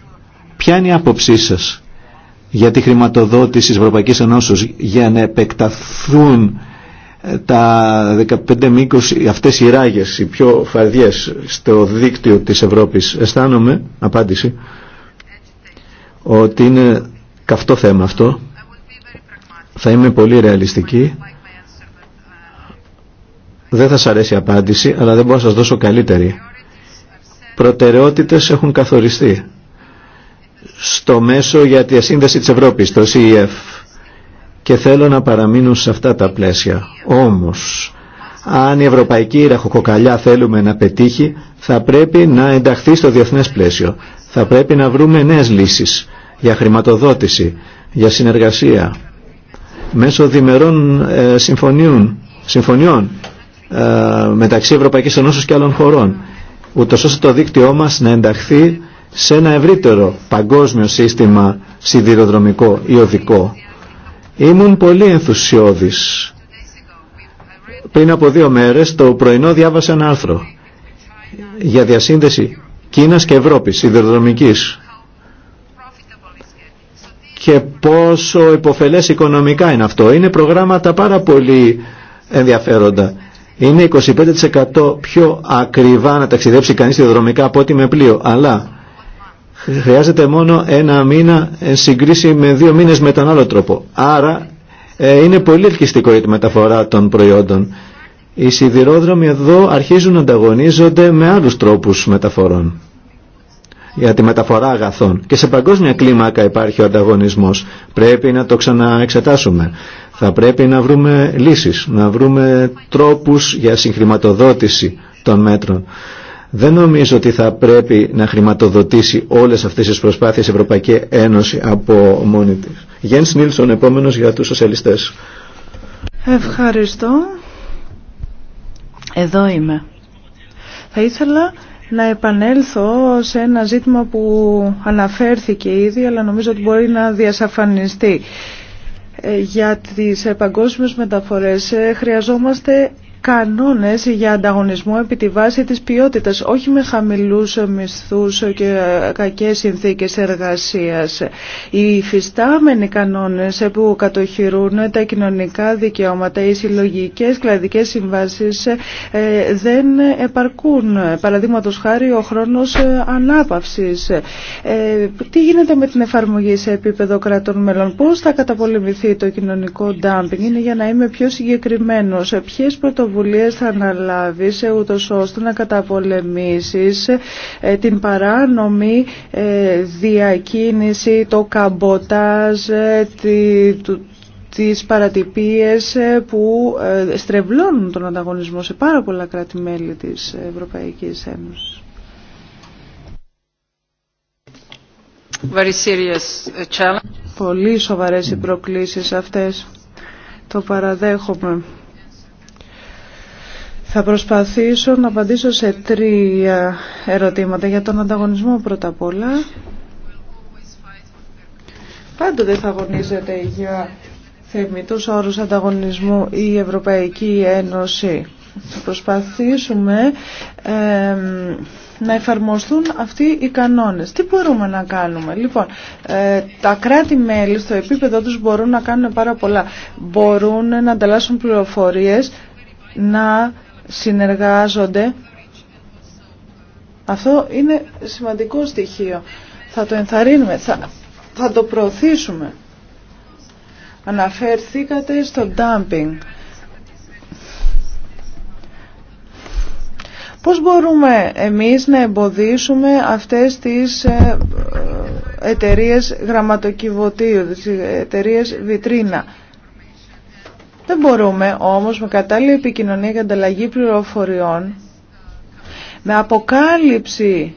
Ποια είναι η άποψή σας για τη χρηματοδότηση της Ευρωπαϊκής Ένωσης για να επεκταθούν ε, τα 15 με 20 αυτές οι ράγες, οι πιο φαρδιές στο δίκτυο της Ευρώπης αισθάνομαι, απάντηση ότι είναι καυτό θέμα αυτό θα είμαι πολύ ρεαλιστική δεν θα σας αρέσει η απάντηση αλλά δεν μπορώ να σας δώσω καλύτερη προτεραιότητες έχουν καθοριστεί στο μέσο για τη σύνδεση της Ευρώπης, το CEF. Και θέλω να παραμείνουν σε αυτά τα πλαίσια. Όμως, αν η ευρωπαϊκή ραχοκοκαλιά θέλουμε να πετύχει, θα πρέπει να ενταχθεί στο διεθνές πλαίσιο. Θα πρέπει να βρούμε νέες λύσεις για χρηματοδότηση, για συνεργασία, μέσω διμερών ε, συμφωνιών, ε, μεταξύ Ευρωπαϊκής Ενώσεως και άλλων χωρών, ούτως ώστε το δίκτυό μας να ενταχθεί σε ένα ευρύτερο παγκόσμιο σύστημα σιδηροδρομικό ή οδικό. Ήμουν πολύ ενθουσιώδης. Πριν από δύο μέρες το πρωινό διάβασα ένα άρθρο για διασύνδεση Κίνας και Ευρώπης, σιδηροδρομικής. Και πόσο υποφελές οικονομικά είναι αυτό. Είναι προγράμματα πάρα πολύ ενδιαφέροντα. Είναι 25% πιο ακριβά να ταξιδέψει κανείς σιδηροδρομικά από ό,τι με πλοίο. Αλλά χρειάζεται μόνο ένα μήνα εν συγκρίση με δύο μήνες με τον άλλο τρόπο. Άρα ε, είναι πολύ ελκυστικό η μεταφορά των προϊόντων. Οι σιδηρόδρομοι εδώ αρχίζουν να ανταγωνίζονται με άλλους τρόπους μεταφορών για τη μεταφορά αγαθών. Και σε παγκόσμια κλίμακα υπάρχει ο ανταγωνισμός. Πρέπει να το ξαναεξετάσουμε. Θα πρέπει να βρούμε λύσεις, να βρούμε τρόπους για συγχρηματοδότηση των μέτρων. Δεν νομίζω ότι θα πρέπει να χρηματοδοτήσει όλες αυτές τις προσπάθειες η Ευρωπαϊκή Ένωση από μόνη της. Γιάννης Νίλσον, επόμενος για τους σοσιαλιστές. Ευχαριστώ. Εδώ είμαι. Θα ήθελα να επανέλθω σε ένα ζήτημα που αναφέρθηκε ήδη, αλλά νομίζω ότι μπορεί να διασαφανιστεί. Ε, για τις παγκόσμιες μεταφορές ε, χρειαζόμαστε κανόνες για ανταγωνισμό επί τη βάση της ποιότητας, όχι με χαμηλούς μισθούς και κακές συνθήκες εργασίας. Οι φυστάμενοι κανόνες που κατοχυρούν τα κοινωνικά δικαιώματα, οι συλλογικέ κλαδικές συμβάσεις ε, δεν επαρκούν. Παραδείγματο χάρη ο χρόνος ε, ανάπαυσης. Ε, τι γίνεται με την εφαρμογή σε επίπεδο κρατών μελών, πώς θα καταπολεμηθεί το κοινωνικό ντάμπινγκ, είναι για να είμαι πιο συγκεκριμένος. Ποιες πρωτοβουλίες πρωτοβουλίε θα αναλάβει ε, ούτω ώστε να ε, την παράνομη ε, διακίνηση, το καμποτάζ, ε, τις παρατυπίες που στρεβλώνουν τον ανταγωνισμό σε πάρα πολλά κράτη-μέλη της Ευρωπαϊκής Ένωσης. Very serious uh, challenge. Πολύ σοβαρές οι προκλήσεις αυτές. Το παραδέχομαι. Θα προσπαθήσω να απαντήσω σε τρία ερωτήματα για τον ανταγωνισμό πρώτα απ' όλα. Πάντοτε θα αγωνίζεται για θεμητούς όρους ανταγωνισμού η Ευρωπαϊκή Ένωση. Θα προσπαθήσουμε να εφαρμοστούν αυτοί οι κανόνες. Τι μπορούμε να κάνουμε. Λοιπόν, ε, τα κράτη-μέλη στο επίπεδο τους μπορούν να κάνουν πάρα πολλά. Μπορούν να ανταλλάσσουν πληροφορίες, να συνεργάζονται. Αυτό είναι σημαντικό στοιχείο. Θα το ενθαρρύνουμε, θα, θα το προωθήσουμε. Αναφέρθηκατε στο dumping. Πώς μπορούμε εμείς να εμποδίσουμε αυτές τις ε, ε, εταιρείες γραμματοκιβωτίου, τις εταιρείες βιτρίνα. Δεν μπορούμε όμως με κατάλληλη επικοινωνία και ανταλλαγή πληροφοριών, με αποκάλυψη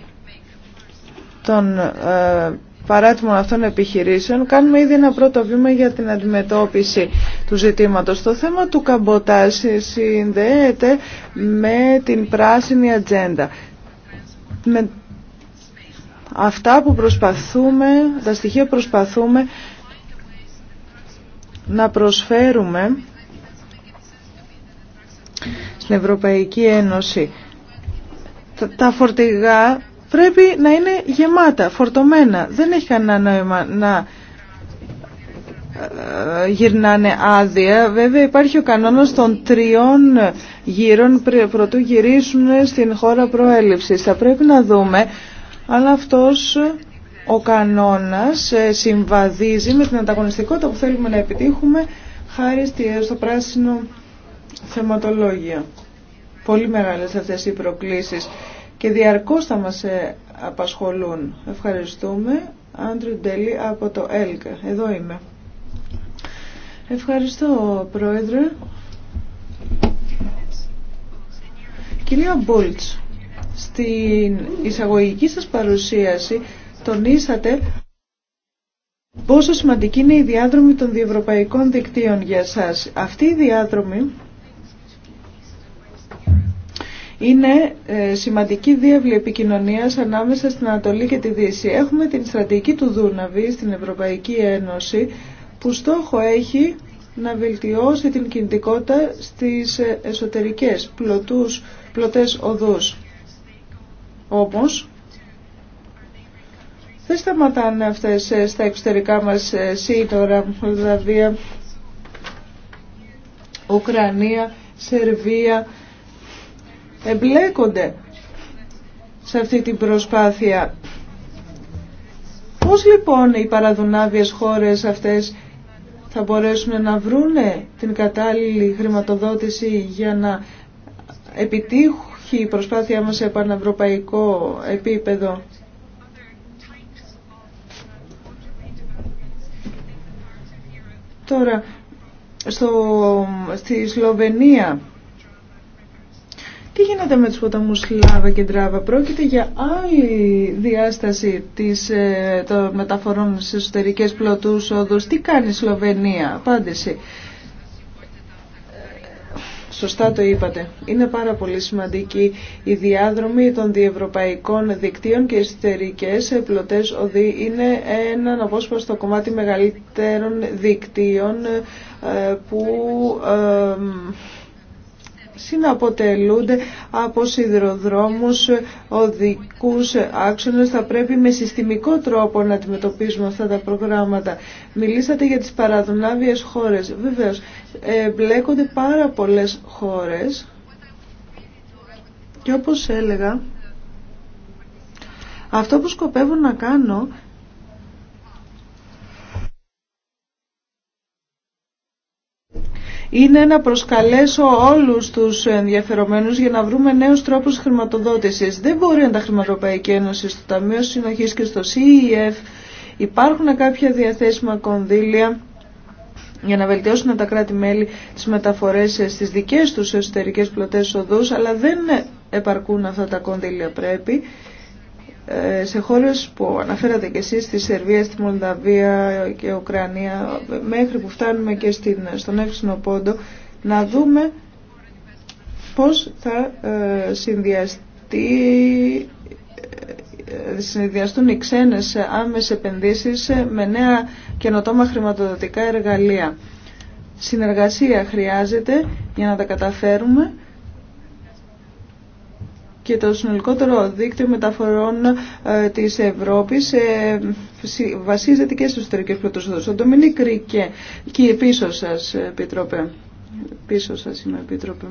των ε, παράτιμων αυτών επιχειρήσεων, κάνουμε ήδη ένα πρώτο βήμα για την αντιμετώπιση του ζητήματος. Το θέμα του καμποτάζ συνδέεται με την πράσινη ατζέντα. Με αυτά που προσπαθούμε, τα στοιχεία προσπαθούμε να προσφέρουμε στην Ευρωπαϊκή Ένωση. Τα φορτηγά πρέπει να είναι γεμάτα, φορτωμένα. Δεν έχει κανένα νόημα να ε, γυρνάνε άδεια. Βέβαια υπάρχει ο κανόνας των τριών γύρων πρωτού γυρίσουν στην χώρα προέλευσης. Θα πρέπει να δούμε αν αυτός ο κανόνας ε, συμβαδίζει με την ανταγωνιστικότητα που θέλουμε να επιτύχουμε χάρη στο πράσινο θεματολόγια. Πολύ μεγάλες αυτές οι προκλήσεις και διαρκώς θα μας ε, απασχολούν. Ευχαριστούμε. Άντρου Ντέλη από το ΕΛΚΑ. Εδώ είμαι. Ευχαριστώ, Πρόεδρε. Κυρία Μπούλτς, στην εισαγωγική σας παρουσίαση τονίσατε πόσο σημαντική είναι η διάδρομη των διευρωπαϊκών δικτύων για σας. Αυτή η διάδρομη είναι ε, σημαντική διεύλη επικοινωνία ανάμεσα στην Ανατολή και τη Δύση. Έχουμε την στρατηγική του Δούναβη στην Ευρωπαϊκή Ένωση που στόχο έχει να βελτιώσει την κινητικότητα στις ε, εσωτερικές πλωτούς, πλωτές οδούς. Όμως, δεν σταματάνε αυτές ε, στα εξωτερικά μας σύνορα, δηλαδή Ουκρανία, Σερβία, εμπλέκονται σε αυτή την προσπάθεια. Πώς λοιπόν οι παραδουνάβιες χώρες αυτές θα μπορέσουν να βρούνε την κατάλληλη χρηματοδότηση για να επιτύχει η προσπάθειά μας σε πανευρωπαϊκό επίπεδο. Τώρα, στο, στη Σλοβενία τι γίνεται με τους ποταμούς Λάβα και Ντράβα. Πρόκειται για άλλη διάσταση της, ε, των μεταφορών σε εσωτερικές πλωτούς όδους. Τι κάνει η Σλοβενία. Απάντηση. Σωστά το είπατε. Είναι πάρα πολύ σημαντική η διάδρομη των διευρωπαϊκών δικτύων και εσωτερικές πλωτές οδοί είναι ένα απόσπαστο κομμάτι μεγαλύτερων δικτύων ε, που ε, συναποτελούνται από σιδηροδρόμους, οδικούς άξονες. Θα πρέπει με συστημικό τρόπο να αντιμετωπίσουμε αυτά τα προγράμματα. Μιλήσατε για τις παραδουνάβιες χώρες. Βεβαίως, μπλέκονται πάρα πολλές χώρες και όπως έλεγα, αυτό που σκοπεύω να κάνω είναι να προσκαλέσω όλους τους ενδιαφερομένους για να βρούμε νέους τρόπους χρηματοδότησης. Δεν μπορεί να τα Χρηματοπαϊκή Ένωση στο Ταμείο Συνοχής και στο CEF υπάρχουν κάποια διαθέσιμα κονδύλια για να βελτιώσουν τα κράτη-μέλη τις μεταφορές στις δικές τους εσωτερικές πλωτές οδούς, αλλά δεν επαρκούν αυτά τα κονδύλια πρέπει. Ε, σε χώρες που αναφέρατε και εσείς, στη Σερβία, στη Μολδαβία και Ουκρανία, μέχρι που φτάνουμε και στην, στον έξινο πόντο, να δούμε πώς θα ε, συνδυαστεί ε, συνδυαστούν οι ξένες άμεσες επενδύσεις με νέα καινοτόμα χρηματοδοτικά εργαλεία. Συνεργασία χρειάζεται για να τα καταφέρουμε και το συνολικότερο δίκτυο μεταφορών ε, της Ευρώπης ε, βασίζεται και στους εταιρικές πρωτοσόδους. Ο Ντομινίκ Ρίκε, και πίσω σας, ε, Επιτρόπε. Πίσω σας είμαι, Επιτρόπε.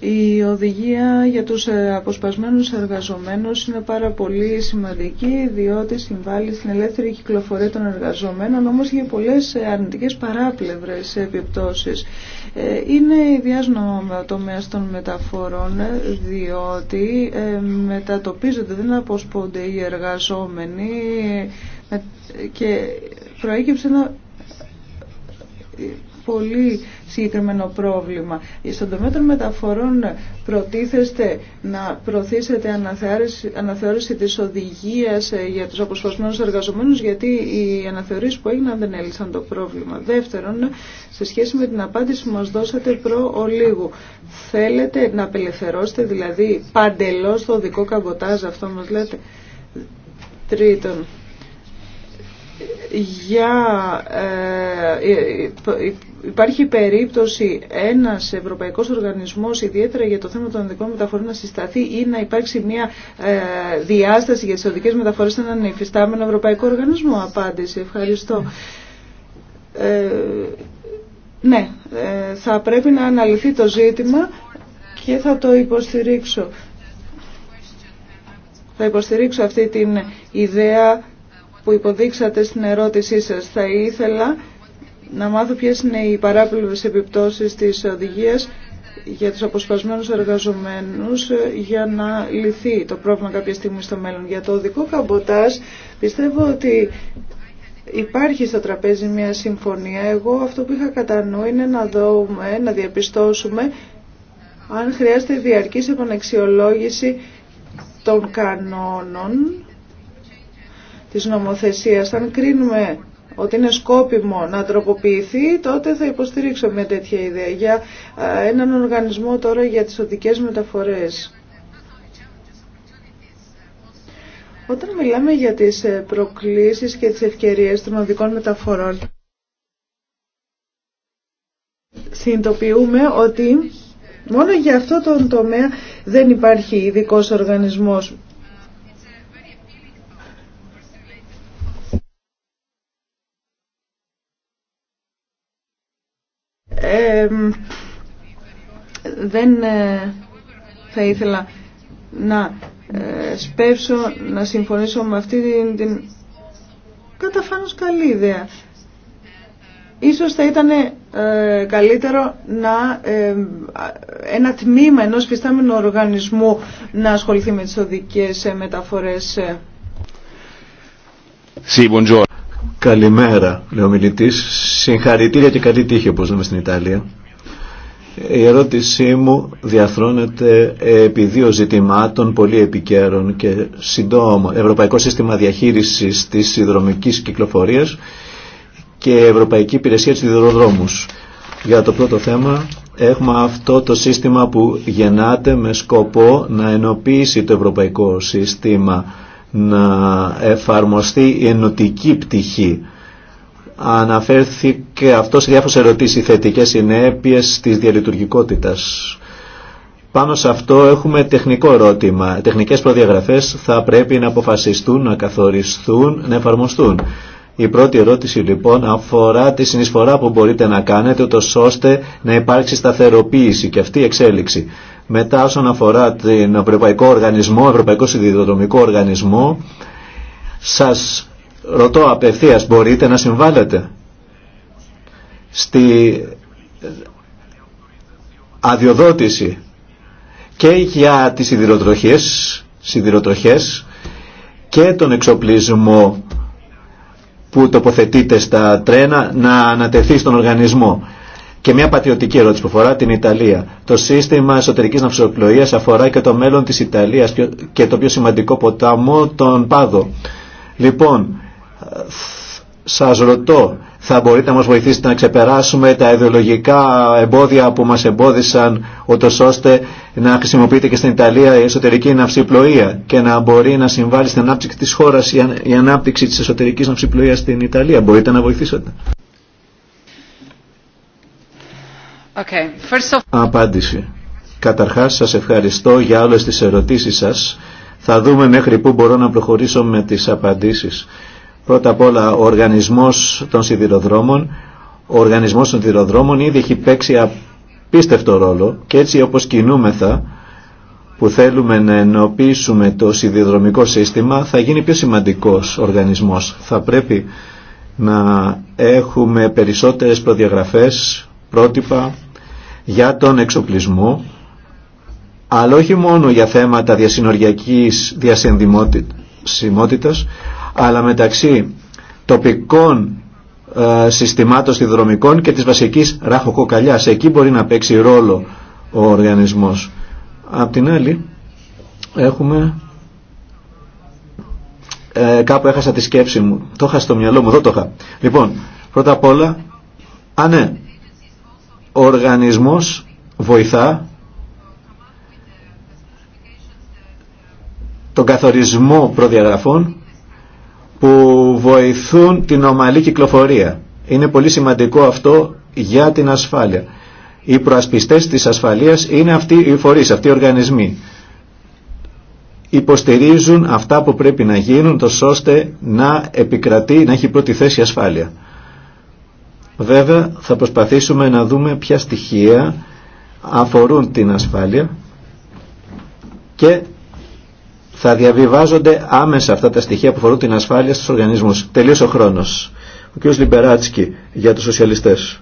Η οδηγία για τους ε, αποσπασμένους εργαζομένους είναι πάρα πολύ σημαντική διότι συμβάλλει στην ελεύθερη κυκλοφορία των εργαζομένων όμως για πολλές ε, αρνητικές παράπλευρες επιπτώσεις. Ε, είναι ιδιάζνο με τομέας των μεταφορών διότι μετατοπίζονται, δεν αποσπονται οι εργαζόμενοι και προέκυψε ένα πολύ συγκεκριμένο πρόβλημα. Στον τομέα των μεταφορών προτίθεστε να προωθήσετε αναθεώρηση, αναθεώρηση της οδηγίας ε, για τους αποσπασμένους εργαζομένους γιατί οι αναθεωρήσεις που έγιναν δεν έλυσαν το πρόβλημα. Δεύτερον, σε σχέση με την απάντηση που μας δώσατε προ ολίγου, θέλετε να απελευθερώσετε δηλαδή παντελώς το δικό καμποτάζ αυτό μας λέτε. Τρίτον, για ε, ε υπάρχει περίπτωση ένας ευρωπαϊκός οργανισμός ιδιαίτερα για το θέμα των ειδικών μεταφορών να συσταθεί ή να υπάρξει μια ε, διάσταση για τις οδικές μεταφορές σε έναν υφιστάμενο ευρωπαϊκό οργανισμό. Απάντηση. Ευχαριστώ. Ε, ναι, ε, θα πρέπει να αναλυθεί το ζήτημα και θα το υποστηρίξω. Θα υποστηρίξω αυτή την ιδέα που υποδείξατε στην ερώτησή σας. Θα ήθελα να μάθω ποιε είναι οι παράπλευρες επιπτώσεις τη οδηγία για τους αποσπασμένου εργαζομένους ε, για να λυθεί το πρόβλημα κάποια στιγμή στο μέλλον. Για το οδικό καμποτάζ πιστεύω ότι υπάρχει στο τραπέζι μια συμφωνία. Εγώ αυτό που είχα κατά νου είναι να δούμε, να διαπιστώσουμε αν χρειάζεται διαρκής επανεξιολόγηση των κανόνων της νομοθεσίας. Αν κρίνουμε ότι είναι σκόπιμο να τροποποιηθεί, τότε θα υποστηρίξω μια τέτοια ιδέα για έναν οργανισμό τώρα για τις οδικές μεταφορές. Όταν μιλάμε για τις ε, προκλήσεις και τις ευκαιρίες των οδικών μεταφορών, συνειδητοποιούμε ότι μόνο για αυτό τον τομέα δεν υπάρχει ειδικό οργανισμός. δεν ε, θα ήθελα να ε, σπεύσω, να συμφωνήσω με αυτή την, την καταφάνως καλή ιδέα. Ίσως θα ήταν ε, καλύτερο να ένα τμήμα ενός φυστάμενου οργανισμού να ασχοληθεί με τις οδικές μεταφορές. Sí, Καλημέρα, λέει ο μιλητή. Συγχαρητήρια και καλή τύχη, όπω λέμε στην Ιταλία. Η ερώτησή μου διαθρώνεται επί δύο ζητημάτων πολύ επικέρων και συντόμων. Ευρωπαϊκό Σύστημα Διαχείρισης της Συνδρομικής Κυκλοφορίας και Ευρωπαϊκή Υπηρεσία της Διδροδρόμους. Για το πρώτο θέμα έχουμε αυτό το σύστημα που γεννάται με σκοπό να ενοποιήσει το ευρωπαϊκό σύστημα να εφαρμοστεί η ενωτική πτυχή. Αναφέρθηκε αυτό σε διάφορες ερωτήσεις, θετικές συνέπειες της διαλειτουργικότητας. Πάνω σε αυτό έχουμε τεχνικό ερώτημα. Τεχνικές προδιαγραφές θα πρέπει να αποφασιστούν, να καθοριστούν, να εφαρμοστούν. Η πρώτη ερώτηση λοιπόν αφορά τη συνεισφορά που μπορείτε να κάνετε ούτως ώστε να υπάρξει σταθεροποίηση και αυτή η εξέλιξη. Μετά όσον αφορά την Ευρωπαϊκό Οργανισμό, Ευρωπαϊκό Οργανισμό, σας ρωτώ απευθείας, μπορείτε να συμβάλλετε στη αδειοδότηση και για τις σιδηροτροχές, και τον εξοπλισμό που τοποθετείτε στα τρένα να ανατεθεί στον οργανισμό. Και μια πατριωτική ερώτηση που αφορά την Ιταλία. Το σύστημα εσωτερικής ναυσοπλοείας αφορά και το μέλλον της Ιταλίας και το πιο σημαντικό ποτάμο, τον Πάδο. Λοιπόν, σας ρωτώ, θα μπορείτε να μας βοηθήσετε να ξεπεράσουμε τα ιδεολογικά εμπόδια που μας εμπόδισαν ούτως ώστε να χρησιμοποιείται και στην Ιταλία η εσωτερική ναυσιπλοεία και να μπορεί να συμβάλλει στην ανάπτυξη της χώρας η ανάπτυξη της εσωτερικής ναυσιπλοείας στην Ιταλία. Μπορείτε να βοηθήσετε. Okay. Απάντηση. Καταρχάς σας ευχαριστώ για όλες τις ερωτήσεις σας. Θα δούμε μέχρι πού μπορώ να προχωρήσω με τις απαντήσεις. Πρώτα απ' όλα ο οργανισμός των σιδηροδρόμων. Ο οργανισμός των σιδηροδρόμων ήδη έχει παίξει απίστευτο ρόλο και έτσι όπως κινούμεθα που θέλουμε να ενοποιήσουμε το σιδηροδρομικό σύστημα θα γίνει πιο σημαντικός οργανισμός. Θα πρέπει να έχουμε περισσότερες προδιαγραφές, πρότυπα, για τον εξοπλισμό, αλλά όχι μόνο για θέματα διασυνοριακής διασυνδημότητας, αλλά μεταξύ τοπικών ε, συστημάτων στιδρομικών και της βασικής ράχοκοκαλιάς. Εκεί μπορεί να παίξει ρόλο ο οργανισμός. Απ' την άλλη, έχουμε... Ε, κάπου έχασα τη σκέψη μου. Το είχα στο μυαλό μου, εδώ το είχα. Λοιπόν, πρώτα απ' όλα... Α, ναι, ο οργανισμός βοηθά τον καθορισμό προδιαγραφών που βοηθούν την ομαλή κυκλοφορία. Είναι πολύ σημαντικό αυτό για την ασφάλεια. Οι προασπιστές της ασφαλείας είναι αυτοί οι φορείς, αυτοί οι οργανισμοί. Υποστηρίζουν αυτά που πρέπει να γίνουν, ώστε να επικρατεί, να έχει πρώτη θέση ασφάλεια. Βέβαια θα προσπαθήσουμε να δούμε ποια στοιχεία αφορούν την ασφάλεια και θα διαβιβάζονται άμεσα αυτά τα στοιχεία που αφορούν την ασφάλεια στους οργανισμούς. Τελείωσε ο χρόνος. Ο κ. Λιμπεράτσκι για τους σοσιαλιστές.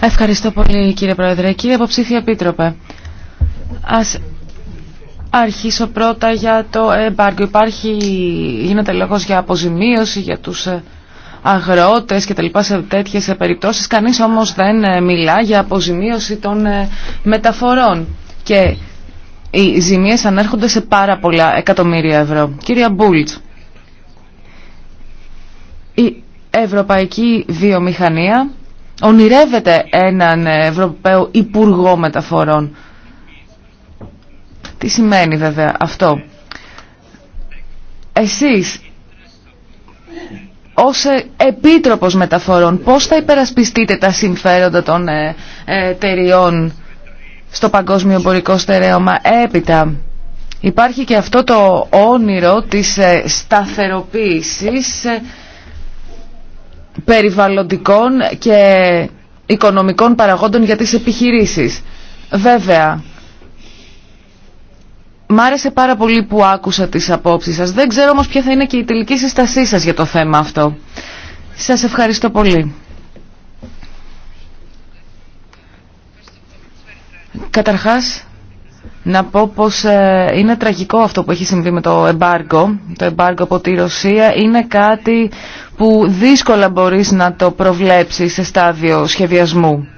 Ευχαριστώ πολύ κύριε Πρόεδρε. Κύριε Αποψήφια Επίτροπε, ας αρχίσω πρώτα για το εμπάργκο. Υπάρχει, γίνεται λόγος για αποζημίωση για τους ε, αγρότες και τα λοιπά σε τέτοιες περιπτώσεις. Κανείς όμως δεν ε, μιλά για αποζημίωση των ε, μεταφορών. Και οι ζημίες ανέρχονται σε πάρα πολλά εκατομμύρια ευρώ. Κύριε Μπούλτς, η ευρωπαϊκή βιομηχανία ονειρεύεται έναν Ευρωπαίο Υπουργό Μεταφορών. Τι σημαίνει βέβαια αυτό. Εσείς ως ε, επίτροπος μεταφορών πώς θα υπερασπιστείτε τα συμφέροντα των ε, ε, εταιριών στο παγκόσμιο εμπορικό στερέωμα έπειτα. Υπάρχει και αυτό το όνειρο της σταθεροποίησης περιβαλλοντικών και οικονομικών παραγόντων για τις επιχειρήσεις. Βέβαια, Μ' άρεσε πάρα πολύ που άκουσα τις απόψεις σας. Δεν ξέρω όμως ποια θα είναι και η τελική συστασή σας για το θέμα αυτό. Σας ευχαριστώ πολύ. Καταρχάς, να πω πως ε, είναι τραγικό αυτό που έχει συμβεί με το εμπάργκο. Το εμπάργκο από τη Ρωσία είναι κάτι που δύσκολα μπορείς να το προβλέψεις σε στάδιο σχεδιασμού.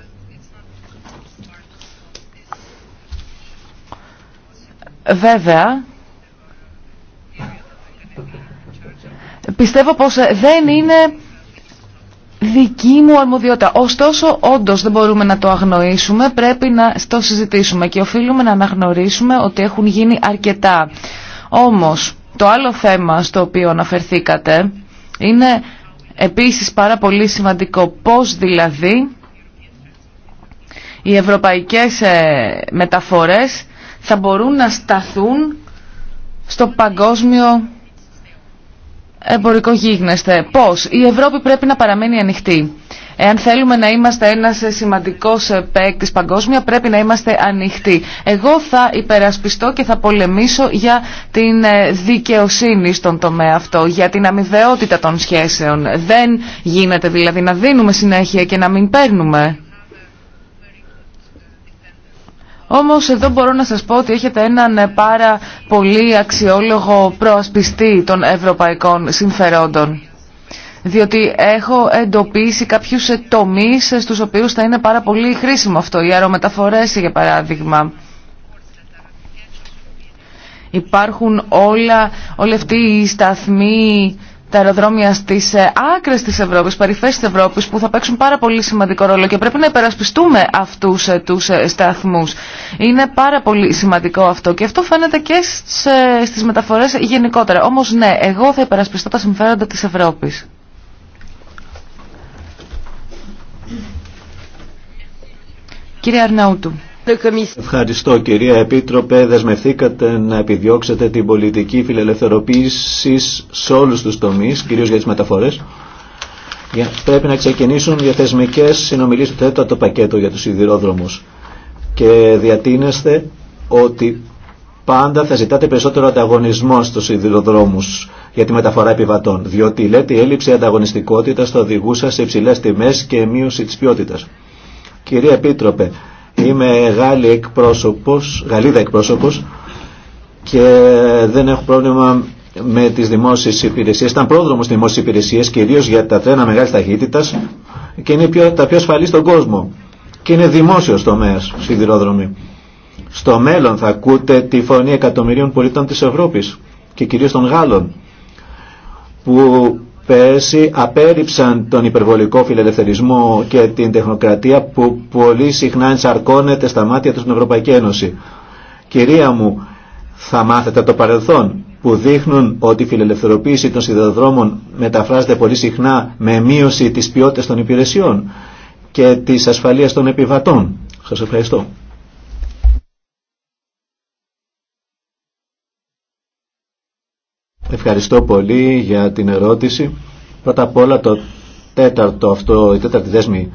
Βέβαια, πιστεύω πως δεν είναι δική μου αρμοδιότητα. Ωστόσο, όντω δεν μπορούμε να το αγνοήσουμε, πρέπει να το συζητήσουμε και οφείλουμε να αναγνωρίσουμε ότι έχουν γίνει αρκετά. Όμως, το άλλο θέμα στο οποίο αναφερθήκατε είναι επίσης πάρα πολύ σημαντικό. Πώς δηλαδή οι ευρωπαϊκές ε, μεταφορές θα μπορούν να σταθούν στο παγκόσμιο εμπορικό γίγνεσθε. Πώς. Η Ευρώπη πρέπει να παραμένει ανοιχτή. Εάν θέλουμε να είμαστε ένας σημαντικός παίκτη παγκόσμια, πρέπει να είμαστε ανοιχτοί. Εγώ θα υπερασπιστώ και θα πολεμήσω για την ε, δικαιοσύνη στον τομέα αυτό, για την αμοιβαιότητα των σχέσεων. Δεν γίνεται δηλαδή να δίνουμε συνέχεια και να μην παίρνουμε. Όμως εδώ μπορώ να σας πω ότι έχετε έναν ε, πάρα πολύ αξιόλογο προασπιστή των ευρωπαϊκών συμφερόντων. Διότι έχω εντοπίσει κάποιους ε, τομείς ε, στους οποίους θα είναι πάρα πολύ χρήσιμο αυτό. Οι αερομεταφορές για παράδειγμα. Υπάρχουν όλα, όλοι αυτοί οι σταθμοί τα αεροδρόμια στι ε, άκρε τη Ευρώπη, παρυφέ τη Ευρώπη, που θα παίξουν πάρα πολύ σημαντικό ρόλο και πρέπει να υπερασπιστούμε αυτού ε, του ε, σταθμού. Είναι πάρα πολύ σημαντικό αυτό και αυτό φαίνεται και στι μεταφορέ γενικότερα. Όμω, ναι, εγώ θα υπερασπιστώ τα συμφέροντα τη Ευρώπη. Κύριε Αρναούτου. Ευχαριστώ κυρία Επίτροπε. Δεσμευθήκατε να επιδιώξετε την πολιτική φιλελευθερωποίηση σε όλους τους τομείς, κυρίως για τις μεταφορές. Πρέπει να ξεκινήσουν για θεσμικές συνομιλίες του τέταρτο πακέτο για τους σιδηρόδρομους. Και διατείνεστε ότι πάντα θα ζητάτε περισσότερο ανταγωνισμό στους σιδηροδρόμους για τη μεταφορά επιβατών, διότι λέτε η έλλειψη ανταγωνιστικότητας θα οδηγούσε σε υψηλές τιμές και μείωση της ποιότητας. Κυρία Επίτροπε, Είμαι Γάλλη εκπρόσωπος, Γαλλίδα εκπρόσωπος και δεν έχω πρόβλημα με τις δημόσιες υπηρεσίες. Ήταν πρόδρομος στις δημόσιες υπηρεσίες κυρίως για τα τρένα μεγάλης ταχύτητας και είναι πιο, τα πιο ασφαλή στον κόσμο. Και είναι δημόσιος τομέας σιδηρόδρομη. Στο μέλλον θα ακούτε τη φωνή εκατομμυρίων πολιτών της Ευρώπης και κυρίως των Γάλλων που πέρσι απέρριψαν τον υπερβολικό φιλελευθερισμό και την τεχνοκρατία που πολύ συχνά ενσαρκώνεται στα μάτια του στην Ευρωπαϊκή Ένωση. Κυρία μου, θα μάθετε το παρελθόν που δείχνουν ότι η φιλελευθερωποίηση των σιδηροδρόμων μεταφράζεται πολύ συχνά με μείωση της ποιότητας των υπηρεσιών και της ασφαλείας των επιβατών. Σας ευχαριστώ. Ευχαριστώ πολύ για την ερώτηση. Πρώτα απ' όλα το τέταρτο αυτό, η τέταρτη δέσμη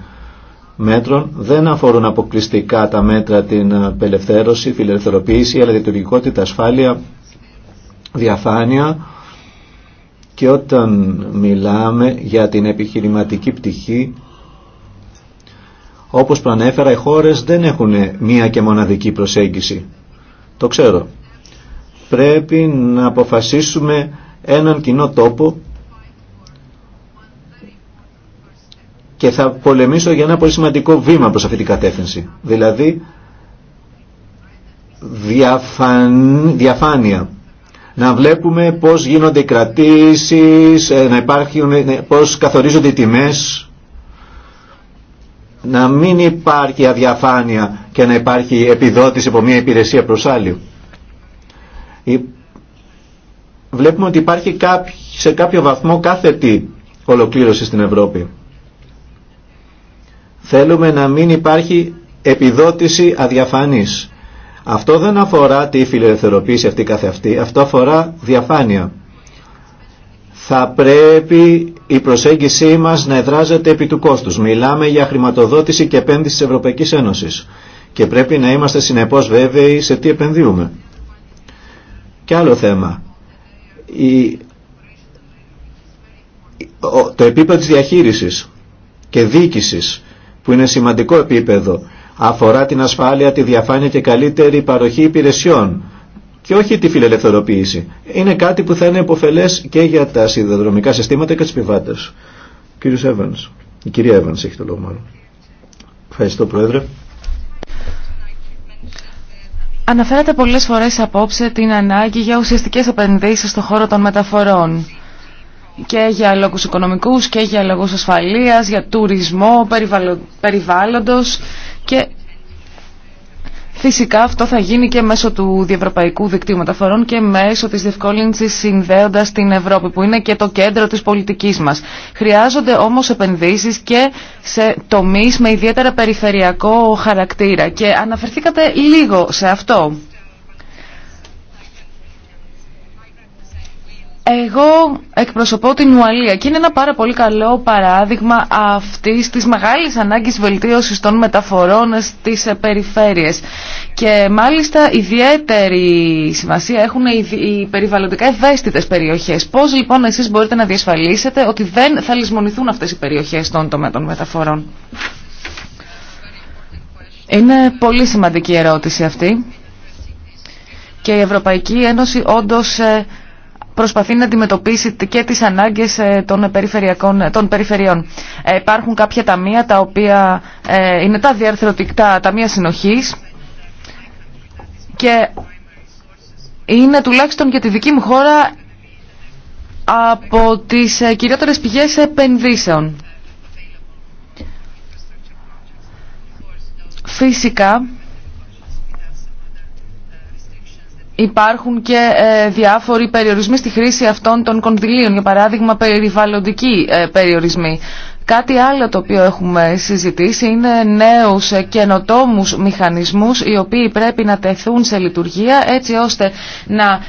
μέτρων δεν αφορούν αποκλειστικά τα μέτρα την απελευθέρωση, φιλελευθεροποίηση, αλλά λειτουργικότητα, ασφάλεια, διαφάνεια και όταν μιλάμε για την επιχειρηματική πτυχή όπως προανέφερα οι χώρες δεν έχουν μία και μοναδική προσέγγιση. Το ξέρω πρέπει να αποφασίσουμε έναν κοινό τόπο και θα πολεμήσω για ένα πολύ σημαντικό βήμα προς αυτή την κατεύθυνση. Δηλαδή, διαφαν... διαφάνεια. Να βλέπουμε πώς γίνονται οι κρατήσεις, ε, να υπάρχουν, ε, ναι, πώς καθορίζονται οι τιμές. Να μην υπάρχει αδιαφάνεια και να υπάρχει επιδότηση από μια υπηρεσία προς άλλη βλέπουμε ότι υπάρχει σε κάποιο βαθμό κάθετη ολοκλήρωση στην Ευρώπη. Θέλουμε να μην υπάρχει επιδότηση αδιαφανής. Αυτό δεν αφορά τη φιλελευθερωποίηση αυτή καθε αυτή, αυτό αφορά διαφάνεια. Θα πρέπει η προσέγγιση μας να εδράζεται επί του κόστους. Μιλάμε για χρηματοδότηση και επένδυση της Ευρωπαϊκής Ένωσης και πρέπει να είμαστε συνεπώς βέβαιοι σε τι επενδύουμε. Και άλλο θέμα. το επίπεδο της διαχείρισης και διοίκησης που είναι σημαντικό επίπεδο αφορά την ασφάλεια, τη διαφάνεια και καλύτερη παροχή υπηρεσιών και όχι τη φιλελευθεροποίηση. Είναι κάτι που θα είναι υποφελές και για τα σιδηροδρομικά συστήματα και επιβάτες πιβάτες. Evans, η κυρία Evans έχει το λόγο μάλλον. Ευχαριστώ Πρόεδρε. Αναφέρατε πολλές φορές απόψε την ανάγκη για ουσιαστικές επενδύσεις στον χώρο των μεταφορών και για λόγους οικονομικούς και για λόγους ασφαλείας, για τουρισμό, περιβαλλοντος και Φυσικά αυτό θα γίνει και μέσω του Διευρωπαϊκού Δικτύου Μεταφορών και μέσω της διευκόλυνσης συνδέοντας την Ευρώπη που είναι και το κέντρο της πολιτικής μας. Χρειάζονται όμως επενδύσεις και σε τομείς με ιδιαίτερα περιφερειακό χαρακτήρα και αναφερθήκατε λίγο σε αυτό. Εγώ εκπροσωπώ την Ουαλία και είναι ένα πάρα πολύ καλό παράδειγμα αυτής της μεγάλης ανάγκης βελτίωσης των μεταφορών στις περιφέρειες. Και μάλιστα ιδιαίτερη σημασία έχουν οι περιβαλλοντικά ευαίσθητες περιοχές. Πώς λοιπόν εσείς μπορείτε να διασφαλίσετε ότι δεν θα λησμονηθούν αυτές οι περιοχές των μεταφορών. Είναι πολύ σημαντική ερώτηση αυτή. Και η Ευρωπαϊκή Ένωση όντως ε, προσπαθεί να αντιμετωπίσει και τις ανάγκες ε, των, περιφερειακών, ε, των περιφερειών. Ε, υπάρχουν κάποια ταμεία τα οποία είναι τα διαρθρωτικά ταμεία συνοχής και είναι τουλάχιστον για τη δική μου χώρα από τις κυριότερες πηγές επενδύσεων. Φυσικά, υπάρχουν και ε, διάφοροι περιορισμοί στη χρήση αυτών των κονδυλίων, για παράδειγμα περιβαλλοντικοί ε, περιορισμοί. Κάτι άλλο το οποίο έχουμε συζητήσει είναι νέους ε, καινοτόμους μηχανισμούς οι οποίοι πρέπει να τεθούν σε λειτουργία έτσι ώστε να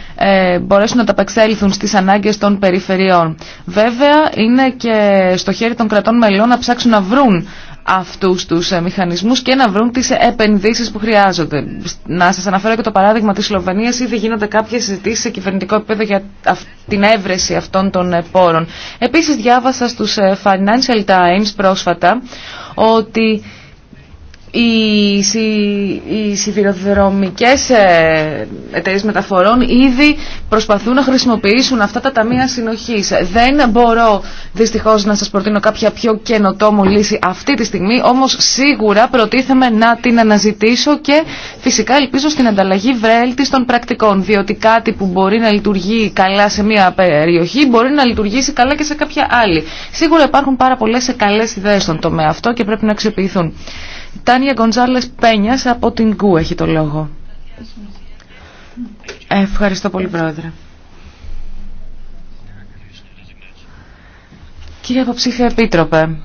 μπορέσουν να ταπεξέλθουν στις ανάγκες των περιφερειών. Βέβαια είναι και στο χέρι των κρατών μελών να ψάξουν να βρουν αυτούς τους ε, μηχανισμούς και να βρουν τις επενδύσεις που χρειάζονται. Να σας αναφέρω και το παράδειγμα της Σλοβενίας, ήδη γίνονται κάποιες συζητήσεις σε κυβερνητικό επίπεδο για την έβρεση αυτών των ε, πόρων. Επίσης διάβασα στους ε, Financial Times πρόσφατα ότι οι, συ, οι σιδηροδρομικές ε, εταιρείε μεταφορών ήδη προσπαθούν να χρησιμοποιήσουν αυτά τα ταμεία συνοχής. Δεν μπορώ δυστυχώς να σας προτείνω κάποια πιο καινοτόμο λύση αυτή τη στιγμή, όμως σίγουρα προτίθεμαι να την αναζητήσω και φυσικά ελπίζω στην ανταλλαγή βρέλτης των πρακτικών, διότι κάτι που μπορεί να λειτουργεί καλά σε μια περιοχή μπορεί να λειτουργήσει καλά και σε κάποια άλλη. Σίγουρα υπάρχουν πάρα πολλές καλές ιδέες στον τομέα αυτό και πρέπει να αξιοποιηθούν. Τάνια Γκοντζάλε Πένιας από την ΚΟΥ έχει το λόγο. Ευχαριστώ πολύ Πρόεδρε. Κύριε Αποψήφια Επίτροπε,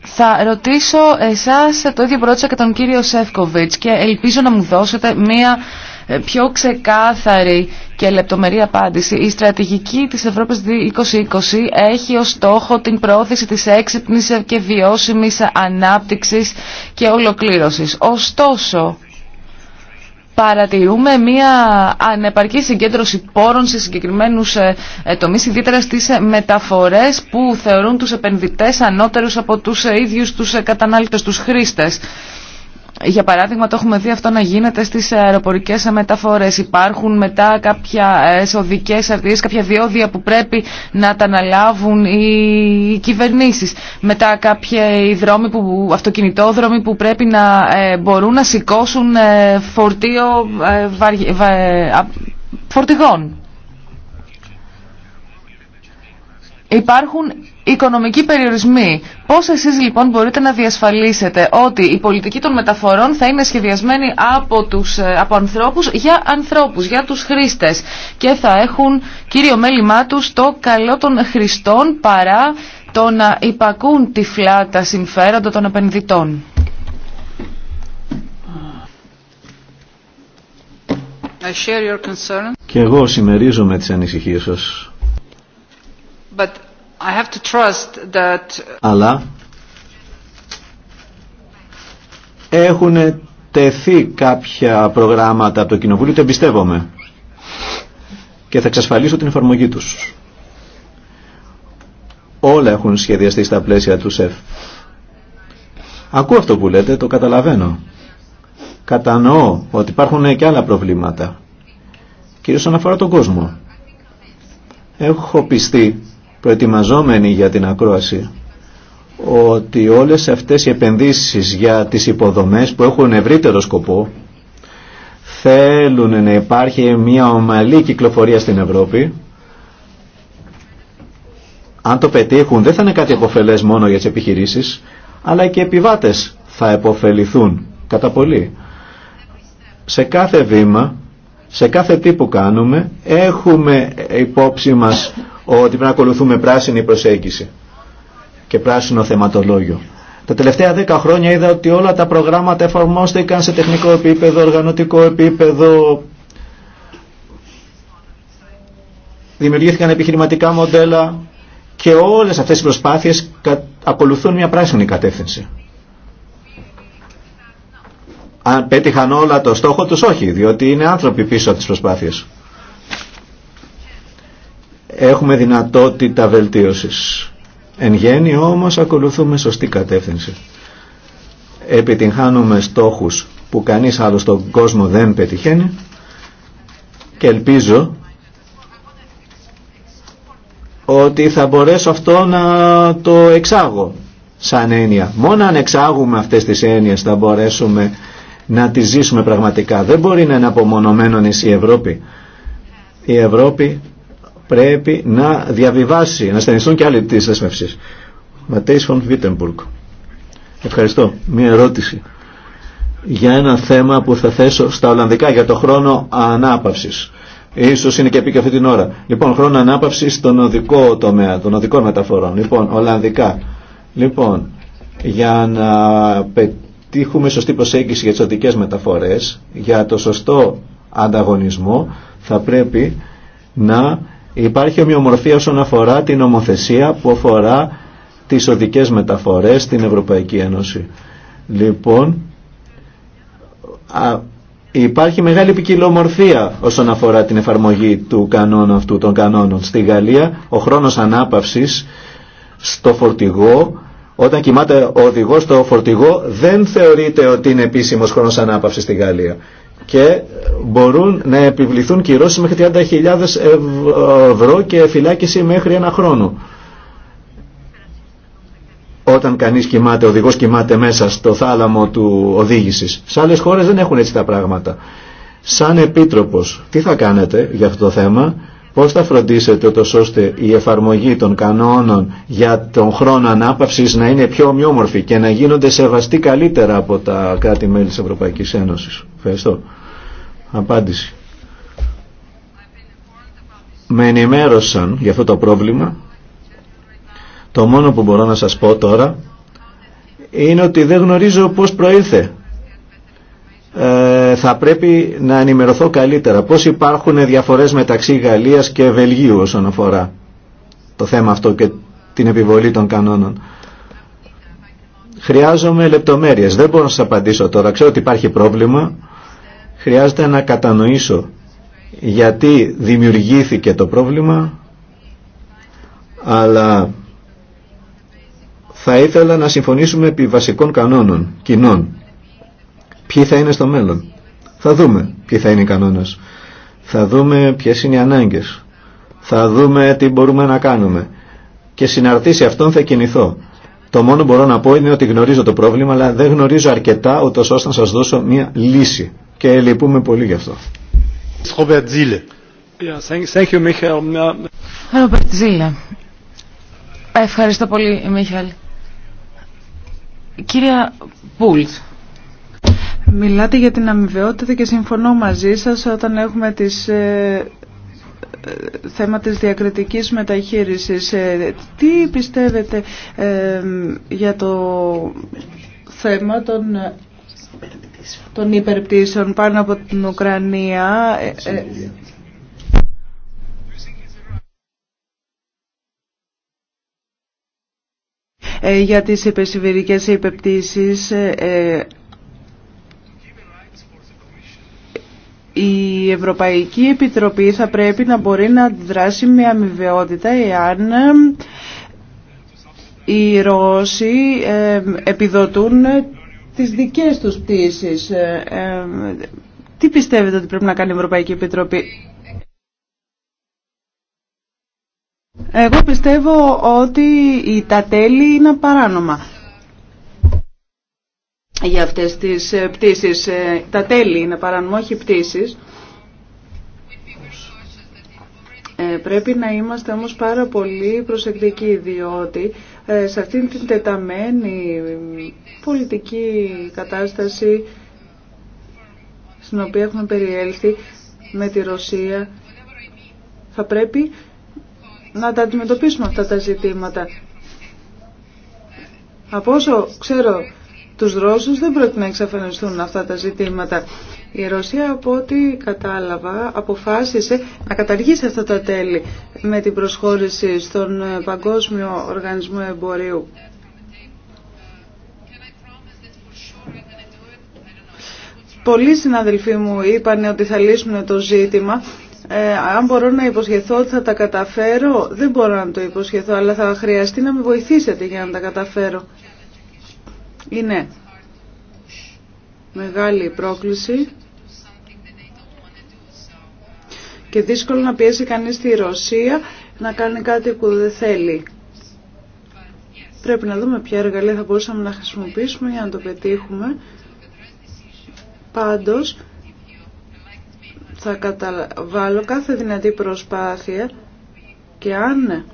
θα ρωτήσω εσάς το ίδιο πρότσα και τον κύριο Σεύκοβιτς και ελπίζω να μου δώσετε μία ε, πιο ξεκάθαρη και λεπτομερή απάντηση. Η στρατηγική της Ευρώπης 2020 έχει ως στόχο την πρόθεση της έξυπνης και βιώσιμης ανάπτυξης και ολοκλήρωσης. Ωστόσο, παρατηρούμε μια ανεπαρκή συγκέντρωση πόρων σε συγκεκριμένους ε, ε, τομείς, ιδιαίτερα στις μεταφορές που θεωρούν τους επενδυτές ανώτερους από τους ίδιους τους κατανάλωτες, τους χρήστες για παράδειγμα το έχουμε δει αυτό να γίνεται στις αεροπορικές μεταφορές. Υπάρχουν μετά κάποια ε, οδικές αρτηρίες, κάποια διόδια που πρέπει να τα αναλάβουν οι κυβερνήσεις. Μετά κάποιοι δρόμοι που, αυτοκινητόδρομοι που πρέπει να ε, μπορούν να σηκώσουν ε, φορτίο φορτηγών. Υπάρχουν οικονομικοί περιορισμοί. Πώς εσείς λοιπόν μπορείτε να διασφαλίσετε ότι η πολιτική των μεταφορών θα είναι σχεδιασμένη από, τους, ε, από ανθρώπους για ανθρώπους, για τους χρήστες και θα έχουν κύριο μέλημά τους το καλό των χρηστών παρά το να υπακούν τυφλά τα συμφέροντα των επενδυτών. Και εγώ συμμερίζομαι τις ανησυχίες σας. Uh, Αλλά έχουν τεθεί κάποια προγράμματα από το Κοινοβούλιο, το εμπιστεύομαι και θα εξασφαλίσω την εφαρμογή τους. Όλα έχουν σχεδιαστεί στα πλαίσια του ΣΕΦ. Ακούω αυτό που λέτε, το καταλαβαίνω. Κατανοώ ότι υπάρχουν και άλλα προβλήματα. Κυρίως όσον αφορά τον κόσμο. Έχω πιστεί προετοιμαζόμενοι για την ακρόαση ότι όλες αυτές οι επενδύσεις για τις υποδομές που έχουν ευρύτερο σκοπό θέλουν να υπάρχει μια ομαλή κυκλοφορία στην Ευρώπη αν το πετύχουν δεν θα είναι κάτι εποφελές μόνο για τις επιχειρήσεις αλλά και οι επιβάτες θα επωφεληθούν κατά πολύ σε κάθε βήμα σε κάθε τι που κάνουμε έχουμε υπόψη μας ότι πρέπει να ακολουθούμε πράσινη προσέγγιση και πράσινο θεματολόγιο. Τα τελευταία δέκα χρόνια είδα ότι όλα τα προγράμματα εφαρμόστηκαν σε τεχνικό επίπεδο, οργανωτικό επίπεδο, δημιουργήθηκαν επιχειρηματικά μοντέλα και όλες αυτές οι προσπάθειες ακολουθούν μια πράσινη κατεύθυνση. Αν πέτυχαν όλα το στόχο τους, όχι, διότι είναι άνθρωποι πίσω από τις προσπάθειες έχουμε δυνατότητα βελτίωσης. Εν γέννη όμως ακολουθούμε σωστή κατεύθυνση. Επιτυγχάνουμε στόχους που κανείς άλλος στον κόσμο δεν πετυχαίνει και ελπίζω ότι θα μπορέσω αυτό να το εξάγω σαν έννοια. Μόνο αν εξάγουμε αυτές τις έννοιες θα μπορέσουμε να τις ζήσουμε πραγματικά. Δεν μπορεί να είναι απομονωμένο η Ευρώπη. Η Ευρώπη πρέπει να διαβιβάσει, να στενιστούν και άλλοι τις δεσμεύσεις. Ματέις Φων Βίτεμπουργκ. Ευχαριστώ. Μία ερώτηση για ένα θέμα που θα θέσω στα Ολλανδικά για το χρόνο ανάπαυσης. Ίσως είναι και επί και αυτή την ώρα. Λοιπόν, χρόνο ανάπαυσης στον οδικό τομέα, των οδικών μεταφορών. Λοιπόν, Ολλανδικά. Λοιπόν, για να πετύχουμε σωστή προσέγγιση για τις οδικές μεταφορές, για το σωστό ανταγωνισμό, θα πρέπει να Υπάρχει ομοιομορφία όσον αφορά την νομοθεσία που αφορά τις οδικές μεταφορές στην Ευρωπαϊκή Ένωση. Λοιπόν, υπάρχει μεγάλη ποικιλομορφία όσον αφορά την εφαρμογή του κανόνα αυτού των κανόνων. Στη Γαλλία ο χρόνος ανάπαυσης στο φορτηγό όταν κοιμάται ο οδηγό στο φορτηγό δεν θεωρείται ότι είναι επίσημος χρόνος ανάπαυσης στη Γαλλία και μπορούν να επιβληθούν κυρώσεις μέχρι 30.000 ευρώ και φυλάκιση μέχρι ένα χρόνο. Όταν κανείς κοιμάται, ο οδηγός κοιμάται μέσα στο θάλαμο του οδήγησης. Σε άλλες χώρες δεν έχουν έτσι τα πράγματα. Σαν επίτροπος, τι θα κάνετε για αυτό το θέμα Πώς θα φροντίσετε το ώστε η εφαρμογή των κανόνων για τον χρόνο ανάπαυσης να είναι πιο ομοιόμορφη και να γίνονται σεβαστοί καλύτερα από τα κράτη-μέλη της Ευρωπαϊκής Ένωσης. Ευχαριστώ. Απάντηση. Με ενημέρωσαν για αυτό το πρόβλημα. Το μόνο που μπορώ να σας πω τώρα είναι ότι δεν γνωρίζω πώς προήλθε ε, θα πρέπει να ενημερωθώ καλύτερα πώς υπάρχουν διαφορές μεταξύ Γαλλίας και Βελγίου όσον αφορά το θέμα αυτό και την επιβολή των κανόνων. Χρειάζομαι λεπτομέρειες. Δεν μπορώ να σας απαντήσω τώρα. Ξέρω ότι υπάρχει πρόβλημα. Χρειάζεται να κατανοήσω γιατί δημιουργήθηκε το πρόβλημα αλλά θα ήθελα να συμφωνήσουμε επί βασικών κανόνων κοινών ποιοι θα είναι στο μέλλον. Θα δούμε ποιοι θα είναι οι κανόνες. Θα δούμε ποιες είναι οι ανάγκες. Θα δούμε τι μπορούμε να κάνουμε. Και συναρτήσει αυτόν θα κινηθώ. Το μόνο που μπορώ να πω είναι ότι γνωρίζω το πρόβλημα, αλλά δεν γνωρίζω αρκετά ούτως ώστε να σας δώσω μια λύση. Και λυπούμε πολύ γι' αυτό. Ρομπερτ Ζήλε. Ευχαριστώ πολύ, Μίχαλ. Κύρια Πούλτ, Μιλάτε για την αμοιβαιότητα και συμφωνώ μαζί σας όταν έχουμε τις ε, ε, θέμα της διακριτικής μεταχείρισης. Ε, τι πιστεύετε για το θέμα των, των υπερπτήσεων πάνω από την Ουκρανία... για τις υπεσιβηρικές υπεπτήσεις η Ευρωπαϊκή Επιτροπή θα πρέπει να μπορεί να αντιδράσει με αμοιβαιότητα εάν ε, οι Ρώσοι ε, επιδοτούν τις δικές τους πτήσεις. Ε, τι πιστεύετε ότι πρέπει να κάνει η Ευρωπαϊκή Επιτροπή. Εγώ πιστεύω ότι τα τέλη είναι παράνομα για αυτές τις ε, πτήσεις. Ε, τα τέλη είναι παράνομο, όχι πτήσεις. Ε, πρέπει να είμαστε όμως πάρα πολύ προσεκτικοί διότι σε αυτήν την τεταμένη πολιτική κατάσταση στην οποία έχουμε περιέλθει με τη Ρωσία θα πρέπει να τα αντιμετωπίσουμε αυτά τα ζητήματα. Από όσο ξέρω τους Ρώσους δεν πρέπει να εξαφανιστούν αυτά τα ζητήματα. Η Ρωσία από ό,τι κατάλαβα αποφάσισε να καταργήσει αυτά τα τέλη με την προσχώρηση στον ε, Παγκόσμιο Οργανισμό Εμπορίου. Πολλοί συναδελφοί μου είπαν ότι θα λύσουν το ζήτημα. Ε, αν μπορώ να υποσχεθώ ότι θα τα καταφέρω, δεν μπορώ να το υποσχεθώ, αλλά θα χρειαστεί να με βοηθήσετε για να τα καταφέρω. Είναι μεγάλη πρόκληση και δύσκολο να πιέσει κανείς τη Ρωσία να κάνει κάτι που δεν θέλει. Πρέπει να δούμε ποια εργαλεία θα μπορούσαμε να χρησιμοποιήσουμε για να το πετύχουμε. Πάντως, θα καταβάλω κάθε δυνατή προσπάθεια και αν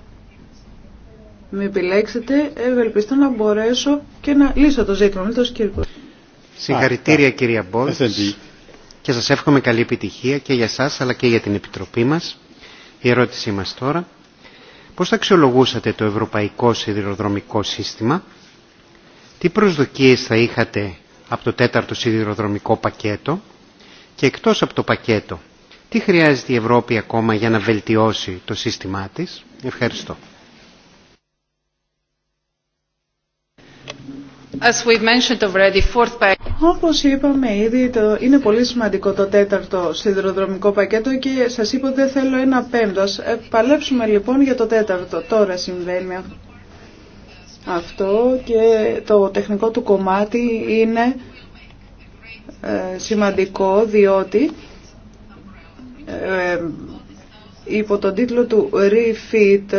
με επιλέξετε, ευελπιστώ να μπορέσω και να λύσω το ζήτημα. το Κύρκος. Συγχαρητήρια κυρία Μπόλτς και σας εύχομαι καλή επιτυχία και για σας αλλά και για την Επιτροπή μας. Η ερώτησή μας τώρα, πώς θα αξιολογούσατε το Ευρωπαϊκό Σιδηροδρομικό Σύστημα, τι προσδοκίες θα είχατε από το τέταρτο σιδηροδρομικό πακέτο και εκτός από το πακέτο, τι χρειάζεται η Ευρώπη ακόμα για να βελτιώσει το σύστημά της. Ευχαριστώ. As Όπως είπαμε ήδη, το, είναι πολύ σημαντικό το τέταρτο σιδηροδρομικό πακέτο και σας είπα ότι δεν θέλω ένα πέμπτο. Ε, παλέψουμε λοιπόν για το τέταρτο. Τώρα συμβαίνει αυτό και το τεχνικό του κομμάτι είναι ε, σημαντικό διότι ε, Υπό τον τίτλο του Refit,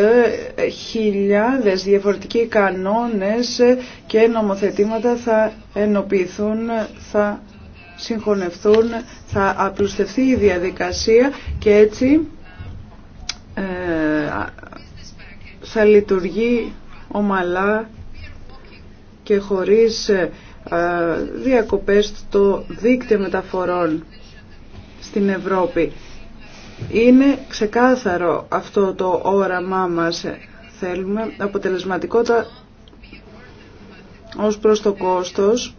χιλιάδες διαφορετικοί κανόνες και νομοθετήματα θα ενοποιηθούν, θα συγχωνευτούν, θα απλουστευτεί η διαδικασία και έτσι ε, θα λειτουργεί ομαλά και χωρίς ε, διακοπές το δίκτυο μεταφορών στην Ευρώπη. Είναι ξεκάθαρο αυτό το όραμά μας. Θέλουμε αποτελεσματικότητα ως προς το κόστος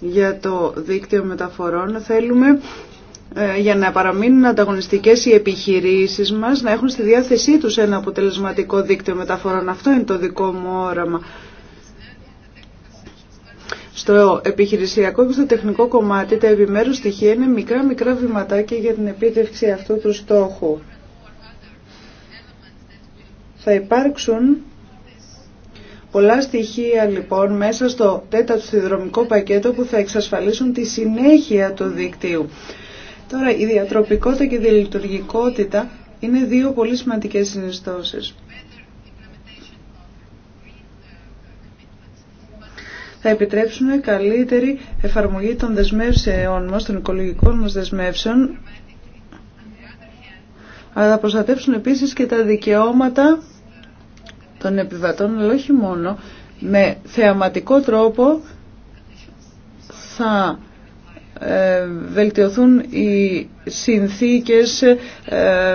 για το δίκτυο μεταφορών. Θέλουμε ε, για να παραμείνουν ανταγωνιστικές οι επιχειρήσεις μας να έχουν στη διάθεσή τους ένα αποτελεσματικό δίκτυο μεταφορών. Αυτό είναι το δικό μου όραμα. Στο επιχειρησιακό και στο τεχνικό κομμάτι τα επιμέρους στοιχεία είναι μικρά-μικρά βηματάκια για την επίτευξη αυτού του στόχου. Θα υπάρξουν πολλά στοιχεία λοιπόν μέσα στο τέταρτο συνδρομικό πακέτο που θα εξασφαλίσουν τη συνέχεια του δικτύου. Τώρα η διατροπικότητα και η διελειτουργικότητα είναι δύο πολύ σημαντικές συνιστώσεις. θα επιτρέψουν καλύτερη εφαρμογή των δεσμεύσεων μας, των οικολογικών μας δεσμεύσεων, αλλά θα προστατεύσουν επίσης και τα δικαιώματα των επιβατών, αλλά όχι μόνο, με θεαματικό τρόπο θα ε, βελτιωθούν οι συνθήκες ε,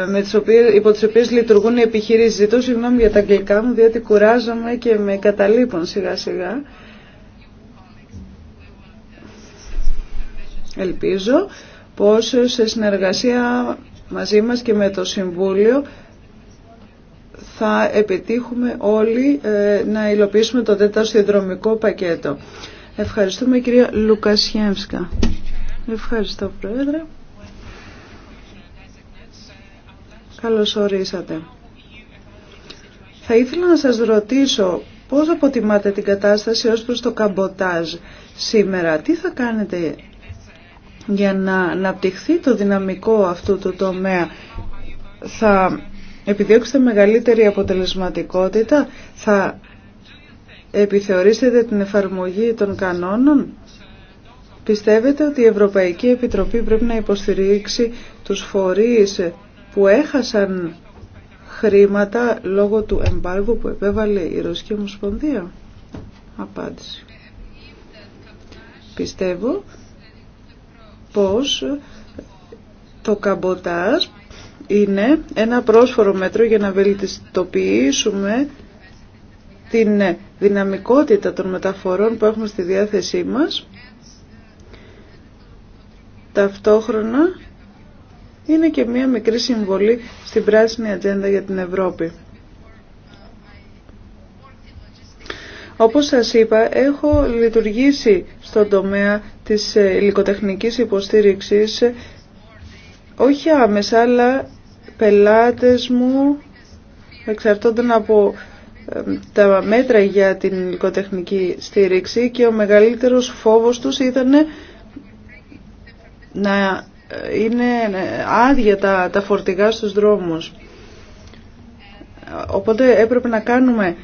με τις οποίες, υπό τις οποίες λειτουργούν οι επιχειρήσεις. Ζητώ συγγνώμη για τα αγγλικά μου, διότι κουράζομαι και με καταλείπουν σιγά σιγά. Ελπίζω πως σε συνεργασία μαζί μας και με το Συμβούλιο θα επιτύχουμε όλοι ε, να υλοποιήσουμε το τέταρτο συνδρομικό πακέτο. Ευχαριστούμε κυρία Λουκασιέμσκα. Ευχαριστώ Πρόεδρε. Καλώς ορίσατε. Θα ήθελα να σας ρωτήσω πώς αποτιμάτε την κατάσταση ως προς το καμποτάζ σήμερα. Τι θα κάνετε για να αναπτυχθεί το δυναμικό αυτού του τομέα θα επιδιώξετε μεγαλύτερη αποτελεσματικότητα, θα επιθεωρήσετε την εφαρμογή των κανόνων. Πιστεύετε ότι η Ευρωπαϊκή Επιτροπή πρέπει να υποστηρίξει τους φορείς που έχασαν χρήματα λόγω του εμπάργου που επέβαλε η Ρωσική Ομοσπονδία. Απάντηση. Πιστεύω πως το καμποτάζ είναι ένα πρόσφορο μέτρο για να βελτιστοποιήσουμε την δυναμικότητα των μεταφορών που έχουμε στη διάθεσή μας ταυτόχρονα είναι και μία μικρή συμβολή στην πράσινη ατζέντα για την Ευρώπη. Όπως σας είπα, έχω λειτουργήσει στον τομέα της ε, υλικοτεχνικής υποστήριξης όχι άμεσα, αλλά πελάτες μου εξαρτώνταν από τα μέτρα για την υλικοτεχνική στήριξη και ο μεγαλύτερος φόβος τους ήταν να ε, είναι ε, άδεια τα, τα φορτηγά στους δρόμους. Οπότε έπρεπε να κάνουμε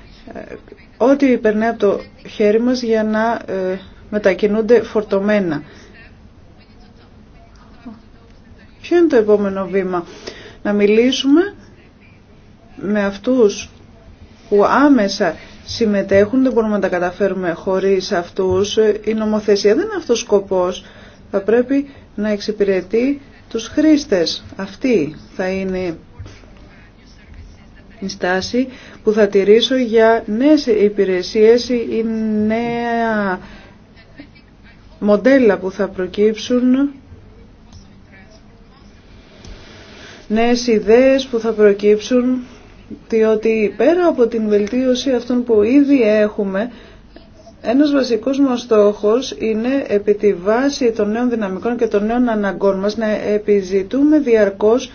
ό,τι περνάει από το χέρι μας για να μετακινούνται φορτωμένα. Ποιο είναι το επόμενο βήμα. Να μιλήσουμε με αυτούς που άμεσα συμμετέχουν, δεν μπορούμε να τα καταφέρουμε χωρίς αυτούς. Η νομοθεσία δεν είναι αυτός ο σκοπός. Θα πρέπει να εξυπηρετεί τους χρήστες. Αυτή θα είναι η στάση που θα τηρήσω για νέες υπηρεσίες ή νέα μοντέλα που θα προκύψουν, νέες ιδέες που θα προκύψουν, διότι πέρα από την βελτίωση αυτών που ήδη έχουμε, ένας βασικός μας στόχος είναι επί τη βάση των νέων δυναμικών και των νέων αναγκών μας να επιζητούμε διαρκώς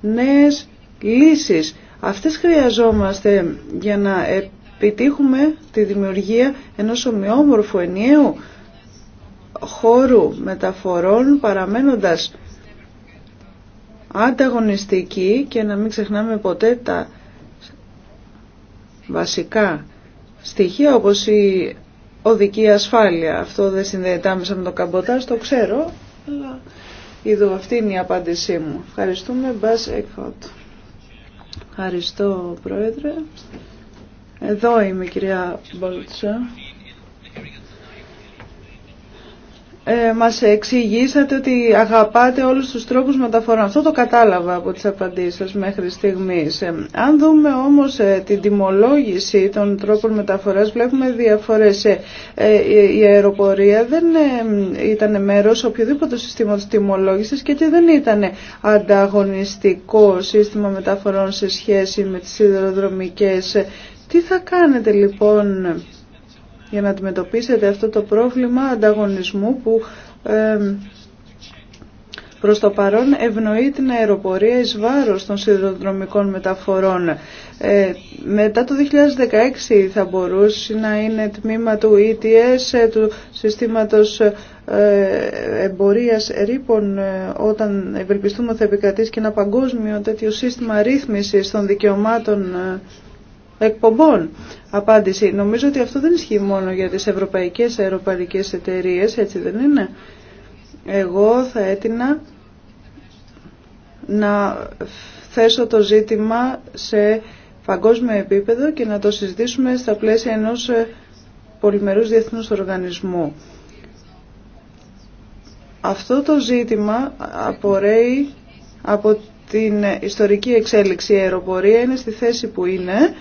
νέες λύσεις. Αυτές χρειαζόμαστε για να επιτύχουμε τη δημιουργία ενός ομοιόμορφου ενιαίου χώρου μεταφορών παραμένοντας ανταγωνιστική και να μην ξεχνάμε ποτέ τα βασικά στοιχεία όπως η οδική ασφάλεια. Αυτό δεν συνδέεται άμεσα με το καμποτάζ, το ξέρω, αλλά είδω αυτή είναι η απάντησή μου. Ευχαριστούμε, Μπάς Ευχαριστώ, Πρόεδρε. Εδώ είμαι, κυρία Μπολτσα. ε, μας εξηγήσατε ότι αγαπάτε όλους τους τρόπους μεταφορών. Αυτό το κατάλαβα από τις απαντήσεις σας μέχρι στιγμής. Ε, αν δούμε όμως ε, την τιμολόγηση των τρόπων μεταφοράς βλέπουμε διαφορές. Ε, η αεροπορία δεν ήταν μέρος οποιοδήποτε συστήματος τιμολόγησης και δεν ήταν ανταγωνιστικό σύστημα μεταφορών σε σχέση με τις σιδηροδρομικές. Τι θα κάνετε λοιπόν για να αντιμετωπίσετε αυτό το πρόβλημα ανταγωνισμού που προς το παρόν ευνοεί την αεροπορία εις βάρος των σιδηροδρομικών μεταφορών. Ε, μετά το 2016 θα μπορούσε να είναι τμήμα του ETS, ε, του συστήματος ε, εμπορίας ρήπων ε, όταν ευελπιστούμε θα επικρατήσει και ένα παγκόσμιο τέτοιο σύστημα ρύθμισης των δικαιωμάτων εκπομπών. Απάντηση. Νομίζω ότι αυτό δεν ισχύει μόνο για τις ευρωπαϊκές αεροπαρικές εταιρείες, έτσι δεν είναι. Εγώ θα έτεινα να θέσω το ζήτημα σε παγκόσμιο επίπεδο και να το συζητήσουμε στα πλαίσια ενός ε, πολυμερούς διεθνούς οργανισμού. Αυτό το ζήτημα απορρέει από την ιστορική εξέλιξη. Η αεροπορία είναι στη θέση που είναι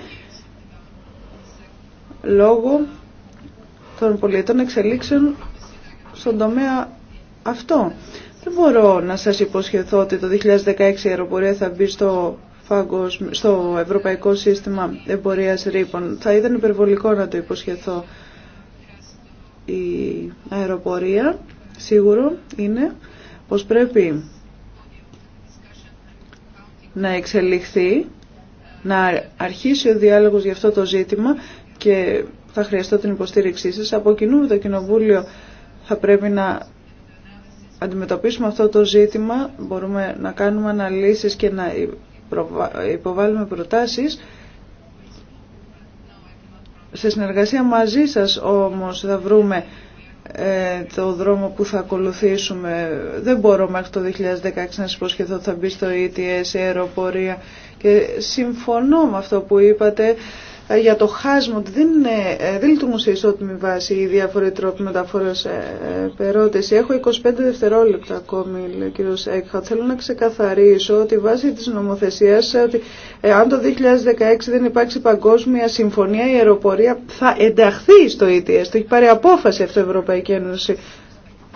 λόγω των πολιτών εξελίξεων στον τομέα αυτό. Δεν μπορώ να σας υποσχεθώ ότι το 2016 η αεροπορία θα μπει στο, φάγκος, στο Ευρωπαϊκό Σύστημα Εμπορίας Ρήπων. Θα ήταν υπερβολικό να το υποσχεθώ. Η αεροπορία σίγουρο είναι πως πρέπει να εξελιχθεί, να αρχίσει ο διάλογος για αυτό το ζήτημα και θα χρειαστώ την υποστήριξή σας. Από κοινού με το Κοινοβούλιο θα πρέπει να αντιμετωπίσουμε αυτό το ζήτημα. Μπορούμε να κάνουμε αναλύσεις και να υποβάλουμε προτάσεις. Σε συνεργασία μαζί σας όμως θα βρούμε ε, το δρόμο που θα ακολουθήσουμε. Δεν μπορώ μέχρι το 2016 να σας προσχεθώ θα μπει στο ETS, αεροπορία και συμφωνώ με αυτό που είπατε ε, για το χάσμα ότι δεν, είναι, ε, δεν λειτουργούν σε ισότιμη βάση οι διάφοροι τρόποι μεταφορά περώτηση. Ε, Έχω 25 δευτερόλεπτα ακόμη, λέει ο κύριος Έκχατ. Θέλω να ξεκαθαρίσω ότι βάσει της νομοθεσίας, ότι αν το 2016 δεν υπάρξει παγκόσμια συμφωνία, η αεροπορία θα ενταχθεί στο ETS. Το έχει πάρει απόφαση αυτή η Ευρωπαϊκή Ένωση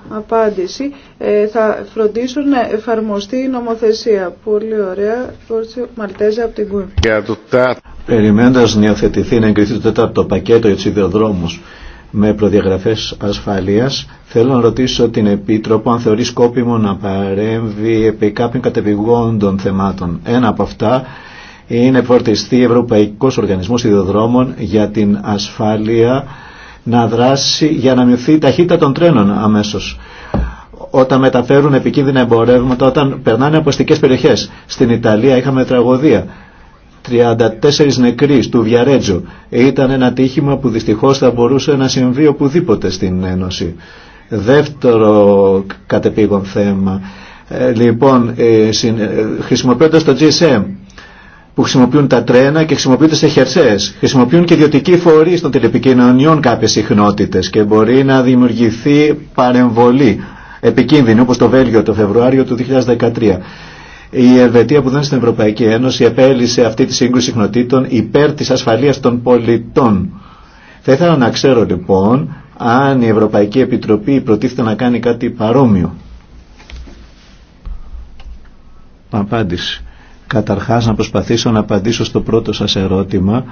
απάντηση. Ε, θα φροντίσουν να εφαρμοστεί η νομοθεσία. Πολύ ωραία. Μαλτέζα από την Κούρ. Περιμένοντα να υιοθετηθεί να εγκριθεί το τέταρτο πακέτο για του ιδεοδρόμου με προδιαγραφέ ασφαλεία, θέλω να ρωτήσω την Επίτροπο αν θεωρεί σκόπιμο να παρέμβει επί κάποιων των θεμάτων. Ένα από αυτά είναι φορτιστεί Ευρωπαϊκό Οργανισμό Ιδεοδρόμων για την ασφάλεια να δράσει για να μειωθεί η ταχύτητα των τρένων αμέσως όταν μεταφέρουν επικίνδυνα εμπορεύματα, όταν περνάνε από αστικέ περιοχές. Στην Ιταλία είχαμε τραγωδία. 34 νεκροί του Βιαρέτζο. Ήταν ένα τύχημα που δυστυχώς θα μπορούσε να συμβεί οπουδήποτε στην Ένωση. Δεύτερο κατεπήγον θέμα. Ε, λοιπόν, ε, ε, χρησιμοποιώντας το GSM, που χρησιμοποιούν τα τρένα και χρησιμοποιούνται σε χερσαίες. Χρησιμοποιούν και ιδιωτικοί φορεί των τηλεπικοινωνιών κάποιες συχνότητες και μπορεί να δημιουργηθεί παρεμβολή επικίνδυνη όπως το Βέλγιο το Φεβρουάριο του 2013. Η Ελβετία που δεν είναι στην Ευρωπαϊκή Ένωση επέλυσε αυτή τη σύγκρουση συχνοτήτων υπέρ της ασφαλείας των πολιτών. Θα ήθελα να ξέρω λοιπόν αν η Ευρωπαϊκή Επιτροπή προτίθεται να κάνει κάτι παρόμοιο. Απάντηση. Καταρχάς να προσπαθήσω να απαντήσω στο πρώτο σας ερώτημα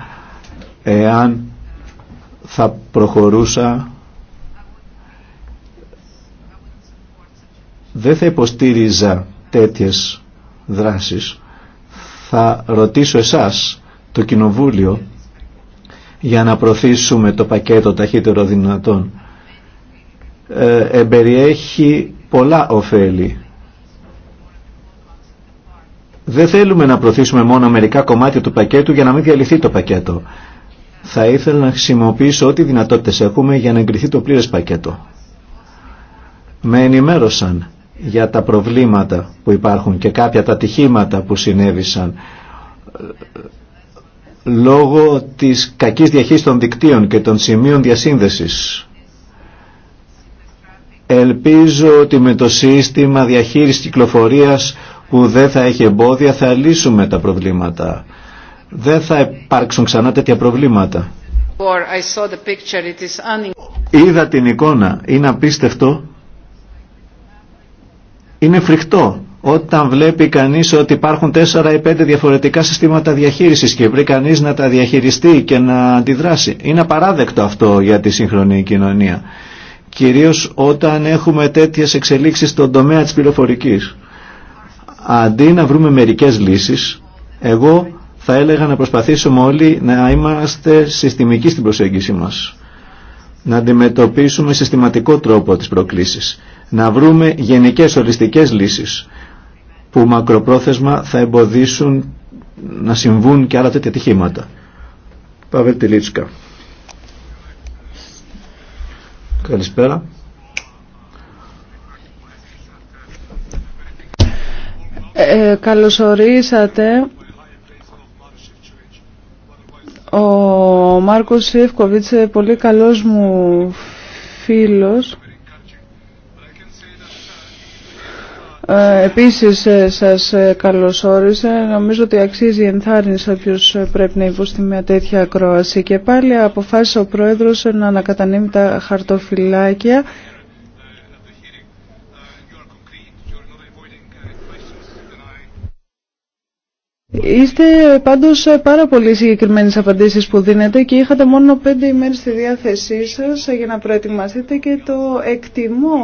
εάν θα προχωρούσα δεν θα υποστήριζα τέτοιες δράσεις θα ρωτήσω εσάς το Κοινοβούλιο για να προωθήσουμε το πακέτο ταχύτερο δυνατόν ε, εμπεριέχει πολλά ωφέλη δεν θέλουμε να προωθήσουμε μόνο μερικά κομμάτια του πακέτου για να μην διαλυθεί το πακέτο. Θα ήθελα να χρησιμοποιήσω ό,τι δυνατότητες έχουμε για να εγκριθεί το πλήρες πακέτο. Με ενημέρωσαν για τα προβλήματα που υπάρχουν και κάποια τα τυχήματα που συνέβησαν ε, λόγω της κακής διαχείρισης των δικτύων και των σημείων διασύνδεσης. Ελπίζω ότι με το σύστημα διαχείρισης κυκλοφορίας που δεν θα έχει εμπόδια, θα λύσουμε τα προβλήματα. Δεν θα υπάρξουν ξανά τέτοια προβλήματα. Είδα την εικόνα, είναι απίστευτο. Είναι φρικτό όταν βλέπει κανείς ότι υπάρχουν τέσσερα ή πέντε διαφορετικά συστήματα διαχείρισης και πρέπει κανείς να τα διαχειριστεί και να αντιδράσει. Είναι απαράδεκτο αυτό για τη σύγχρονη κοινωνία. Κυρίως όταν έχουμε τέτοιες εξελίξεις στον τομέα της πληροφορικής. Αντί να βρούμε μερικές λύσεις, εγώ θα έλεγα να προσπαθήσουμε όλοι να είμαστε συστημικοί στην προσέγγιση μας. Να αντιμετωπίσουμε συστηματικό τρόπο τις προκλήσεις. Να βρούμε γενικές οριστικές λύσεις που μακροπρόθεσμα θα εμποδίσουν να συμβούν και άλλα τέτοια τυχήματα. Παύλ Τιλίτσκα. Καλησπέρα. Ε, ε, καλωσορίσατε ο Μάρκος Σιφκοβίτς, ε, πολύ καλός μου φίλος. Ε, επίσης ε, σας καλωσόρισε. Νομίζω ότι αξίζει ενθάρρυνση όποιος πρέπει να υποστεί μια τέτοια ακρόαση. Και πάλι αποφάσισε ο Πρόεδρος να ανακατανείμει τα χαρτοφυλάκια Είστε πάντως πάρα πολύ συγκεκριμένε απαντήσει που δίνετε και είχατε μόνο πέντε ημέρες στη διάθεσή σας για να προετοιμαστείτε και το εκτιμώ,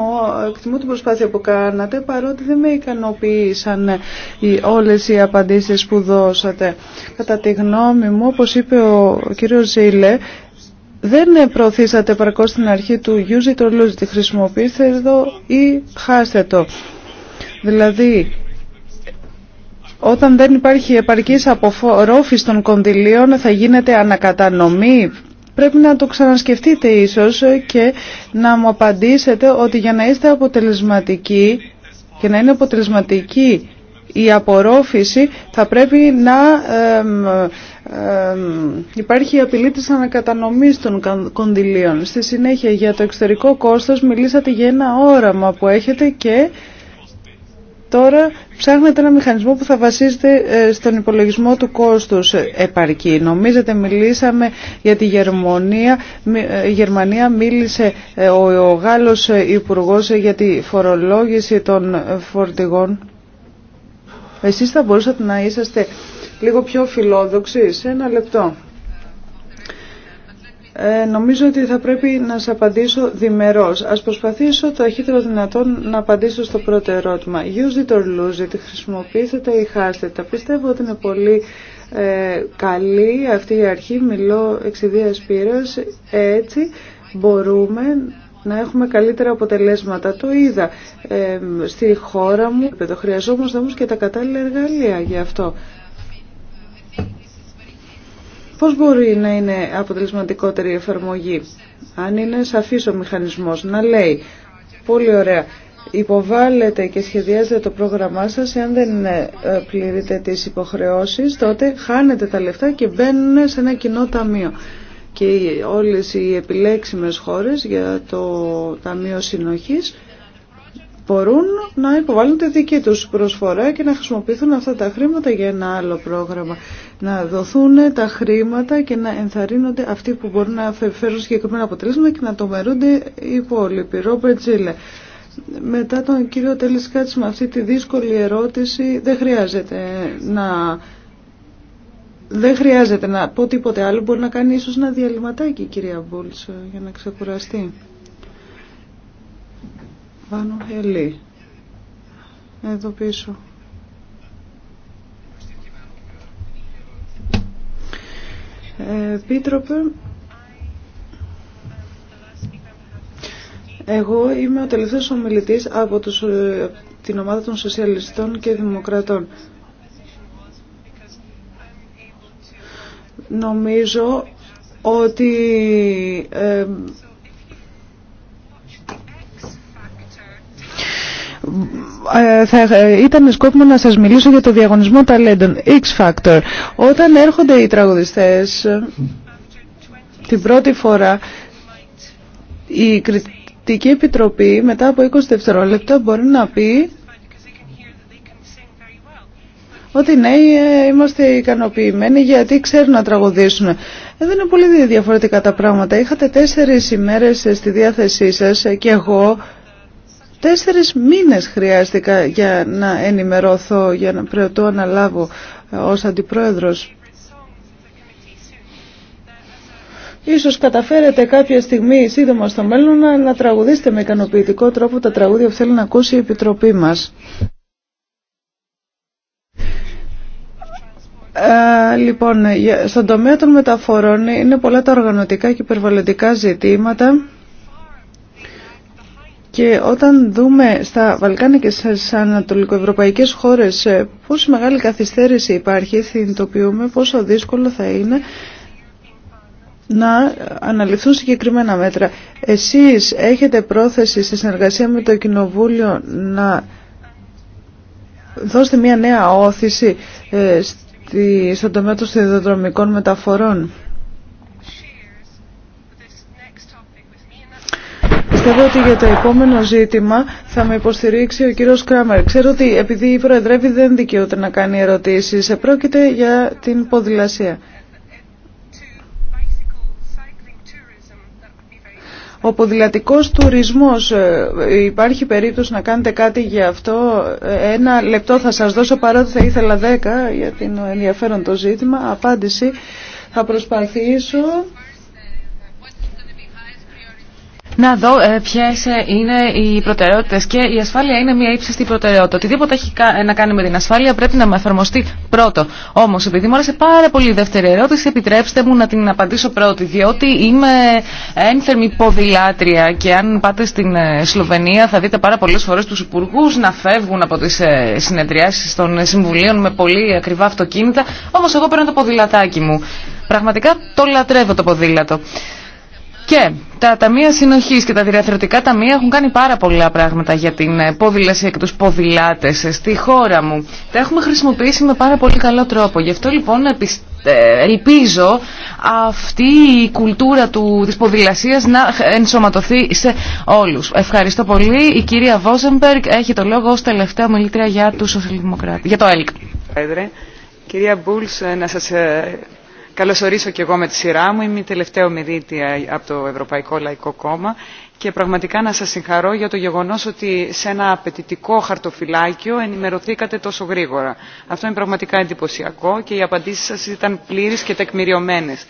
εκτιμώ την προσπάθεια που κάνατε παρότι δεν με ικανοποίησαν οι, όλες οι απαντήσεις που δώσατε. Κατά τη γνώμη μου, όπως είπε ο κύριος Ζήλε, δεν προωθήσατε παρακώ στην αρχή του use it or lose it, χρησιμοποιήστε εδώ ή χάστε το. Δηλαδή, όταν δεν υπάρχει επαρκής απορρόφηση των κονδυλίων θα γίνεται ανακατανομή. Πρέπει να το ξανασκεφτείτε ίσως και να μου απαντήσετε ότι για να είστε αποτελεσματικοί και να είναι αποτελεσματική η απορρόφηση θα πρέπει να υπάρχει η απειλή της ανακατανομής των κονδυλίων. Στη συνέχεια για το εξωτερικό κόστος μιλήσατε για ένα όραμα που έχετε και Τώρα ψάχνετε ένα μηχανισμό που θα βασίζεται ε, στον υπολογισμό του κόστους επαρκή. Νομίζετε μιλήσαμε για τη Γερμανία, ε, η Γερμανία μίλησε ε, ο Γάλλος Υπουργός για τη φορολόγηση των φορτηγών. Εσείς θα μπορούσατε να είσαστε λίγο πιο φιλόδοξοι σε ένα λεπτό. Ε, νομίζω ότι θα πρέπει να σας απαντήσω διμερώς. Ας προσπαθήσω το αχύτερο δυνατόν να απαντήσω στο πρώτο ερώτημα. Use it or lose it, χρησιμοποιήστε τα ή χάστε τα. Πιστεύω ότι είναι πολύ ε, καλή αυτή η αρχή, καλη αυτη η αρχη μιλω εξ πείρας, έτσι μπορούμε να έχουμε καλύτερα αποτελέσματα. Το είδα ε, στη χώρα μου, χρειαζόμαστε όμως και τα κατάλληλα εργαλεία γι' αυτό. Πώς μπορεί να είναι αποτελεσματικότερη η εφαρμογή, αν είναι σαφής ο μηχανισμός, να λέει, πολύ ωραία, υποβάλλετε και σχεδιάζετε το πρόγραμμά σας, εάν δεν ε, πληρείτε τις υποχρεώσεις, τότε χάνετε τα λεφτά και μπαίνουν σε ένα κοινό ταμείο. Και όλες οι επιλέξιμες χώρες για το Ταμείο Συνοχής μπορούν να υποβάλουν τη δική τους προσφορά και να χρησιμοποιηθούν αυτά τα χρήματα για ένα άλλο πρόγραμμα. Να δοθούν τα χρήματα και να ενθαρρύνονται αυτοί που μπορούν να φέρουν συγκεκριμένα αποτελέσματα και να το μερούνται οι υπόλοιποι. Ρόμπερτ Τζίλε. Μετά τον κύριο Τελισκάτς με αυτή τη δύσκολη ερώτηση δεν χρειάζεται να... Δεν χρειάζεται να πω τίποτε άλλο. Μπορεί να κάνει ίσως ένα διαλυματάκι, η κυρία Μπούλς για να ξεκουραστεί. Βάνο Εδώ πίσω. Επίτροπε, εγώ είμαι ο τελευταίος ομιλητής από τους, ε, την ομάδα των Σοσιαλιστών και Δημοκρατών. Νομίζω ότι ε, Ε, θα ε, ήταν σκόπιμο να σας μιλήσω για το διαγωνισμό ταλέντων X-Factor. Όταν έρχονται οι τραγουδιστές την πρώτη φορά η κριτική επιτροπή μετά από 20 δευτερόλεπτα μπορεί να πει ότι ναι, είμαστε ικανοποιημένοι γιατί ξέρουν να τραγουδήσουν. Ε, δεν είναι πολύ διαφορετικά τα πράγματα. Είχατε τέσσερις ημέρες στη διάθεσή σας και εγώ Τέσσερις μήνες χρειάστηκα για να ενημερώθω, για να πρέπει να λάβω ε, ως αντιπρόεδρος. Ίσως καταφέρετε κάποια στιγμή σύντομα στο μέλλον να, να τραγουδήσετε με ικανοποιητικό τρόπο τα τραγούδια που θέλει να ακούσει η Επιτροπή μας. Ε, λοιπόν, στον τομέα των μεταφορών είναι πολλά τα οργανωτικά και υπερβαλλοντικά ζητήματα και όταν δούμε στα Βαλκάνια και στι ανατολικοευρωπαϊκές χώρες ε, πόση μεγάλη καθυστέρηση υπάρχει, συνειδητοποιούμε πόσο δύσκολο θα είναι να αναλυθούν συγκεκριμένα μέτρα. Εσείς έχετε πρόθεση σε συνεργασία με το Κοινοβούλιο να δώσετε μια νέα όθηση ε, στον τομέα των σιδηροδρομικών μεταφορών. Πιστεύω ότι για το επόμενο ζήτημα θα με υποστηρίξει ο κύριος Κράμερ. Ξέρω ότι επειδή η Προεδρεύη δεν δικαιούται να κάνει ερωτήσεις, πρόκειται για την ποδηλασία. Ο ποδηλατικός τουρισμός, ε, υπάρχει περίπτωση να κάνετε κάτι για αυτό. Ε, ένα λεπτό θα σας δώσω παρότι θα ήθελα δέκα για την ενδιαφέρον το ζήτημα. Απάντηση θα προσπαθήσω να δω ε, ποιε ε, είναι οι προτεραιότητε και η ασφάλεια είναι μια ύψιστη προτεραιότητα. Οτιδήποτε έχει ε, να κάνει με την ασφάλεια πρέπει να με εφαρμοστεί πρώτο. Όμω, επειδή μου άρεσε πάρα πολύ η δεύτερη ερώτηση, επιτρέψτε μου να την απαντήσω πρώτη, διότι είμαι ένθερμη ποδηλάτρια και αν πάτε στην ε, Σλοβενία θα δείτε πάρα πολλέ φορέ του υπουργού να φεύγουν από τι συνεδριάσει των συμβουλίων με πολύ ακριβά αυτοκίνητα. Όμω, εγώ παίρνω το ποδηλατάκι μου. Πραγματικά το λατρεύω το ποδήλατο. Και τα ταμεία συνοχή και τα διαθερωτικά ταμεία έχουν κάνει πάρα πολλά πράγματα για την ε, ποδηλασία και του ποδηλάτε ε, στη χώρα μου. Τα έχουμε χρησιμοποιήσει με πάρα πολύ καλό τρόπο. Γι' αυτό λοιπόν ε, ελπίζω αυτή η κουλτούρα τη ποδηλασία να ενσωματωθεί σε όλους. Ευχαριστώ πολύ. Η κυρία Βόζεμπεργκ έχει το λόγο ω τελευταία μιλήτρια για, τους για το ΕΛΚ. Κυρία να σας καλωσορίσω και εγώ με τη σειρά μου. Είμαι η τελευταία ομιλήτρια από το Ευρωπαϊκό Λαϊκό Κόμμα και πραγματικά να σας συγχαρώ για το γεγονός ότι σε ένα απαιτητικό χαρτοφυλάκιο ενημερωθήκατε τόσο γρήγορα. Αυτό είναι πραγματικά εντυπωσιακό και οι απαντήσεις σας ήταν πλήρεις και τεκμηριωμένες.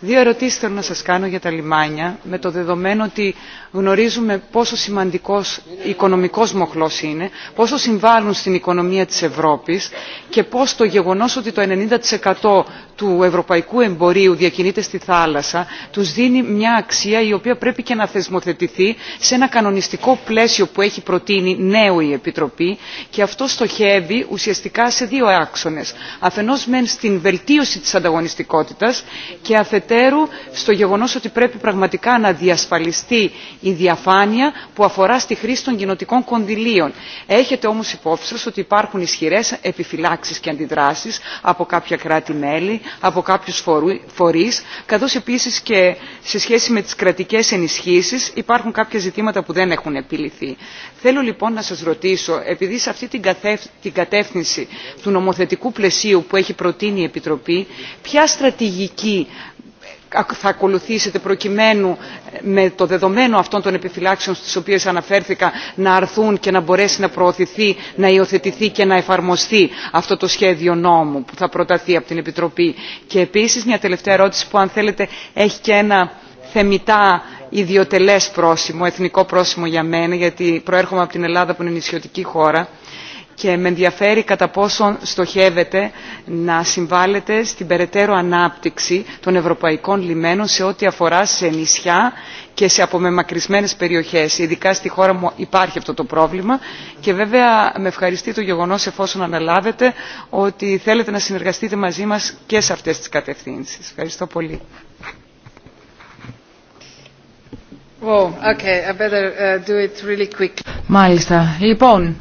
Δύο ερωτήσεις θέλω να σας κάνω για τα λιμάνια, με το δεδομένο ότι γνωρίζουμε πόσο σημαντικός οικονομικός μοχλός είναι, πόσο συμβάλλουν στην οικονομία της Ευρώπης και πώς το γεγονός ότι το 90% του ευρωπαϊκού εμπορίου διακινείται στη θάλασσα, τους δίνει μια αξία η οποία πρέπει και να θεσμοθετηθεί σε ένα κανονιστικό πλαίσιο που έχει προτείνει νέο η Επιτροπή και αυτό στοχεύει ουσιαστικά σε δύο άξονες. Αφενός μεν στην βελτίωση της ανταγωνιστικότητας και περαιτέρω στο γεγονός ότι πρέπει πραγματικά να διασφαλιστεί η διαφάνεια που αφορά στη χρήση των κοινοτικών κονδυλίων. Έχετε όμως υπόψη σας ότι υπάρχουν ισχυρές επιφυλάξεις και αντιδράσεις από κάποια κράτη-μέλη, από κάποιους φορείς, καθώς επίσης και σε σχέση με τις κρατικές ενισχύσεις υπάρχουν κάποια ζητήματα που δεν έχουν επιληθεί. Θέλω λοιπόν να σας ρωτήσω, επειδή σε αυτή την κατεύθυνση του νομοθετικού πλαισίου που έχει προτείνει η Επιτροπή, ποια στρατηγική θα ακολουθήσετε προκειμένου ε, με το δεδομένο αυτών των επιφυλάξεων στις οποίες αναφέρθηκα να αρθούν και να μπορέσει να προωθηθεί, να υιοθετηθεί και να εφαρμοστεί αυτό το σχέδιο νόμου που θα προταθεί από την Επιτροπή. Και επίσης μια τελευταία ερώτηση που αν θέλετε έχει και ένα θεμητά ιδιωτελές πρόσημο, εθνικό πρόσημο για μένα γιατί προέρχομαι από την Ελλάδα που είναι νησιωτική χώρα και με ενδιαφέρει κατά πόσον στοχεύετε να συμβάλλετε στην περαιτέρω ανάπτυξη των ευρωπαϊκών λιμένων σε ό,τι αφορά σε νησιά και σε απομεμακρυσμένες περιοχές. Ειδικά στη χώρα μου υπάρχει αυτό το πρόβλημα και βέβαια με ευχαριστεί το γεγονός εφόσον αναλάβετε ότι θέλετε να συνεργαστείτε μαζί μας και σε αυτές τις κατευθύνσεις. Ευχαριστώ πολύ. Uh, Μάλιστα. Λοιπόν,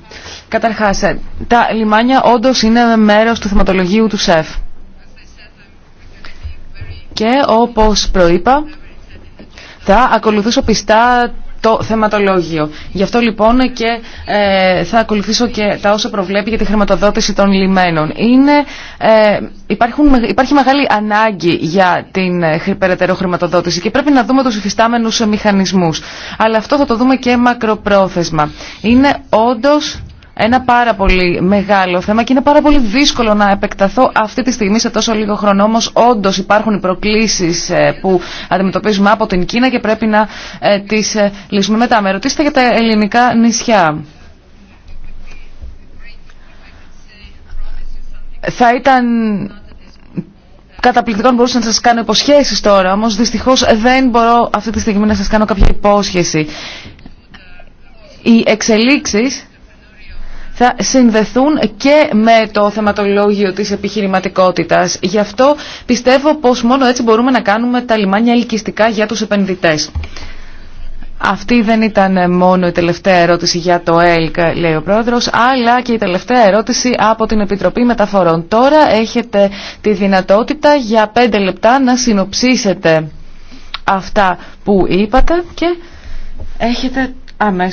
καταρχάς, ε, τα λιμάνια όντως είναι μέρος του θεματολογίου του ΣΕΦ. Και όπως προείπα, θα ακολουθήσω πιστά το θεματολόγιο. Γι' αυτό λοιπόν και ε, θα ακολουθήσω και τα όσα προβλέπει για τη χρηματοδότηση των λιμένων. Είναι, ε, υπάρχουν, υπάρχει μεγάλη ανάγκη για την ε, περαιτέρω χρηματοδότηση και πρέπει να δούμε τους υφιστάμενους ε, μηχανισμούς. Αλλά αυτό θα το δούμε και μακροπρόθεσμα. Είναι όντως ένα πάρα πολύ μεγάλο θέμα και είναι πάρα πολύ δύσκολο να επεκταθώ αυτή τη στιγμή σε τόσο λίγο χρόνο. Όμω, όντω υπάρχουν οι προκλήσει ε, που αντιμετωπίζουμε από την Κίνα και πρέπει να ε, τι ε, λύσουμε. Μετά, με ρωτήσετε για τα ελληνικά νησιά. Θα ήταν καταπληκτικό μπορούσα να σας κάνω υποσχέσεις τώρα, όμως δυστυχώς δεν μπορώ αυτή τη στιγμή να σας κάνω κάποια υπόσχεση. Οι εξελίξεις θα συνδεθούν και με το θεματολόγιο της επιχειρηματικότητας. Γι' αυτό πιστεύω πως μόνο έτσι μπορούμε να κάνουμε τα λιμάνια ελκυστικά για τους επενδυτές. Αυτή δεν ήταν μόνο η τελευταία ερώτηση για το ΕΛΚ, λέει ο πρόεδρος, αλλά και η τελευταία ερώτηση από την Επιτροπή Μεταφορών. Τώρα έχετε τη δυνατότητα για πέντε λεπτά να συνοψίσετε αυτά που είπατε και έχετε αμέσως.